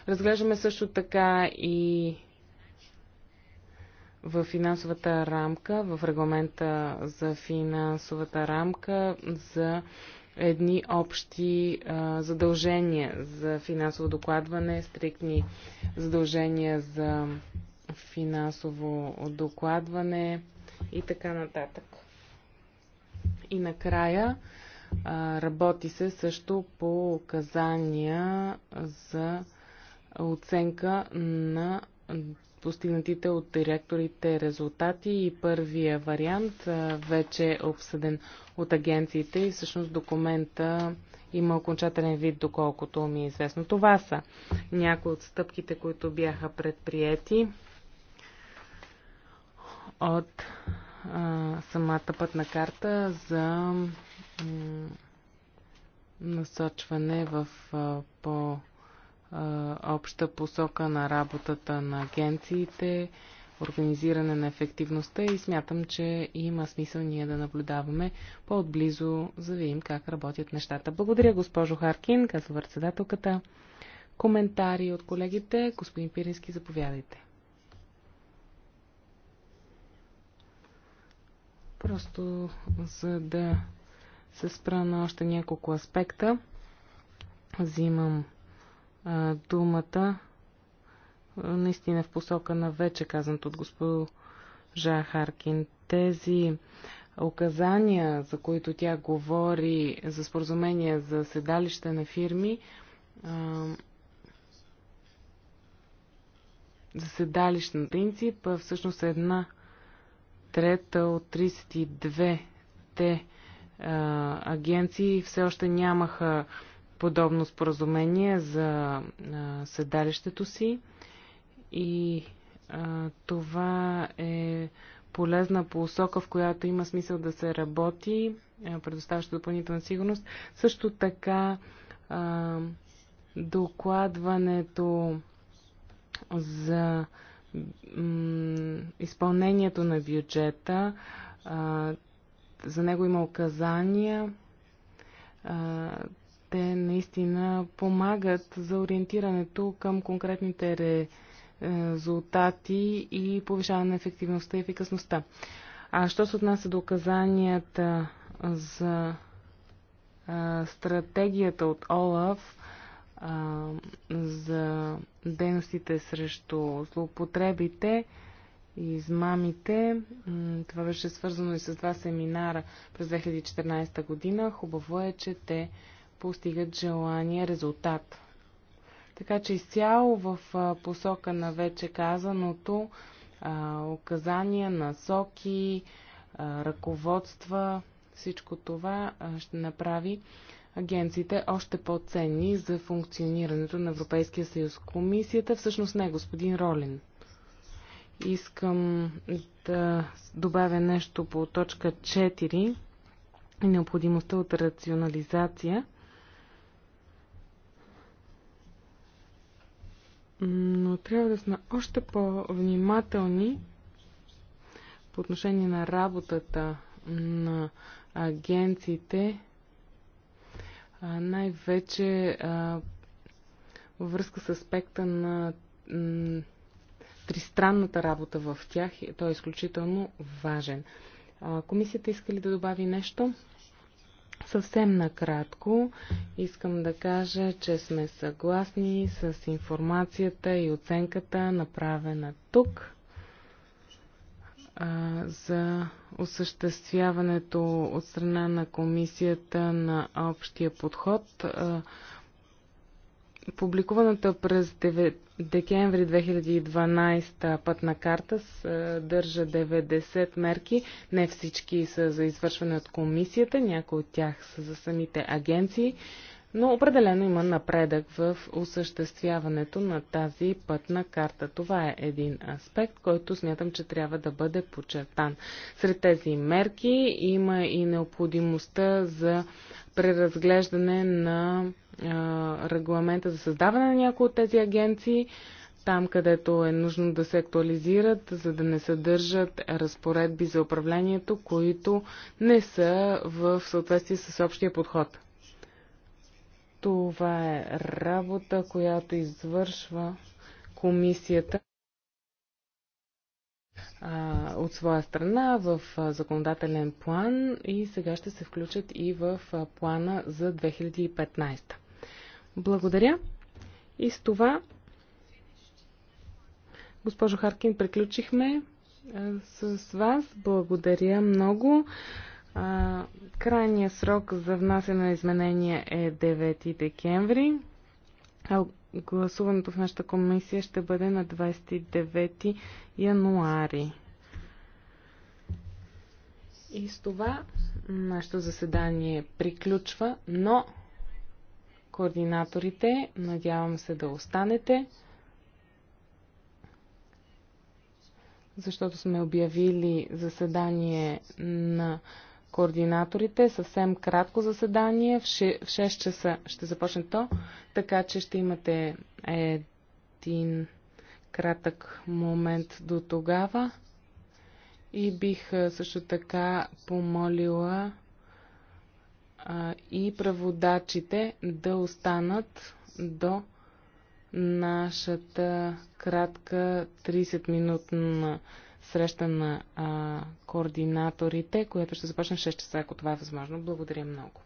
Разглеждаме също така и в финансовата рамка, в регламента за финансовата рамка за едни общи а, задължения за финансово докладване, стриктни задължения за финансово докладване и така нататък. И накрая а, работи се също по указания за оценка на постигнатите от директорите резултати и първия вариант вече е обсъден от агенциите и всъщност документа има окончателен вид, доколкото ми е известно. Това са някои от стъпките, които бяха предприяти от а, самата пътна карта за насочване в а, по обща посока на работата на агенциите, организиране на ефективността и смятам, че има смисъл ние да наблюдаваме по-отблизо, за да видим как работят нещата. Благодаря, госпожо Харкин, казва председателката. Коментари от колегите. Господин Пирински, заповядайте. Просто за да се спра на още няколко аспекта, взимам а, думата наистина в посока на вече казаното от госпожа Харкин. Тези указания, за които тя говори, за споразумения за седалище на фирми, а, за седалище на принцип, всъщност една трета от 32-те агенции все още нямаха подобно споразумение за седалището си и а, това е полезна посока, в която има смисъл да се работи, предоставяща допълнителна сигурност. Също така а, докладването за изпълнението на бюджета, а, за него има указания, те наистина помагат за ориентирането към конкретните е, резултати и повишаване на ефективността и ефикасността. А що се отнася до указанията за а, стратегията от ОЛАФ а, за дейностите срещу злоупотребите, и измамите. Това беше свързано и с два семинара през 2014 година. Хубаво е, че те постигат желания резултат. Така че изцяло в посока на вече казаното, указания, насоки, ръководства, всичко това ще направи агенциите още по-ценни за функционирането на Европейския съюз. Комисията всъщност не, е господин Ролин. Искам да добавя нещо по точка 4 необходимостта от рационализация – но трябва да сме още по-внимателни по отношение на работата на агенциите, най-вече във връзка с аспекта на тристранната работа в тях. Той е изключително важен. А, комисията иска ли да добави нещо? Съвсем накратко искам да кажа, че сме съгласни с информацията и оценката направена тук а, за осъществяването от страна на комисията на общия подход. А, Публикуваната през декември 2012 пътна карта съдържа 90 мерки. Не всички са за извършване от комисията, някои от тях са за самите агенции, но определено има напредък в осъществяването на тази пътна карта. Това е един аспект, който смятам, че трябва да бъде подчертан. Сред тези мерки има и необходимостта за преразглеждане на а, регламента за създаване на някои от тези агенции, там където е нужно да се актуализират, за да не съдържат разпоредби за управлението, които не са в съответствие с общия подход. Това е работа, която извършва комисията от своя страна в законодателен план и сега ще се включат и в плана за 2015. Благодаря. И с това, госпожо Харкин, приключихме с вас. Благодаря много. Крайният срок за внасяне на изменения е 9 декември гласуването в нашата комисия ще бъде на 29 януари. И с това нашето заседание приключва, но координаторите, надявам се да останете, защото сме обявили заседание на координаторите. Съвсем кратко заседание. В 6 часа ще започне то, така че ще имате един кратък момент до тогава. И бих също така помолила а, и праводачите да останат до нашата кратка 30-минутна среща на а, координаторите, която ще започне в 6 часа, ако това е възможно. Благодаря много.